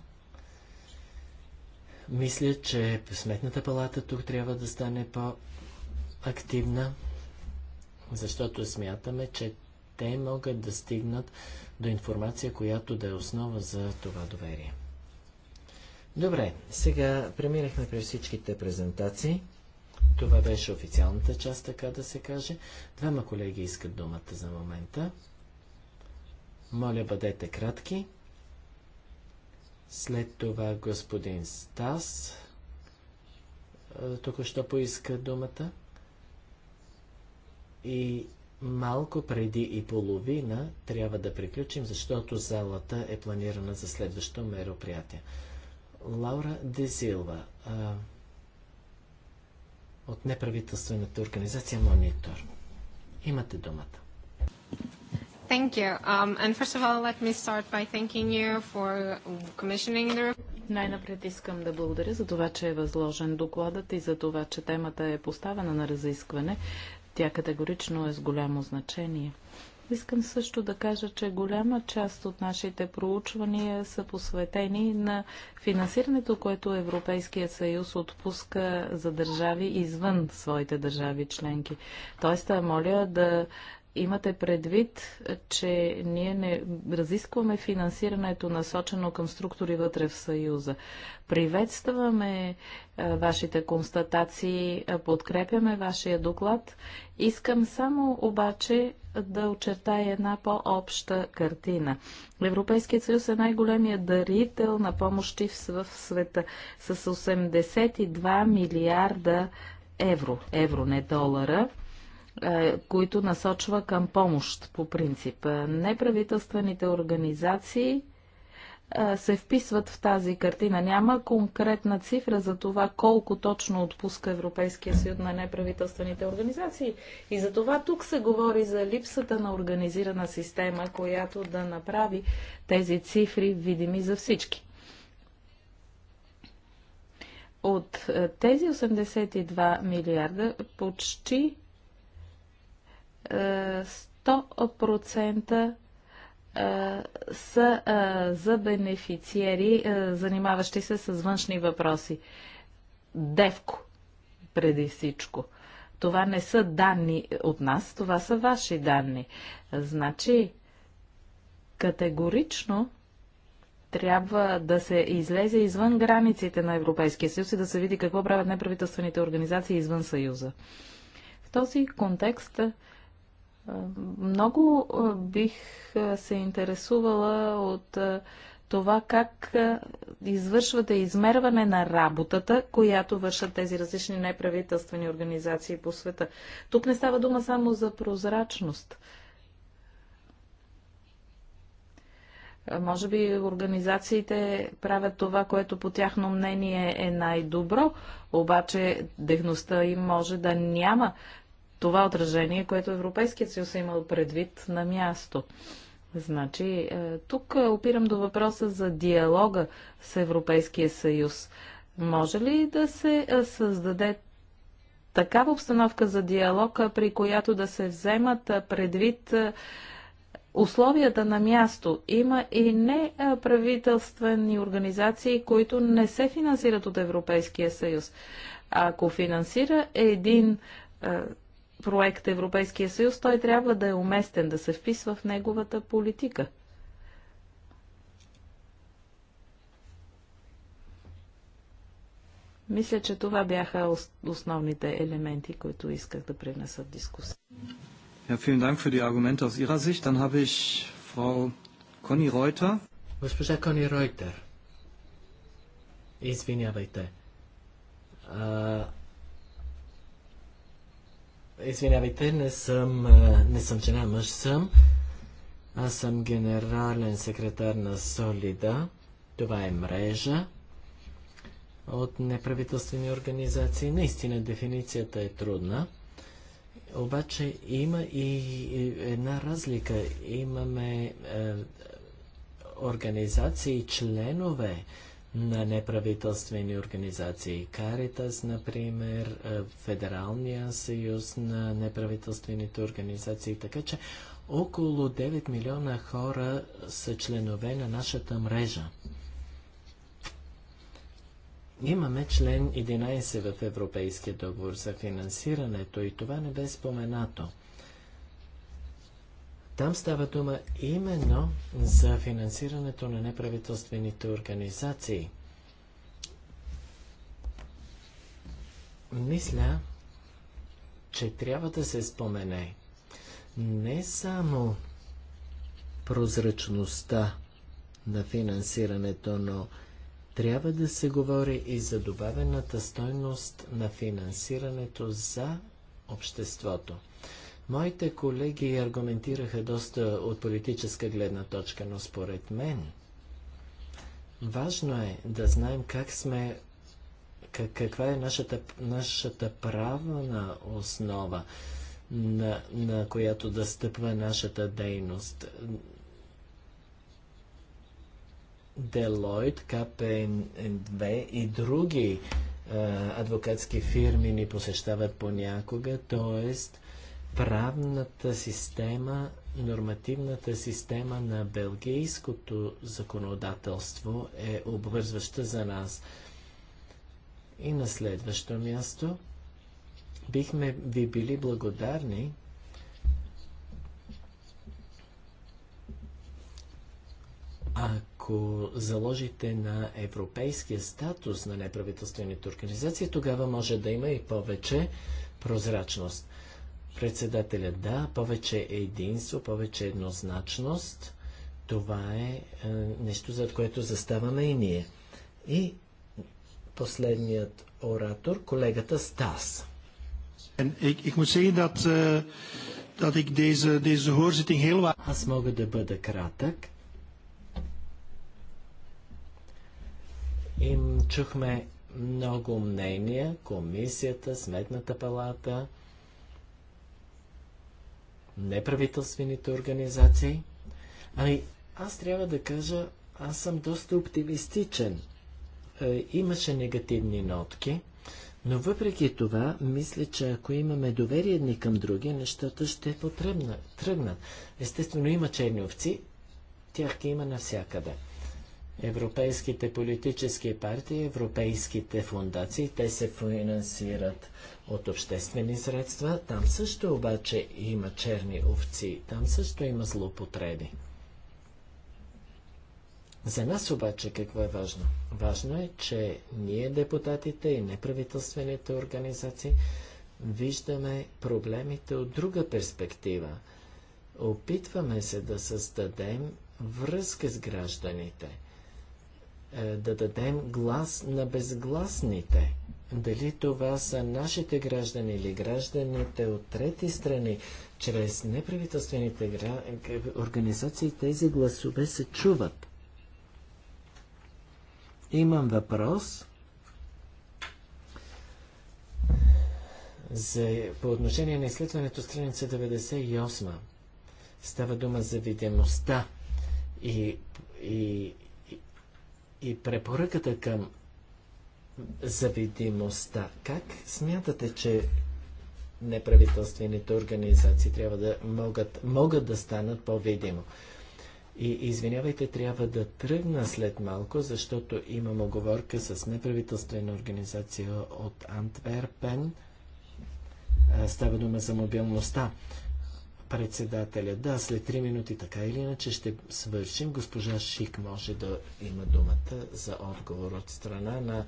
мисля, че Сметната палата тук трябва да стане по-активна, защото смятаме, че те могат да стигнат до информация, която да е основа за това доверие. Добре, сега преминахме през всичките презентации. Това беше официалната част, така да се каже. Двама колеги искат думата за момента. Моля, бъдете кратки. След това господин Стас току-що поиска думата. И малко преди и половина трябва да приключим, защото залата е планирана за следващо мероприятие. Лаура Дезилва от неправителствената организация Монитор. Имате думата. Thank you. Um, and first of all, let me start by thanking you for commissioning the най-напред искам да благодаря за това, че е възложен докладът и за това, че темата е поставена на разискване. Тя категорично е с голямо значение. Искам също да кажа, че голяма част от нашите проучвания са посветени на финансирането, което Европейският съюз отпуска за държави извън своите държави членки. Тоест, моля да Имате предвид, че ние не разискваме финансирането насочено към структури вътре в Съюза. Приветстваме вашите констатации, подкрепяме вашия доклад. Искам само обаче да очертая една по-обща картина. Европейският съюз е най-големият дарител на помощи в света с 82 милиарда евро, евро не долара е, които насочва към помощ по принцип. Е, неправителствените организации е, се вписват в тази картина. Няма конкретна цифра за това колко точно отпуска Европейския съюз на неправителствените организации. И за това тук се говори за липсата на организирана система, която да направи тези цифри видими за всички. От тези 82 милиарда почти 100% са за бенефициери, занимаващи се с външни въпроси. Девко, преди всичко. Това не са данни от нас, това са ваши данни. Значи, категорично трябва да се излезе извън границите на Европейския съюз и да се види какво правят неправителствените организации извън Съюза. В този контекст много бих се интересувала от това как извършвате измерване на работата, която вършат тези различни неправителствени организации по света. Тук не става дума само за прозрачност. Може би организациите правят това, което по тяхно мнение е най-добро, обаче дехността им може да няма това отражение, което Европейският съюз е имал предвид на място. Значи, е, тук опирам до въпроса за диалога с Европейския съюз. Може ли да се е, създаде такава обстановка за диалог, е, при която да се вземат предвид условията на място. Има и неправителствени организации, които не се финансират от Европейския съюз. Ако финансира един проект Европейския съюз, той трябва да е уместен, да се вписва в неговата политика. Мисля, че това бяха основните елементи, които исках да принеса в дискусия. Ja, Госпожа Кони Ройтер, извинявайте. А, Извинявайте, не съм, е, не съм жена, мъж съм. Аз съм генерален секретар на Солида. Това е мрежа от неправителствени организации. Наистина дефиницията е трудна. Обаче има и една разлика. Имаме е, организации, членове на неправителствени организации. Каритас, например, е, Федералния съюз на неправителствените организации. Така че около 9 милиона хора са членове на нашата мрежа. Имаме член 11 в Европейския договор за финансирането и това не бе споменато. Там става дума именно за финансирането на неправителствените организации. Мисля, че трябва да се спомене не само прозрачността на финансирането, но трябва да се говори и за добавената стойност на финансирането за обществото. Моите колеги аргументираха доста от политическа гледна точка, но според мен важно е да знаем как сме как, каква е нашата, нашата правна основа, на, на която да стъпва нашата дейност. Делойт, КПН2 и други а, адвокатски фирми ни посещават понякога, т.е правната система, нормативната система на белгийското законодателство е обвързваща за нас. И на следващо място бихме ви били благодарни, ако заложите на европейския статус на неправителствените организации, тогава може да има и повече прозрачност. Председателя, да, повече единство, повече еднозначност. Това е, е нещо, за което заставаме и ние. И последният оратор, колегата Стас. Аз мога да бъда кратък. Им чухме много мнения, комисията, сметната палата – неправителствените организации. Ами, аз трябва да кажа, аз съм доста оптимистичен. Е, имаше негативни нотки, но въпреки това, мисля, че ако имаме доверие едни към други, нещата ще потребна, тръгнат. Естествено, има черни овци, тях има навсякъде. Европейските политически партии, европейските фундации, те се финансират от обществени средства. Там също обаче има черни овци, там също има злоупотреби. За нас обаче какво е важно? Важно е, че ние депутатите и неправителствените организации виждаме проблемите от друга перспектива. Опитваме се да създадем връзка с гражданите, е, да дадем глас на безгласните – дали това са нашите граждани или гражданите от трети страни, чрез неправителствените гра... организации тези гласове се чуват. Имам въпрос за... по отношение на изследването страница 98. Става дума за видимостта и, и, и препоръката към за видимостта. Как смятате, че неправителствените организации трябва да могат, могат да станат по-видимо? И извинявайте, трябва да тръгна след малко, защото имам оговорка с неправителствена организация от Антверпен. Става дума за мобилността. Председателя, да, след 3 минути така или иначе ще свършим. Госпожа Шик може да има думата за отговор от страна на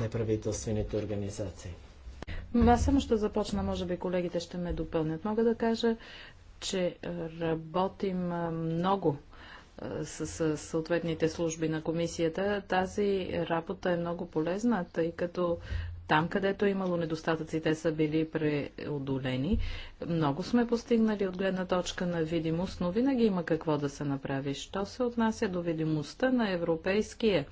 неправителствените организации. Аз само ще започна, може би колегите ще ме допълнят. Мога да кажа, че работим много с съответните служби на комисията. Тази работа е много полезна, тъй като там, където е имало недостатъци, те са били преодолени. Много сме постигнали от гледна точка на видимост, но винаги има какво да се направи. Що се отнася до видимостта на европейския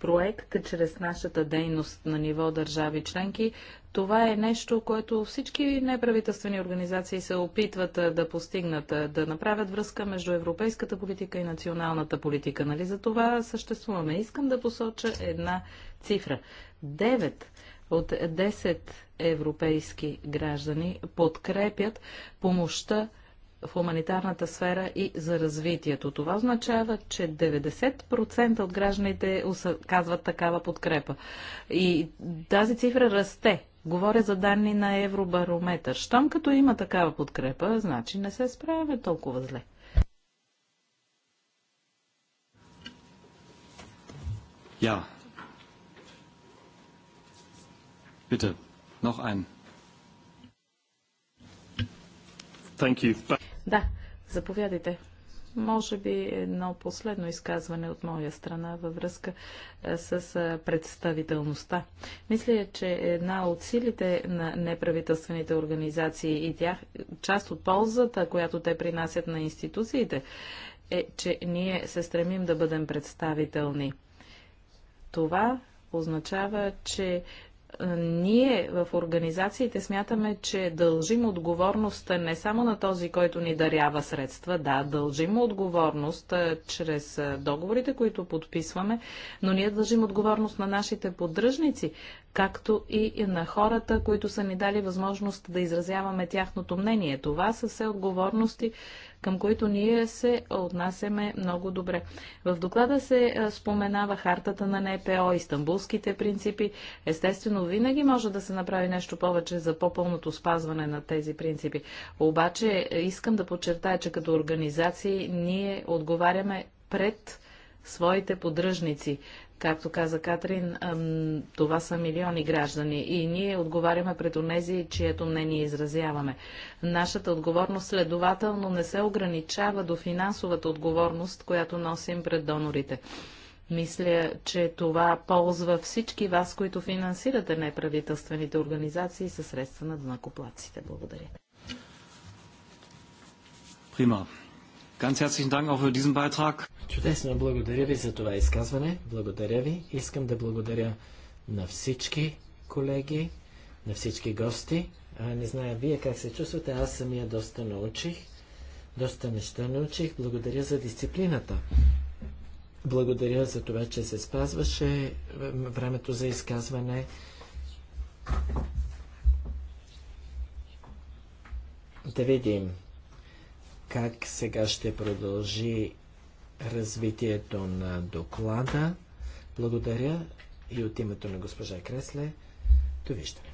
проект чрез нашата дейност на ниво държави членки. Това е нещо, което всички неправителствени организации се опитват да постигнат, да направят връзка между европейската политика и националната политика. Нали? За това съществуваме. Искам да посоча една цифра. 9 от 10 европейски граждани подкрепят помощта в хуманитарната сфера и за развитието. Това означава, че 90% от гражданите казват такава подкрепа. И тази цифра расте. Говоря за данни на Евробарометър. Щом като има такава подкрепа, значи не се справяме толкова зле. Ja. Bitte, noch ein. Да, заповядайте. Може би едно последно изказване от моя страна във връзка с представителността. Мисля, че една от силите на неправителствените организации и тях, част от ползата, която те принасят на институциите, е, че ние се стремим да бъдем представителни. Това означава, че ние в организациите смятаме, че дължим отговорността не само на този, който ни дарява средства, да, дължим отговорност чрез договорите, които подписваме, но ние дължим отговорност на нашите поддръжници, както и на хората, които са ни дали възможност да изразяваме тяхното мнение. Това са все отговорности, към които ние се отнасяме много добре. В доклада се споменава хартата на НПО, истанбулските принципи. Естествено, винаги може да се направи нещо повече за по-пълното спазване на тези принципи. Обаче е, искам да подчертая, че като организации ние отговаряме пред своите поддръжници. Както каза Катрин, това са милиони граждани и ние отговаряме пред онези, чието мнение изразяваме. Нашата отговорност следователно не се ограничава до финансовата отговорност, която носим пред донорите. Мисля, че това ползва всички вас, които финансирате неправителствените организации със средства на дънакоплаците. Благодаря. Прима. Ганц herzlichen данк auch für diesen Чудесно, благодаря ви за това изказване. Благодаря ви. Искам да благодаря на всички колеги, на всички гости. А, не зная вие как се чувствате, аз самия доста научих. Доста неща научих. Благодаря за дисциплината. Благодаря за това, че се спазваше времето за изказване. Да видим как сега ще продължи развитието на доклада. Благодаря и от името на госпожа Кресле. Довиждане.